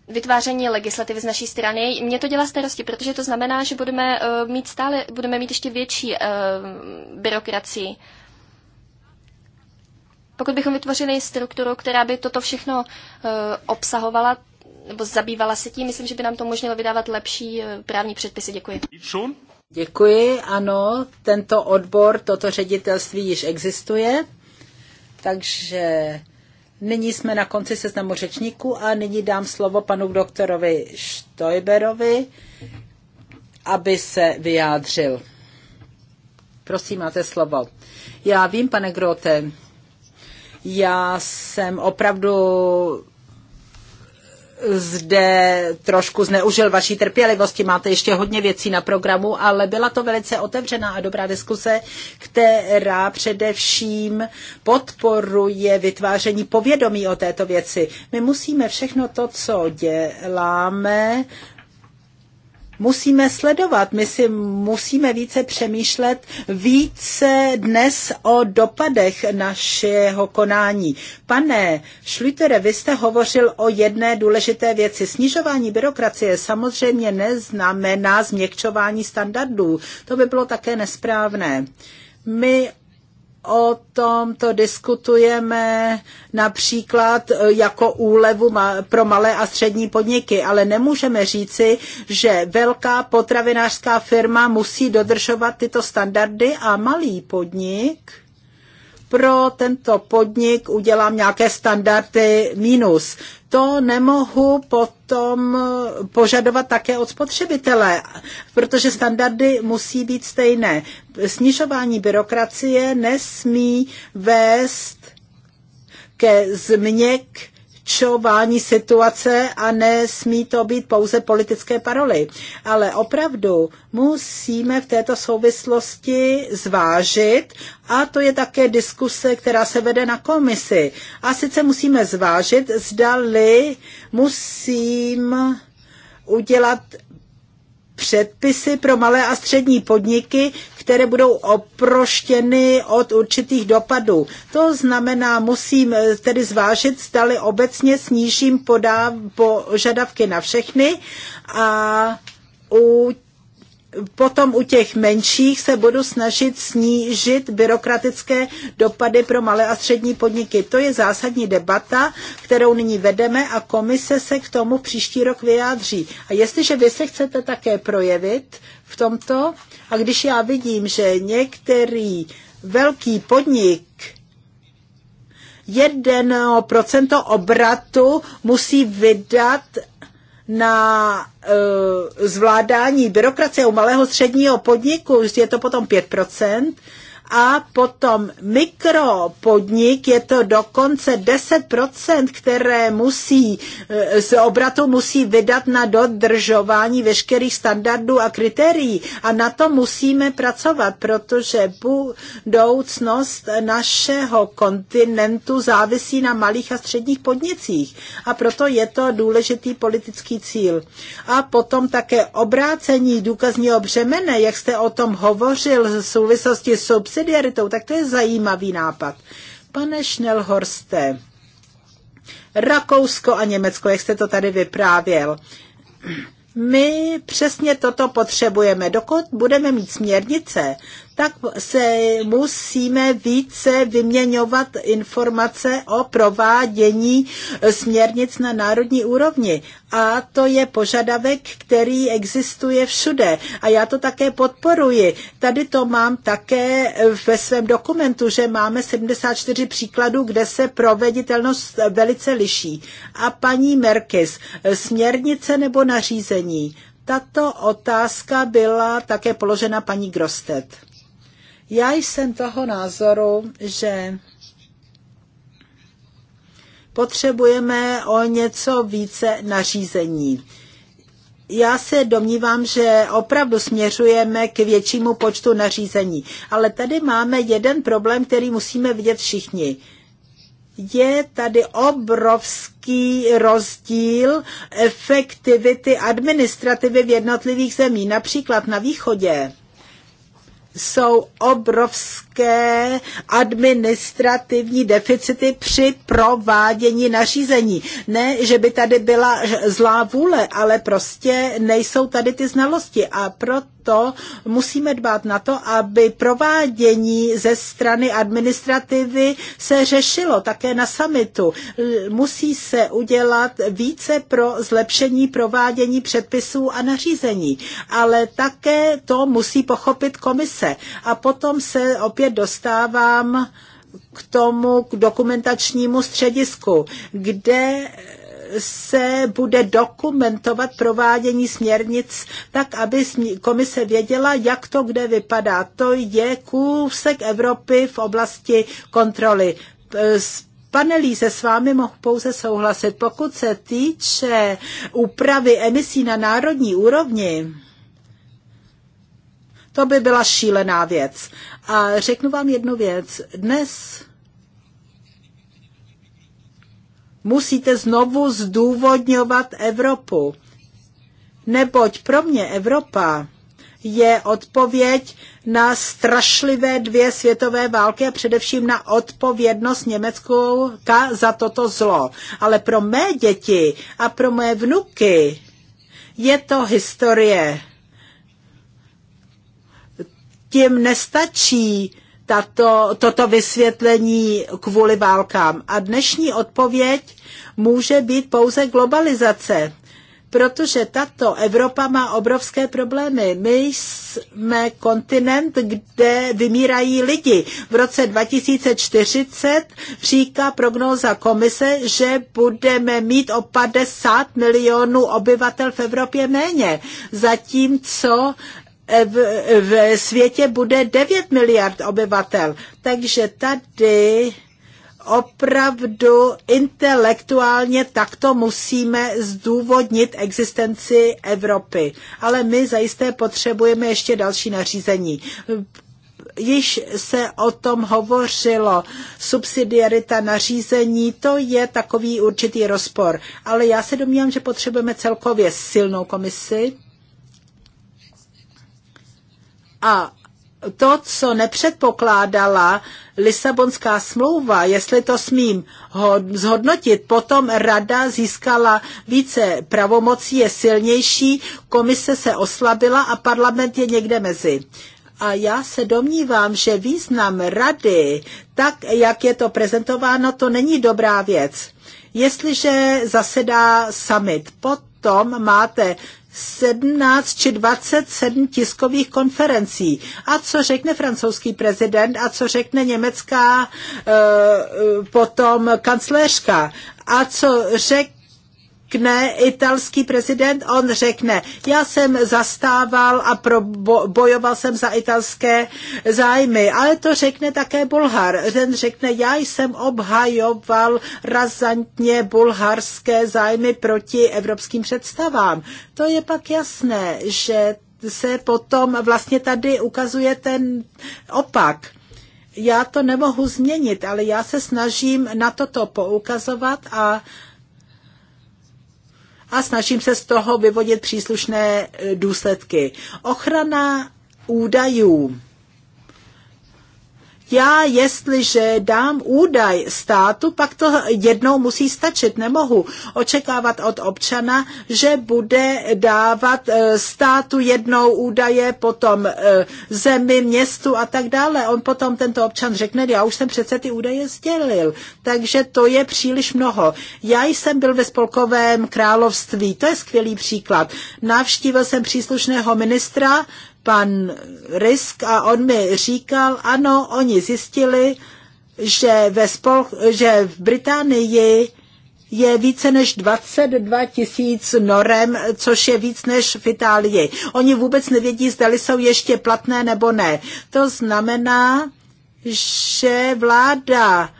vytváření legislativy z naší strany. Mě to dělá starosti, protože to znamená, že budeme eh, mít stále, budeme mít ještě větší byrokracii. Pokud bychom vytvořili strukturu, která by toto všechno eh, obsahovala, nebo zabývala se tím, myslím, že by nám to umožnilo vydávat lepší eh, právní předpisy. Děkuji. Děkuji, ano, tento odbor, toto ředitelství již existuje, takže nyní jsme na konci seznamu řečníků a nyní dám slovo panu doktorovi Štojberovi, aby se vyjádřil. Prosím, máte slovo. Já vím, pane Grote, já jsem opravdu zde trošku zneužil vaší trpělivosti. Máte ještě hodně věcí na programu, ale byla to velice otevřená a dobrá diskuse, která především podporuje vytváření povědomí o této věci. My musíme všechno to, co děláme, musíme sledovat. My si musíme více přemýšlet více dnes o dopadech našeho konání. Pane Šlutere, vy jste hovořil o jedné důležité věci. Snižování byrokracie samozřejmě neznamená změkčování standardů. To by bylo také nesprávné. My o tom to diskutujeme například e, jako úlevu pro malé a střední podniky, ale nemůžeme říci, že velká potravinářská firma musí dodržovat tyto standardy a malý podnik pro tento podnik udělám nějaké standardy mínus. To nemohu potom požadovat také od spotřebitele, protože standardy musí být stejné. Snižování byrokracie nesmí vést ke změk zlepšování situace a nesmí to být pouze politické paroly. Ale opravdu musíme v této souvislosti zvážit, a to je také diskuse, která se vede na komisi. A sice musíme zvážit, zdali musím udělat předpisy pro malé a střední podniky, které budou oproštěny od určitých dopadů. To znamená, musím eh, tedy zvážit, zdali obecně snížím požadavky na všechny a u potom u těch menších se budu snažit snížit byrokratické dopady pro malé a střední podniky. To je zásadní debata, kterou nyní vedeme a komise se k tomu příští rok vyjádří. A jestliže vy se chcete také projevit v tomto, a když já vidím, že některý velký podnik jedno procento obratu musí vydat na e, zvládání byrokracie u malého středního podniku je to potom 5%, a potom mikropodnik je to dokonce 10%, které musí eh, z obratu musí vydat na dodržování veškerých standardů a kritérií a na to musíme pracovat, protože budoucnost našeho kontinentu závisí na malých a středních podnicích a proto je to důležitý politický cíl. A potom také obrácení důkazního břemene, jak jste o tom hovořil v souvislosti s subsidiaritou, tak to je zajímavý nápad. Pane Schnellhorste, Rakousko a Německo, jak jste to tady vyprávěl, my přesně toto potřebujeme. Dokud budeme mít směrnice, tak se musíme více vyměňovat informace o provádění směrnic na národní úrovni. A to je požadavek, který existuje všude. A já to také podporuji. Tady to mám také ve svém dokumentu, že máme 74 příkladů, kde se proveditelnost velice liší. A paní Merkis, směrnice nebo nařízení? Tato otázka byla také položena paní Grostet. Já jsem toho názoru, že potřebujeme o něco více nařízení. Já se domnívám, že opravdu směřujeme k většímu počtu nařízení. Ale tady máme jeden problém, který musíme vidět všichni je tady obrovský rozdíl efektivity administrativy v jednotlivých zemí. Například na východě jsou obrovské velké administrativní deficity při provádění nařízení. Ne, že by tady byla zlá vůle, ale prostě nejsou tady ty znalosti a proto musíme dbát na to, aby provádění ze strany administrativy se řešilo také na summitu. Musí se udělat více pro zlepšení provádění předpisů a nařízení, ale také to musí pochopit komise. A potom se opět dostávám k tomu k dokumentačnímu středisku, kde se bude dokumentovat provádění směrnic tak, aby komise věděla, jak to kde vypadá. To je kůsek Evropy v oblasti kontroly. S panelí se s vámi mohu pouze souhlasit. Pokud se týče úpravy emisí na národní úrovni, to by byla šílená věc. A řeknu vám jednu věc. Dnes musíte znovu zdůvodňovat Evropu. Neboť pro mě Evropa je odpověď na strašlivé dvě světové války a především na odpovědnost Německou za toto zlo. Ale pro mé děti a pro mé vnuky je to historie tím nestačí tato, toto vysvětlení kvůli válkám. A dnešní odpověď může být pouze globalizace, protože tato Evropa má obrovské problémy. My jsme kontinent, kde vymírají lidi. V roce 2040 říká prognóza komise, že budeme mít o 50 milionů obyvatel v Evropě méně, zatímco v, v světě bude 9 miliard obyvatel. Takže tady opravdu intelektuálně takto musíme zdůvodnit existenci Evropy. Ale my zajisté potřebujeme ještě další nařízení již se o tom hovořilo. Subsidiarita nařízení, to je takový určitý rozpor. Ale já se domnívám, že potřebujeme celkově silnou komisi, a to, co nepředpokládala Lisabonská smlouva, jestli to smím zhodnotit, potom rada získala více pravomocí, je silnější, komise se oslabila a parlament je někde mezi. A já se domnívám, že význam rady, tak jak je to prezentováno, to není dobrá věc. Jestliže zasedá summit, potom máte 17 či 27 tiskových konferencí. A co řekne francouzský prezident a co řekne německá eh, eh, potom kancléřka a co řekne řekne italský prezident, on řekne, já jsem zastával a pro, bojoval jsem za italské zájmy, ale to řekne také Bulhar. Ten řekne, já jsem obhajoval razantně bulharské zájmy proti evropským představám. To je pak jasné, že se potom vlastně tady ukazuje ten opak já to nemohu změnit, ale já se snažím na toto poukazovat a a snažím se z toho vyvodit příslušné e, důsledky. Ochrana údajů já, jestliže dám údaj státu, pak to jednou musí stačit. Nemohu očekávat od občana, že bude dávat eh, státu jednou údaje, potom eh, zemi, městu a tak dále. On potom tento občan řekne, já už jsem přece ty údaje sdělil. Takže to je příliš mnoho. Já jsem byl ve Spolkovém království, to je skvělý příklad. Navštívil jsem příslušného ministra, pan Risk a on mi říkal, ano, oni zjistili, že, ve spol, že v Británii je více než 22 tisíc norem, což je víc než v Itálii. Oni vůbec nevědí, zda jsou ještě platné nebo ne. To znamená, že vláda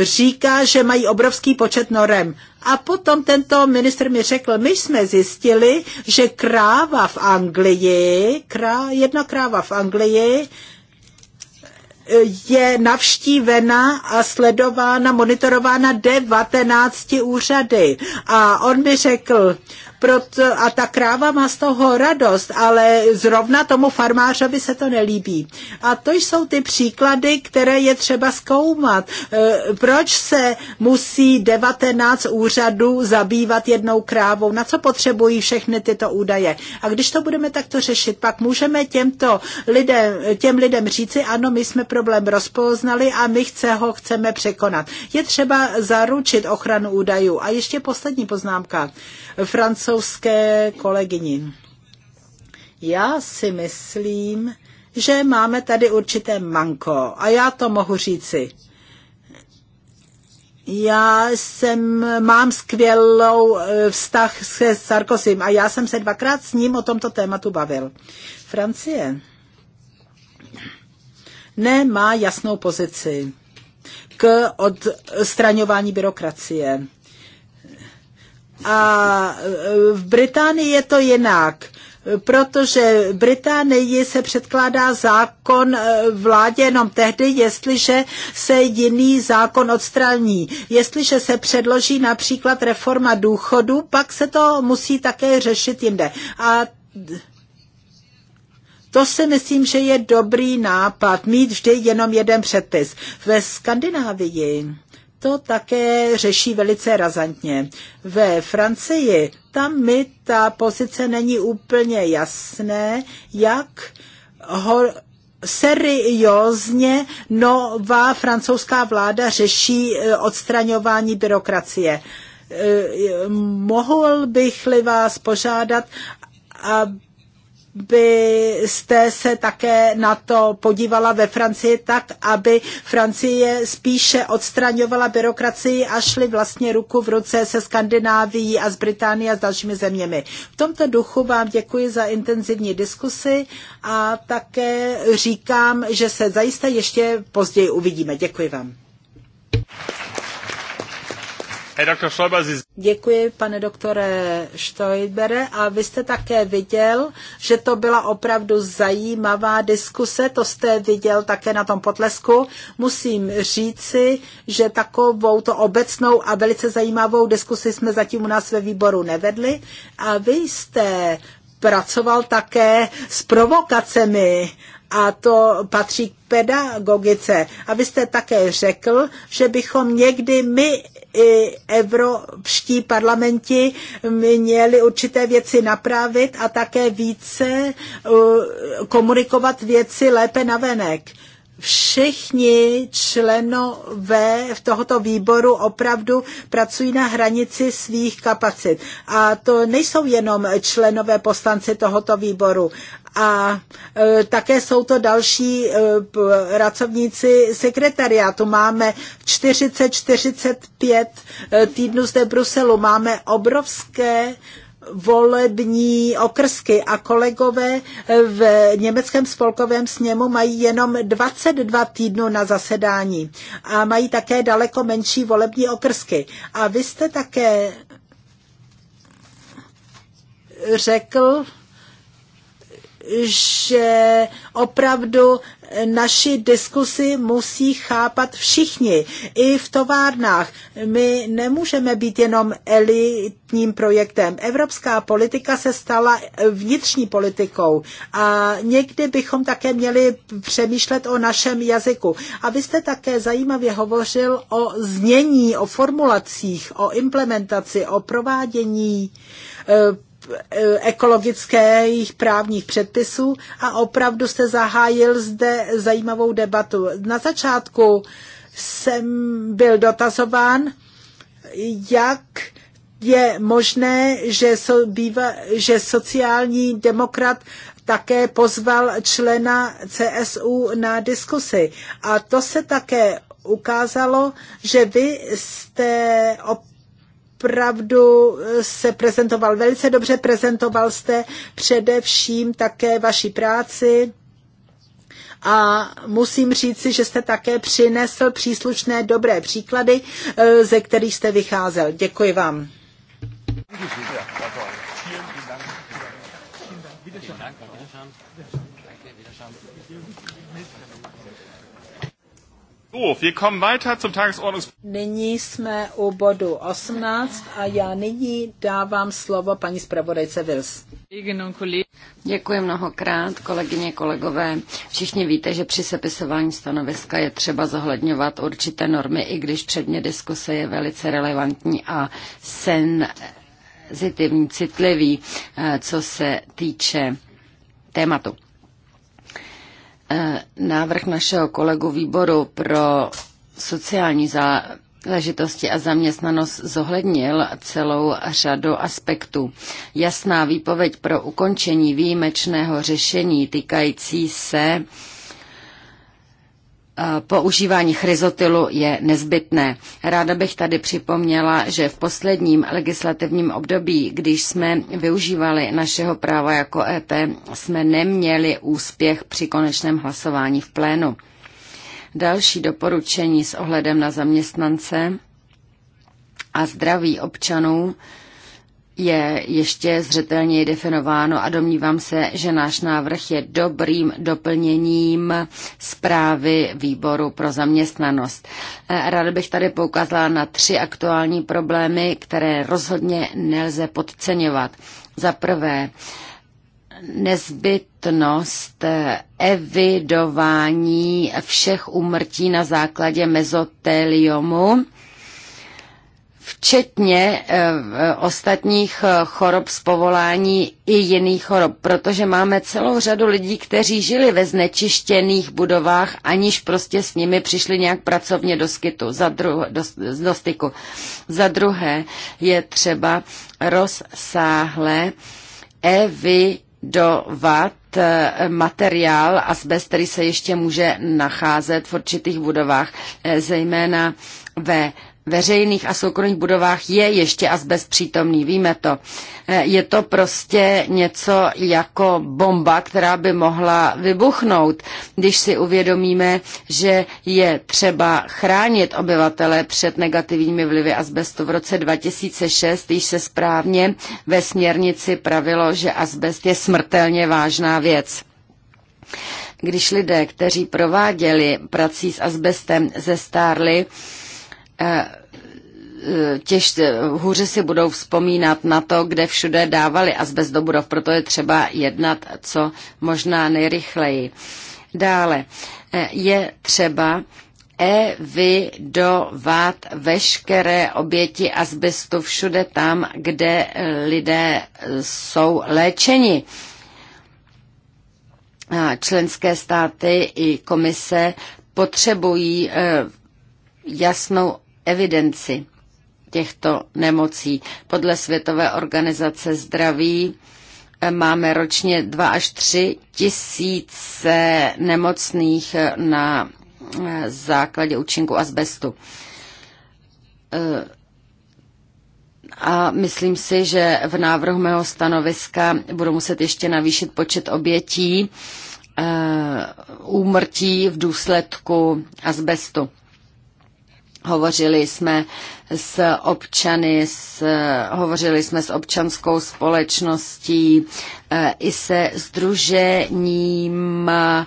říká, že mají obrovský počet norem. A potom tento ministr mi řekl, my jsme zjistili, že kráva v Anglii, krá, jedna kráva v Anglii, je navštívena a sledována, monitorována 19 úřady. A on mi řekl, proto, a ta kráva má z toho radost, ale zrovna tomu farmářovi se to nelíbí. A to jsou ty příklady, které je třeba zkoumat. E, proč se musí 19 úřadů zabývat jednou krávou? Na co potřebují všechny tyto údaje? A když to budeme takto řešit, pak můžeme těmto lidem, těm lidem říci, ano, my jsme problém rozpoznali a my chce ho chceme překonat. Je třeba zaručit ochranu údajů. A ještě poslední poznámka. Francouz francouzské kolegyni. Já si myslím, že máme tady určité manko a já to mohu říci. Já jsem, mám skvělou eh, vztah se Sarkozym a já jsem se dvakrát s ním o tomto tématu bavil. Francie nemá jasnou pozici k odstraňování byrokracie. A e, v Británii je to jinak protože Británii se předkládá zákon e, vládě jenom tehdy, jestliže se jiný zákon odstraní. Jestliže se předloží například reforma důchodu, pak se to musí také řešit jinde. A to si myslím, že je dobrý nápad, mít vždy jenom jeden předpis. Ve Skandinávii to také řeší velice razantně. Ve Francii tam mi ta pozice není úplně jasné, jak ho seriózně nová francouzská vláda řeší e, odstraňování byrokracie. E, e, mohl bych-li vás požádat, aby byste se také na to podívala ve Francii tak, aby Francie spíše odstraňovala byrokracii a šly vlastně ruku v ruce se Skandinávií a s Británií a s dalšími zeměmi. V tomto duchu vám děkuji za intenzivní diskusy a také říkám, že se zajisté ještě později uvidíme. Děkuji vám. Děkuji, pane doktore Štojbere. A vy jste také viděl, že to byla opravdu zajímavá diskuse, to jste viděl také na tom potlesku. Musím říci, že takovou to obecnou a velice zajímavou diskusi jsme zatím u nás ve výboru nevedli. A vy jste pracoval také s provokacemi a to patří k pedagogice. A vy jste také řekl, že bychom někdy my i evropští parlamenti měli určité věci napravit a také více komunikovat věci lépe venek. všichni členové v tohoto výboru opravdu pracují na hranici svých kapacit. A to nejsou jenom členové poslanci tohoto výboru, a e, také jsou to další e, pracovníci sekretariátu. Máme 40-45 e, týdnů zde v Bruselu. Máme obrovské volební okrsky a kolegové v německém spolkovém sněmu mají jenom 22 týdnů na zasedání a mají také daleko menší volební okrsky. A vy jste také řekl, že opravdu naši diskusy musí chápat všichni, i v továrnách. My nemůžeme být jenom elitním projektem. Evropská politika se stala vnitřní politikou a někdy bychom také měli přemýšlet o našem jazyku. A vy jste také zajímavě hovořil o znění, o formulacích, o implementaci, o provádění eh, Eh, ekologických právních předpisů a opravdu jste zahájil zde zajímavou debatu. Na začátku jsem byl dotazován, jak je možné, že, so, býva, že sociální demokrat také pozval člena CSU na diskusi. A to se také ukázalo, že vy jste op- opravdu eh, se prezentoval velice dobře, prezentoval jste především také vaši práci a musím říci, že jste také přinesl příslušné dobré příklady, eh, ze kterých jste vycházel. Děkuji vám. Děkuji. Nyní jsme u bodu 18 a já nyní dávám slovo paní zpravodajce Vils. Děkuji mnohokrát, kolegyně, kolegové. Všichni víte, že při sepisování stanoviska je třeba zohledňovat určité normy, i když předmět diskuse je velice relevantní a senzitivní, citlivý, eh, co se týče tématu. Eh, návrh našeho kolegu výboru pro sociální záležitosti a zaměstnanost zohlednil celou řadu aspektů. Jasná výpověď pro ukončení výjimečného řešení týkající se Eh, používání chryzotylu je nezbytné. Ráda bych tady připomněla, že v posledním legislativním období, když jsme využívali našeho práva jako EP, jsme neměli úspěch při konečném hlasování v plénu. Další doporučení s ohledem na zaměstnance a zdraví občanů je ještě zřetelněji definováno a domnívám se, že náš návrh je dobrým doplněním zprávy výboru pro zaměstnanost. Eh, ráda bych tady poukázala na tři aktuální problémy, které rozhodně nelze podceňovat. Za prvé, nezbytnost eh, evidování všech úmrtí na základě mezoteliomu včetně eh, eh, ostatních eh, chorob z povolání i jiných chorob, protože máme celou řadu lidí, kteří žili ve znečištěných budovách, aniž prostě s nimi přišli nějak pracovně do, skytu, za druhé, do, do styku. Za druhé je třeba rozsáhle evidovat materiál asbest, který se ještě může nacházet v určitých budovách, zejména ve veřejných a soukromých budovách je ještě asbest přítomný, víme to. Eh, je to prostě něco jako bomba, která by mohla vybuchnout, když si uvědomíme, že je třeba chránit obyvatele před negativními vlivy asbestu. V roce 2006 již se správně ve směrnici pravilo, že asbest je smrtelně vážná věc. Když lidé, kteří prováděli prací s asbestem, zestárli, Eh, eh, těž, hůře si budou vzpomínat na to, kde všude dávali azbest do budov, proto je třeba jednat co možná nejrychleji. Dále eh, je třeba evidovat veškeré oběti azbestu všude tam, kde lidé jsou léčeni. Členské státy i komise potřebují jasnou evidenci těchto nemocí. Podle Světové organizace zdraví eh, máme ročně 2 až 3 tisíce nemocných eh, na eh, základě účinku asbestu. A myslím si, že v návrhu mého stanoviska budu muset ještě navýšit počet obětí úmrtí v důsledku asbestu. Hovořili jsme s občany, s, hovořili jsme s občanskou společností eh, i se združením eh,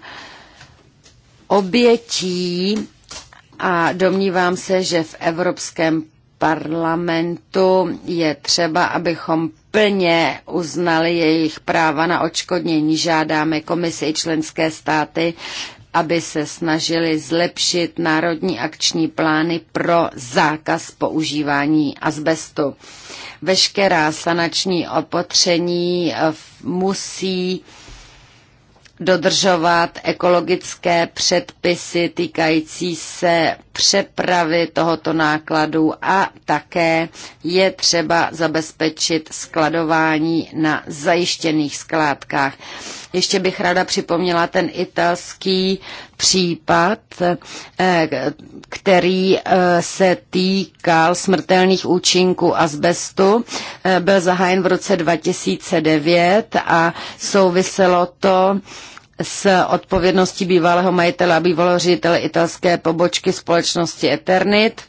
obětí a domnívám se, že v Evropském parlamentu je třeba, abychom plně uznali jejich práva na očkodnění. Žádáme komisi i členské státy, aby se snažili zlepšit národní akční plány pro zákaz používání asbestu. Veškerá sanační opatření eh, musí dodržovat ekologické předpisy týkající se přepravy tohoto nákladu a také je třeba zabezpečit skladování na zajištěných skládkách. Ještě bych ráda připomněla ten italský případ, eh, který eh, se týkal smrtelných účinků azbestu. Eh, byl zahájen v roce 2009 a souviselo to s odpovědností bývalého majitele a bývalého ředitele italské pobočky společnosti Eternit.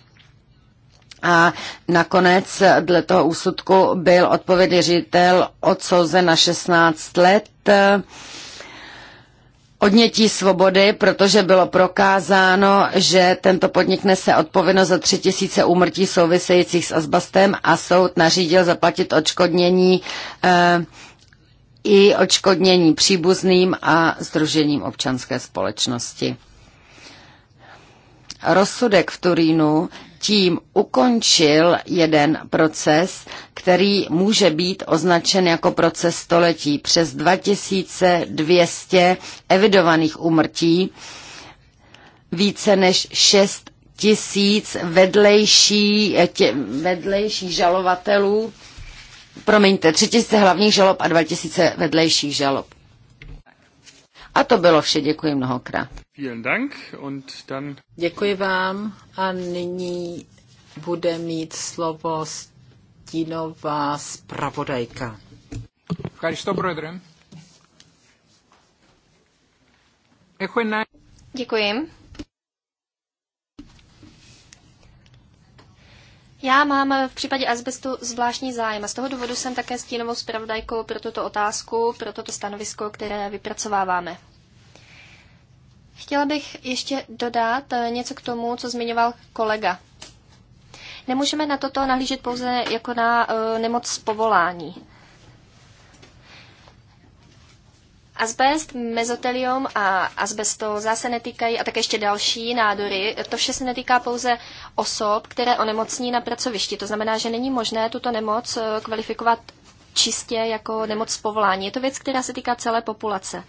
A nakonec dle toho úsudku byl odpovědný ředitel odsouzen na 16 let odnětí svobody, protože bylo prokázáno, že tento podnik nese odpovědnost za 3000 úmrtí souvisejících s asbastem a soud nařídil zaplatit odškodnění eh, i očkodnění příbuzným a združením občanské společnosti. Rozsudek v Turínu tím ukončil jeden proces, který může být označen jako proces století přes 2200 evidovaných úmrtí, více než 6 tisíc vedlejší, tě, vedlejších žalovatelů promiňte, 3000 hlavních žalob a 2000 vedlejších žalob. A to bylo vše, děkuji mnohokrát. Děkuji vám a nyní bude mít slovo stínová zpravodajka. Děkuji. Já mám v případě asbestu zvláštní zájem a z toho důvodu jsem také stínovou zpravodajkou pro tuto otázku, pro toto stanovisko, které vypracováváme. Chtěla bych ještě dodat eh, něco k tomu, co zmiňoval kolega. Nemůžeme na toto nahlížet pouze jako na eh, nemoc z povolání. Asbest, mezotelium a asbestóza se netýkají, a také ještě další nádory, to vše se netýká pouze osob, které onemocní na pracovišti. To znamená, že není možné tuto nemoc eh, kvalifikovat čistě jako nemoc z povolání. Je to věc, která se týká celé populace.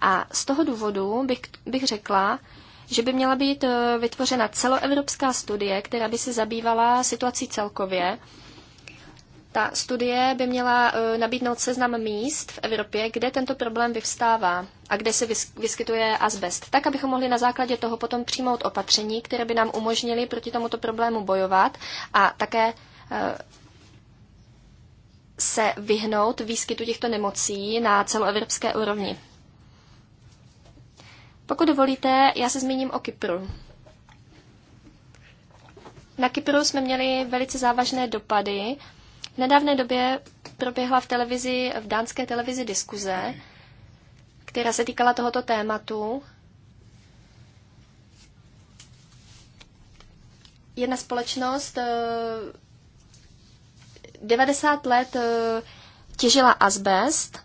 A z toho důvodu bych, bych řekla, že by měla být eh, vytvořena celoevropská studie, která by se zabývala situací celkově ta studie by měla eh, nabídnout seznam míst v Evropě, kde tento problém vyvstává a kde se vyskytuje asbest, tak abychom mohli na základě toho potom přijmout opatření, které by nám umožnily proti tomuto problému bojovat a také eh, se vyhnout výskytu těchto nemocí na celoevropské úrovni. Pokud dovolíte, já se zmíním o Kypru. Na Kypru jsme měli velice závažné dopady v nedávné době proběhla v televizi, v dánské televizi diskuze, která se týkala tohoto tématu. Jedna společnost 90 eh, let eh, těžila asbest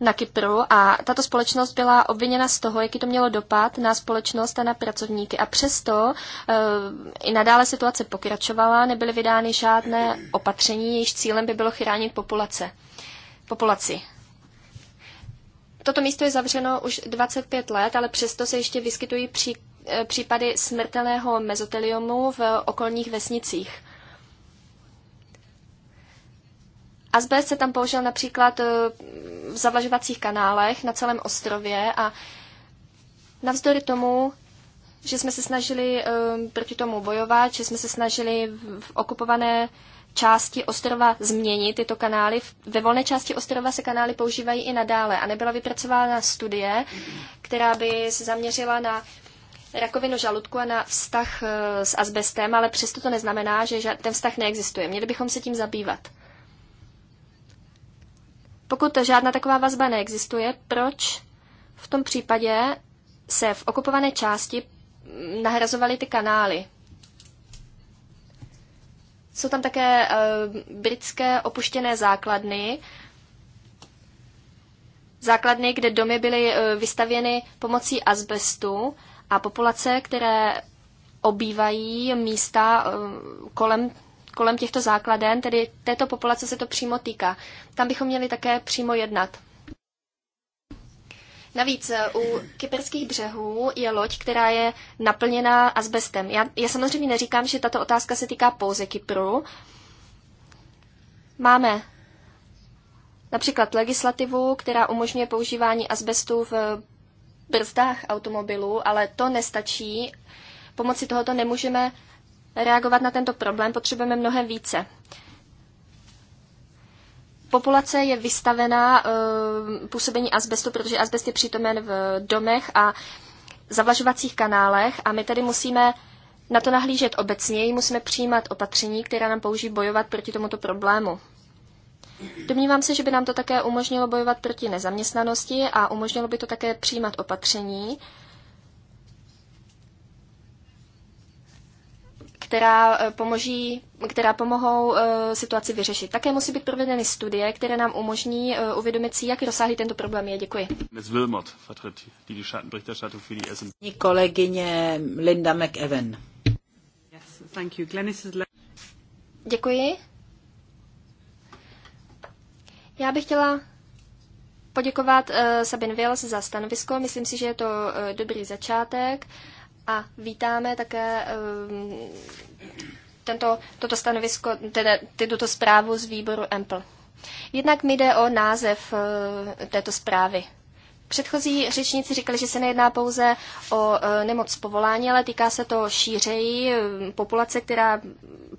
na Kypru a tato společnost byla obviněna z toho, jaký to mělo dopad na společnost a na pracovníky. A přesto e, i nadále situace pokračovala, nebyly vydány žádné opatření, jejichž cílem by bylo chránit populace. populaci. Toto místo je zavřeno už 25 let, ale přesto se ještě vyskytují pří, e, případy smrtelného mezoteliomu v okolních vesnicích. Asbest se tam použil například eh, v zavlažovacích kanálech na celém ostrově a navzdory tomu, že jsme se snažili eh, proti tomu bojovat, že jsme se snažili v okupované části ostrova změnit tyto kanály. Ve volné části ostrova se kanály používají i nadále a nebyla vypracována studie, která by se zaměřila na rakovinu žaludku a na vztah eh, s asbestem, ale přesto to neznamená, že ten vztah neexistuje. Měli bychom se tím zabývat. Pokud žádná taková vazba neexistuje, proč v tom případě se v okupované části nahrazovaly ty kanály? Jsou tam také uh, britské opuštěné základny, základny, kde domy byly uh, vystavěny pomocí azbestu a populace, které obývají místa uh, kolem kolem těchto základen, tedy této populace se to přímo týká. Tam bychom měli také přímo jednat. Navíc eh, u kyperských břehů je loď, která je naplněná asbestem. Já, já samozřejmě neříkám, že tato otázka se týká pouze Kypru. Máme například legislativu, která umožňuje používání asbestu v brzdách automobilů, ale to nestačí. Pomocí tohoto nemůžeme reagovat na tento problém, potřebujeme mnohem více. Populace je vystavená eh, působení asbestu, protože asbest je přítomen v domech a zavlažovacích kanálech a my tedy musíme na to nahlížet obecněji, musíme přijímat opatření, která nám použí bojovat proti tomuto problému. Domnívám se, že by nám to také umožnilo bojovat proti nezaměstnanosti a umožnilo by to také přijímat opatření, která, eh, pomoží, která pomohou eh, situaci vyřešit. Také musí být provedeny studie, které nám umožní eh, uvědomit si, jak rozsáhlý tento problém je. Děkuji. Kolegyně Linda McEwen. Děkuji. Já bych chtěla poděkovat uh, Sabin Wills za stanovisko. Myslím si, že je to uh, dobrý začátek. Uh, a vítáme také ehm, tento, toto stanovisko, teda tuto zprávu z výboru EMPL. Jednak mi jde o název eh, této zprávy. Předchozí řečníci říkali, že se nejedná pouze o eh, nemoc povolání, ale týká se to šířeji ehm, populace, která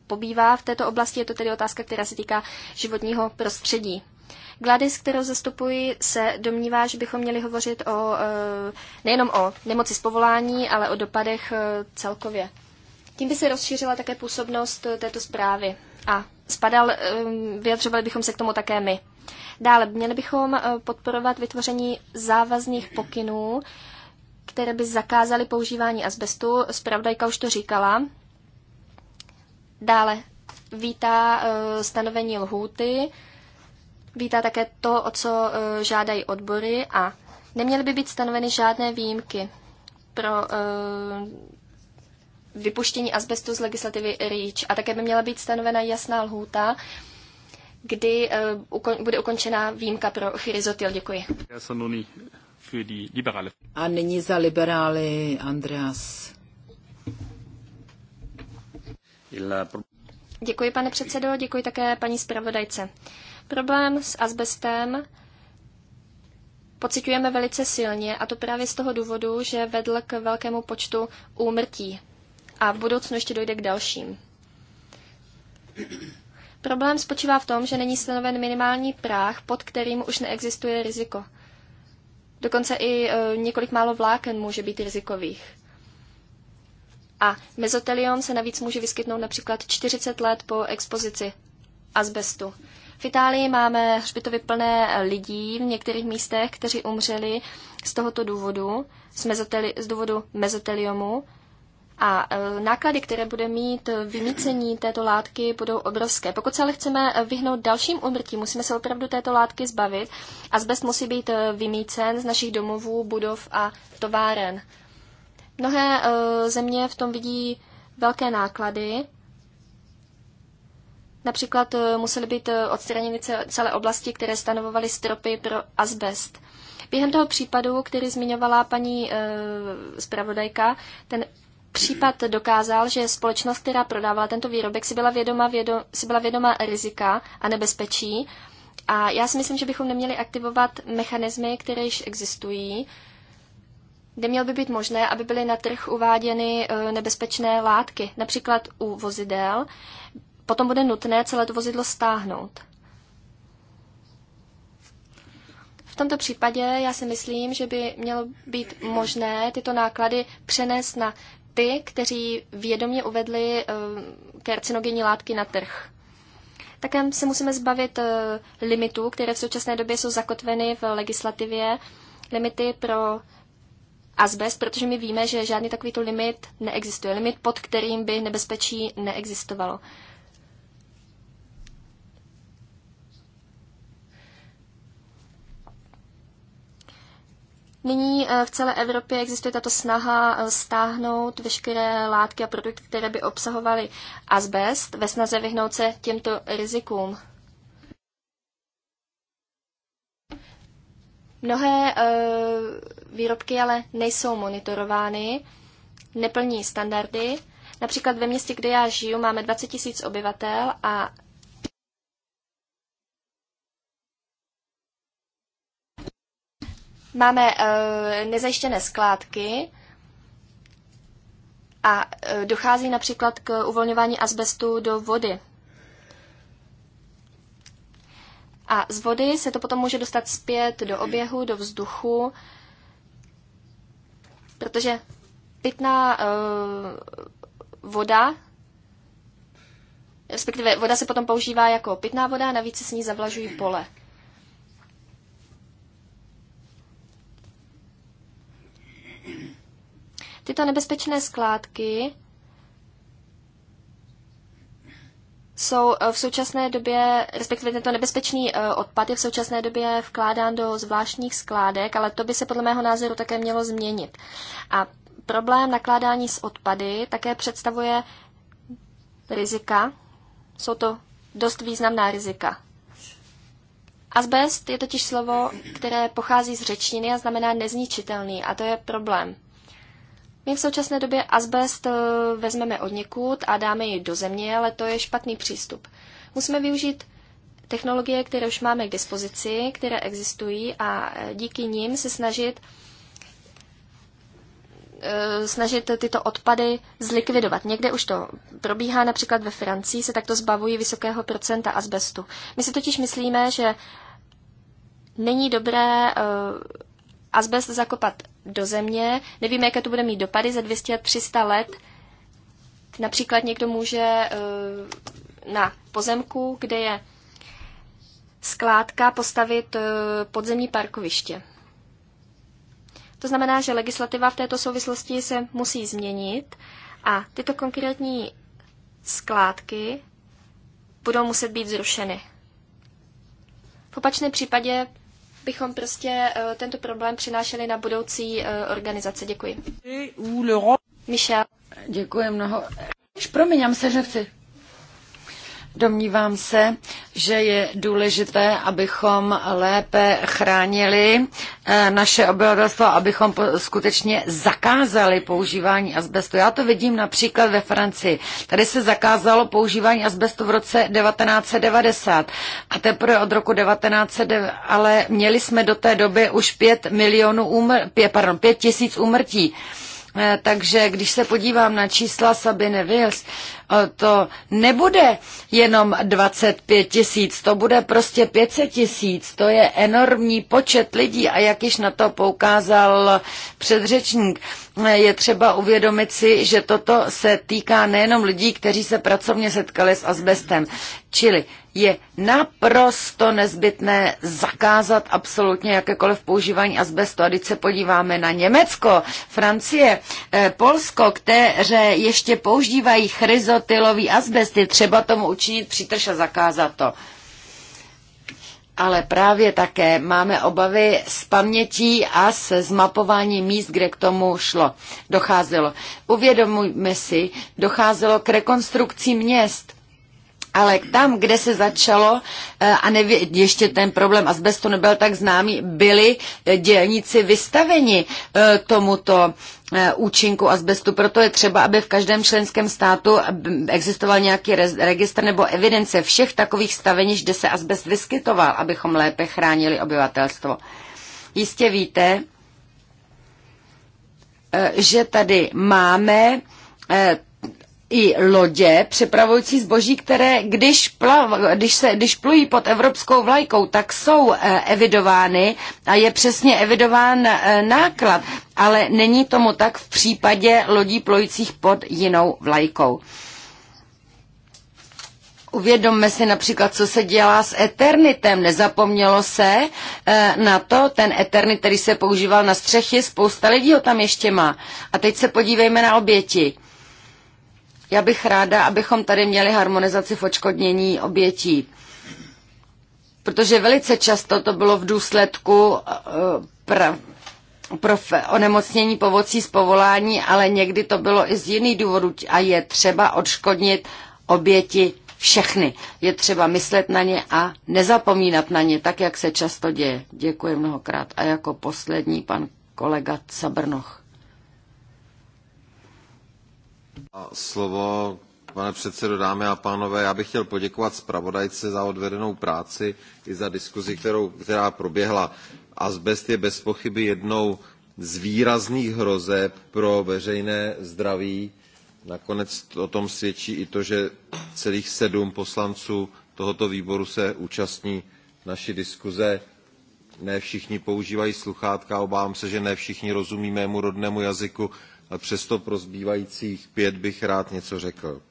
pobývá v této oblasti. Je to tedy otázka, která se týká životního prostředí. Gladys, kterou zastupuji, se domnívá, že bychom měli hovořit o, eh, nejenom o nemoci z povolání, ale o dopadech eh, celkově. Tím by se rozšířila také působnost eh, této zprávy a spadal, vyjadřovali bychom se k tomu také my. Dále měli bychom podporovat vytvoření závazných pokynů, které by zakázaly používání asbestu. Spravdajka už to říkala. Dále vítá stanovení lhůty vítá také to, o co e, žádají odbory a neměly by být stanoveny žádné výjimky pro e, vypuštění asbestu z legislativy REACH. A také by měla být stanovena jasná lhůta, kdy e, bude ukončena výjimka pro chryzotyl. Děkuji. A nyní za liberály Andreas. Děkuji, pane předsedo, děkuji také paní zpravodajce. Problém s asbestem pocitujeme velice silně a to právě z toho důvodu, že vedl k velkému počtu úmrtí a v budoucnu ještě dojde k dalším. Problém spočívá v tom, že není stanoven minimální práh, pod kterým už neexistuje riziko. Dokonce i e, několik málo vláken může být rizikových. A mezotelion se navíc může vyskytnout například 40 let po expozici asbestu. V Itálii máme hřbitovy plné lidí v některých místech, kteří umřeli z tohoto důvodu, z, mezoteli, z důvodu mezoteliomu. A e, náklady, které bude mít vymícení této látky, budou obrovské. Pokud se ale chceme vyhnout dalším umrtím, musíme se opravdu této látky zbavit. A zbest musí být e, vymícen z našich domovů, budov a továren. Mnohé e, země v tom vidí velké náklady Například eh, musely být eh, odstraněny celé oblasti, které stanovovaly stropy pro asbest. Během toho případu, který zmiňovala paní e, zpravodajka, ten případ dokázal, že společnost, která prodávala tento výrobek, si byla vědoma, vědo, si byla vědoma rizika a nebezpečí. A já si myslím, že bychom neměli aktivovat mechanismy, které již existují, kde měl by být možné, aby byly na trh uváděny nebezpečné látky, například u vozidel potom bude nutné celé to vozidlo stáhnout. V tomto případě já si myslím, že by mělo být možné tyto náklady přenést na ty, kteří vědomě uvedli eh, karcinogenní látky na trh. Také se musíme zbavit eh, limitů, které v současné době jsou zakotveny v legislativě, limity pro asbest, protože my víme, že žádný takovýto limit neexistuje, limit, pod kterým by nebezpečí neexistovalo. Nyní eh, v celé Evropě existuje tato snaha eh, stáhnout veškeré látky a produkty, které by obsahovaly asbest, ve snaze vyhnout se těmto rizikům. Mnohé eh, výrobky ale nejsou monitorovány, neplní standardy. Například ve městě, kde já žiju, máme 20 000 obyvatel a Máme eh, nezajištěné skládky a eh, dochází například k uvolňování asbestu do vody. A z vody se to potom může dostat zpět do oběhu, do vzduchu, protože pitná eh, voda, respektive voda se potom používá jako pitná voda navíc se s ní zavlažují pole. Tyto nebezpečné skládky jsou eh, v současné době, respektive tento nebezpečný eh, odpad je v současné době vkládán do zvláštních skládek, ale to by se podle mého názoru také mělo změnit. A problém nakládání s odpady také představuje rizika. Jsou to dost významná rizika. Asbest je totiž slovo, které pochází z řečtiny a znamená nezničitelný a to je problém. My v současné době asbest eh, vezmeme od někud a dáme ji do země, ale to je špatný přístup. Musíme využít technologie, které už máme k dispozici, které existují a eh, díky nim se snažit eh, snažit tyto odpady zlikvidovat. Někde už to probíhá, například ve Francii se takto zbavují vysokého procenta asbestu. My si totiž myslíme, že není dobré asbest zakopat do země. Nevíme, jaké to bude mít dopady za 200 a 300 let. Například někdo může eh, na pozemku, kde je skládka, postavit eh, podzemní parkoviště. To znamená, že legislativa v této souvislosti se musí změnit a tyto konkrétní skládky budou muset být zrušeny. V opačném případě bychom prostě eh, tento problém přinášeli na budoucí eh, organizace. Děkuji. Michel. Děkuji mnoho. Promiňám se, že chci Domnívám se, že je důležité, abychom lépe chránili eh, naše obyvatelstvo, abychom skutečně zakázali používání asbestu. Já to vidím například ve Francii. Tady se zakázalo používání asbestu v roce 1990 a teprve od roku 1990, ale měli jsme do té doby už 5 milionů úmr, pardon, 5 tisíc úmrtí. Eh, takže když se podívám na čísla Sabine Wills, to nebude jenom 25 tisíc, to bude prostě 500 tisíc, to je enormní počet lidí a jak již na to poukázal předřečník, je třeba uvědomit si, že toto se týká nejenom lidí, kteří se pracovně setkali s asbestem. Čili je naprosto nezbytné zakázat absolutně jakékoliv používání asbestu. A když se podíváme na Německo, Francie, eh, Polsko, které ještě používají chryzo monotylový asbest. Je třeba tomu učinit přítrž a zakázat to. Ale právě také máme obavy s pamětí a s zmapování míst, kde k tomu šlo, docházelo. Uvědomujme si, docházelo k rekonstrukci měst ale tam, kde se začalo, eh, a nevě, ještě ten problém asbestu nebyl tak známý, byli eh, dělníci vystaveni eh, tomuto účinku asbestu. Proto je třeba, aby v každém členském státu existoval nějaký registr nebo evidence všech takových stavení, kde se asbest vyskytoval, abychom lépe chránili obyvatelstvo. Jistě víte, že tady máme i lodě přepravující zboží, které když, plav, když, se, když plují pod evropskou vlajkou, tak jsou eh, evidovány a je přesně evidován eh, náklad, ale není tomu tak v případě lodí plujících pod jinou vlajkou. Uvědomme si například, co se dělá s eternitem. Nezapomnělo se eh, na to, ten eternit, který se používal na střechy, spousta lidí ho tam ještě má. A teď se podívejme na oběti já bych ráda, abychom tady měli harmonizaci v očkodnění obětí, protože velice často to bylo v důsledku eh, pra, prof, onemocnění povodcí z povolání, ale někdy to bylo i z jiných důvodů a je třeba odškodnit oběti všechny. Je třeba myslet na ně a nezapomínat na ně, tak jak se často děje. Děkuji mnohokrát. A jako poslední pan kolega Cabrnoch slovo, pane předsedo, dámy a pánové, já bych chtěl poděkovat zpravodajce za odvedenou práci i za diskuzi, kterou, která proběhla. Azbest je bez pochyby jednou z výrazných hrozeb pro veřejné zdraví. Nakonec o tom svědčí i to, že celých sedm poslanců tohoto výboru se účastní naší diskuze. Ne všichni používají sluchátka, obávám se, že ne všichni rozumí mému rodnému jazyku, ale přesto pro zbývajících pět bych rád něco řekl.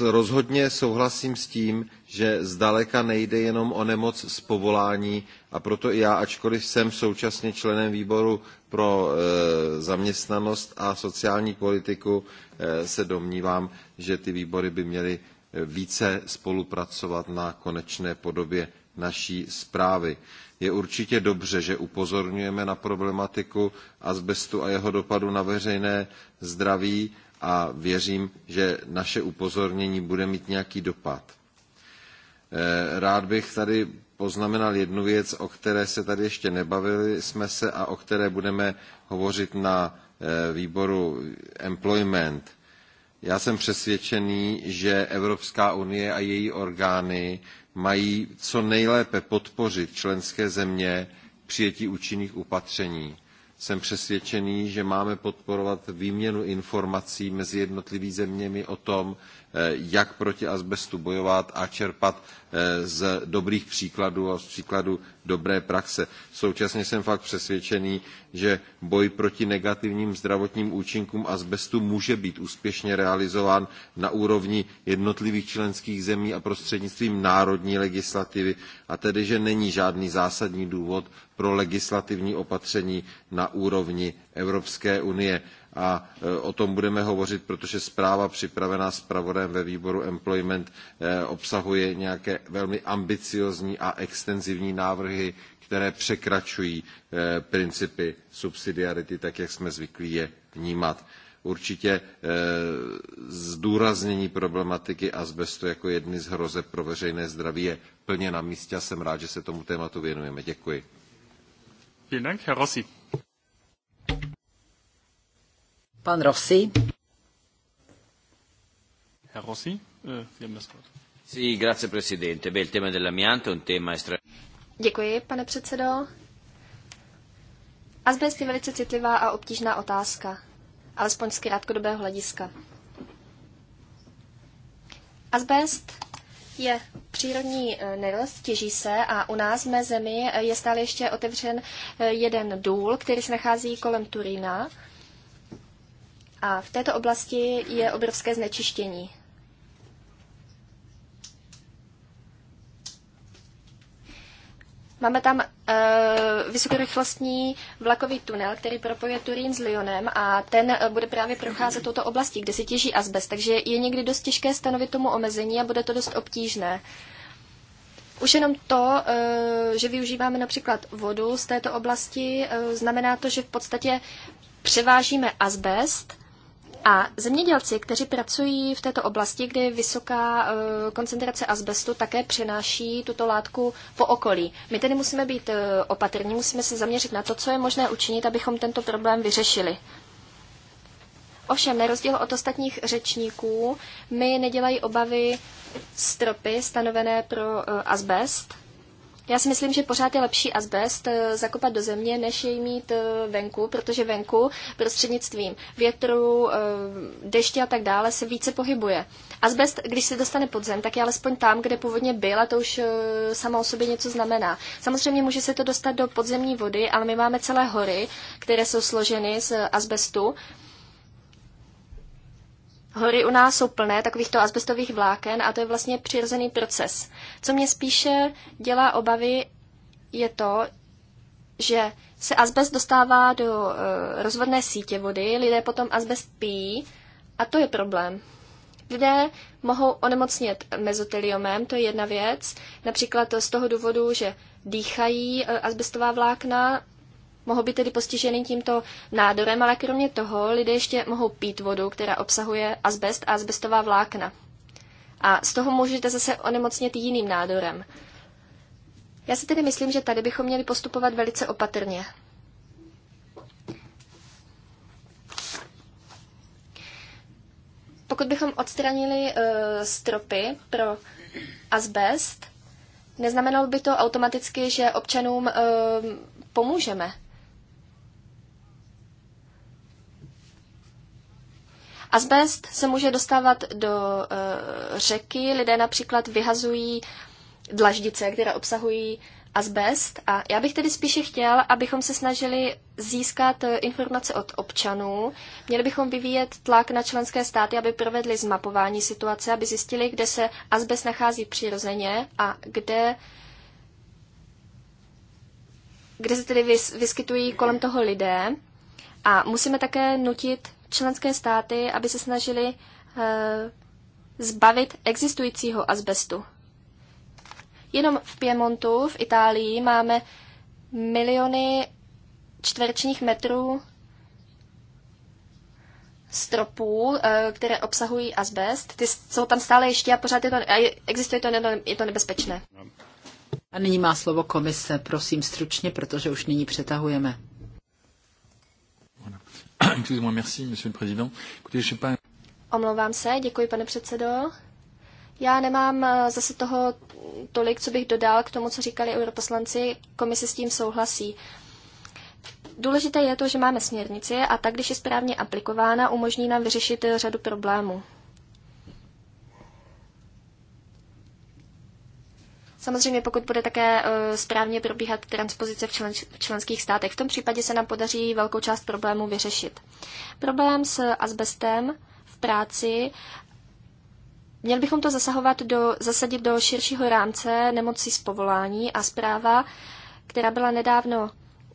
Rozhodně souhlasím s tím, že zdaleka nejde jenom o nemoc z povolání a proto i já, ačkoliv jsem současně členem výboru pro eh, zaměstnanost a sociální politiku, eh, se domnívám, že ty výbory by měly eh, více spolupracovat na konečné podobě naší zprávy. Je určitě dobře, že upozorňujeme na problematiku azbestu a jeho dopadu na veřejné zdraví a věřím, že naše upozornění bude mít nějaký dopad. Eh, rád bych tady poznamenal jednu věc, o které se tady ještě nebavili jsme se a o které budeme hovořit na eh, výboru Employment. Já jsem přesvědčený, že Evropská unie a její orgány mají co nejlépe podpořit členské země přijetí účinných opatření. Jsem přesvědčený, že máme podporovat výměnu informací mezi jednotlivými zeměmi o tom, Eh, jak proti azbestu bojovat a čerpat eh, z dobrých příkladů a z příkladů dobré praxe. Současně jsem fakt přesvědčený, že boj proti negativním zdravotním účinkům azbestu může být úspěšně realizován na úrovni jednotlivých členských zemí a prostřednictvím národní legislativy, a tedy, že není žádný zásadní důvod pro legislativní opatření na úrovni Evropské unie a e, o tom budeme hovořit, protože zpráva připravená zpravodajem ve výboru Employment e, obsahuje nějaké velmi ambiciózní a extenzivní návrhy, které překračují e, principy subsidiarity, tak jak jsme zvyklí je vnímat určitě zdůraznění problematiky azbestu jako jedny z hrozeb pro veřejné zdraví je plně na místě a jsem rád, že se tomu tématu věnujeme. Děkuji. Vielen Dank, Herr Rossi. Pan Rossi. Herr Rossi, eh, Sie haben das Wort. Sì, grazie Presidente. Beh, il tema dell'amianto è un tema estremamente... Děkuji, pane předsedo. Azbest je velice citlivá a obtížná otázka, alespoň z krátkodobého hlediska. Azbest je přírodní eh, nerost, těží se a u nás v mé zemi je stále ještě otevřen eh, jeden důl, který se nachází kolem Turína. A v této oblasti je obrovské znečištění. Máme tam uh, vysokorychlostní vlakový tunel, který propojuje Turín s Lyonem a ten uh, bude právě procházet touto oblastí, kde se těží azbest, takže je někdy dost těžké stanovit tomu omezení a bude to dost obtížné. Už jenom to, uh, že využíváme například vodu z této oblasti, uh, znamená to, že v podstatě převážíme azbest a zemědělci, kteří pracují v této oblasti, kde je vysoká eh, koncentrace asbestu, také přenáší tuto látku po okolí. My tedy musíme být eh, opatrní, musíme se zaměřit na to, co je možné učinit, abychom tento problém vyřešili. Ovšem, na rozdíl od ostatních řečníků, my nedělají obavy stropy stanovené pro eh, asbest, já si myslím, že pořád je lepší azbest eh, zakopat do země, než jej mít eh, venku, protože venku prostřednictvím větru, eh, deště a tak dále se více pohybuje. Azbest, když se dostane pod zem, tak je alespoň tam, kde původně byl a to už samo o sobě něco znamená. Samozřejmě může se to dostat do podzemní vody, ale my máme celé hory, které jsou složeny z azbestu Hory u nás jsou plné takovýchto asbestových vláken a to je vlastně přirozený proces. Co mě spíše dělá obavy, je to, že se asbest dostává do uh, rozvodné sítě vody, lidé potom asbest pijí a to je problém. Lidé mohou onemocnit mezoteliomem, to je jedna věc, například z toho důvodu, že dýchají e, asbestová vlákna, mohou být tedy postiženy tímto nádorem, ale kromě toho lidé ještě mohou pít vodu, která obsahuje asbest a asbestová vlákna. A z toho můžete zase onemocnit jiným nádorem. Já si tedy myslím, že tady bychom měli postupovat velice opatrně. Pokud bychom odstranili e, stropy pro asbest, neznamenalo by to automaticky, že občanům e, pomůžeme. Azbest se může dostávat do uh, řeky, lidé například vyhazují dlaždice, které obsahují azbest. A já bych tedy spíše chtěl, abychom se snažili získat eh, informace od občanů. Měli bychom vyvíjet tlak na členské státy, aby provedli zmapování situace, aby zjistili, kde se azbest nachází přirozeně a kde kde se tedy vyskytují kolem toho lidé. A musíme také nutit členské státy, aby se snažili eh, zbavit existujícího azbestu. Jenom v Piemontu, v Itálii, máme miliony čtverečních metrů stropů, eh, které obsahují azbest. Ty jsou tam stále ještě a pořád je to, a existuje to, je to nebezpečné. A nyní má slovo komise, prosím stručně, protože už nyní přetahujeme. Excusez-moi, merci, monsieur le président. Écoutez, je pas... Omlouvám se, děkuji, pane předsedo. Já nemám eh, zase toho tolik, co bych dodal k tomu, co říkali europoslanci. Komise s tím souhlasí. Důležité je to, že máme směrnici a tak, když je správně aplikována, umožní nám vyřešit eh, řadu problémů. Samozřejmě pokud bude také e, správně probíhat transpozice v, člen, v členských státech, v tom případě se nám podaří velkou část problémů vyřešit. Problém s asbestem v práci Měli bychom to zasahovat do, zasadit do širšího rámce nemocí z povolání a zpráva, která byla nedávno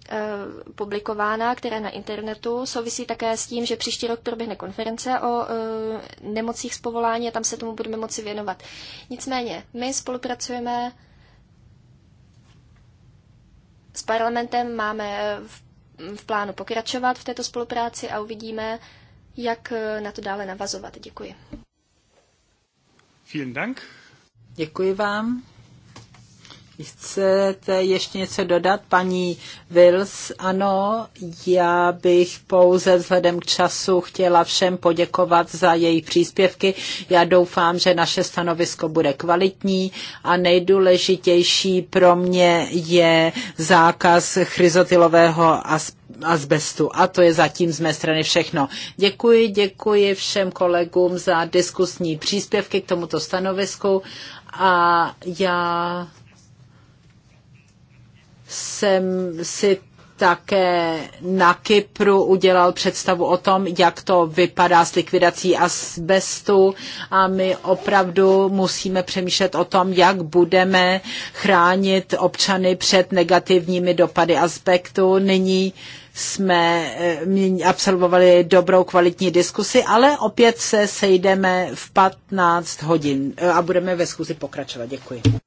Eh, publikována, která na internetu. Souvisí také s tím, že příští rok proběhne konference o eh, nemocích z povolání a tam se tomu budeme moci věnovat. Nicméně, my spolupracujeme s parlamentem, máme eh, v, v plánu pokračovat v této spolupráci a uvidíme, jak na to dále navazovat. Děkuji. Vielen Dank. Děkuji vám. Chcete ještě něco dodat, paní Wills? Ano, já bych pouze vzhledem k času chtěla všem poděkovat za její příspěvky. Já doufám, že naše stanovisko bude kvalitní a nejdůležitější pro mě je zákaz chryzotilového asbestu. A to je zatím z mé strany všechno. Děkuji, děkuji všem kolegům za diskusní příspěvky k tomuto stanovisku a já jsem si také na Kypru udělal představu o tom, jak to vypadá s likvidací asbestu a my opravdu musíme přemýšlet o tom, jak budeme chránit občany před negativními dopady aspektu, Nyní jsme eh, absolvovali dobrou kvalitní diskusi, ale opět se sejdeme v 15 hodin eh, a budeme ve schůzi pokračovat. Děkuji.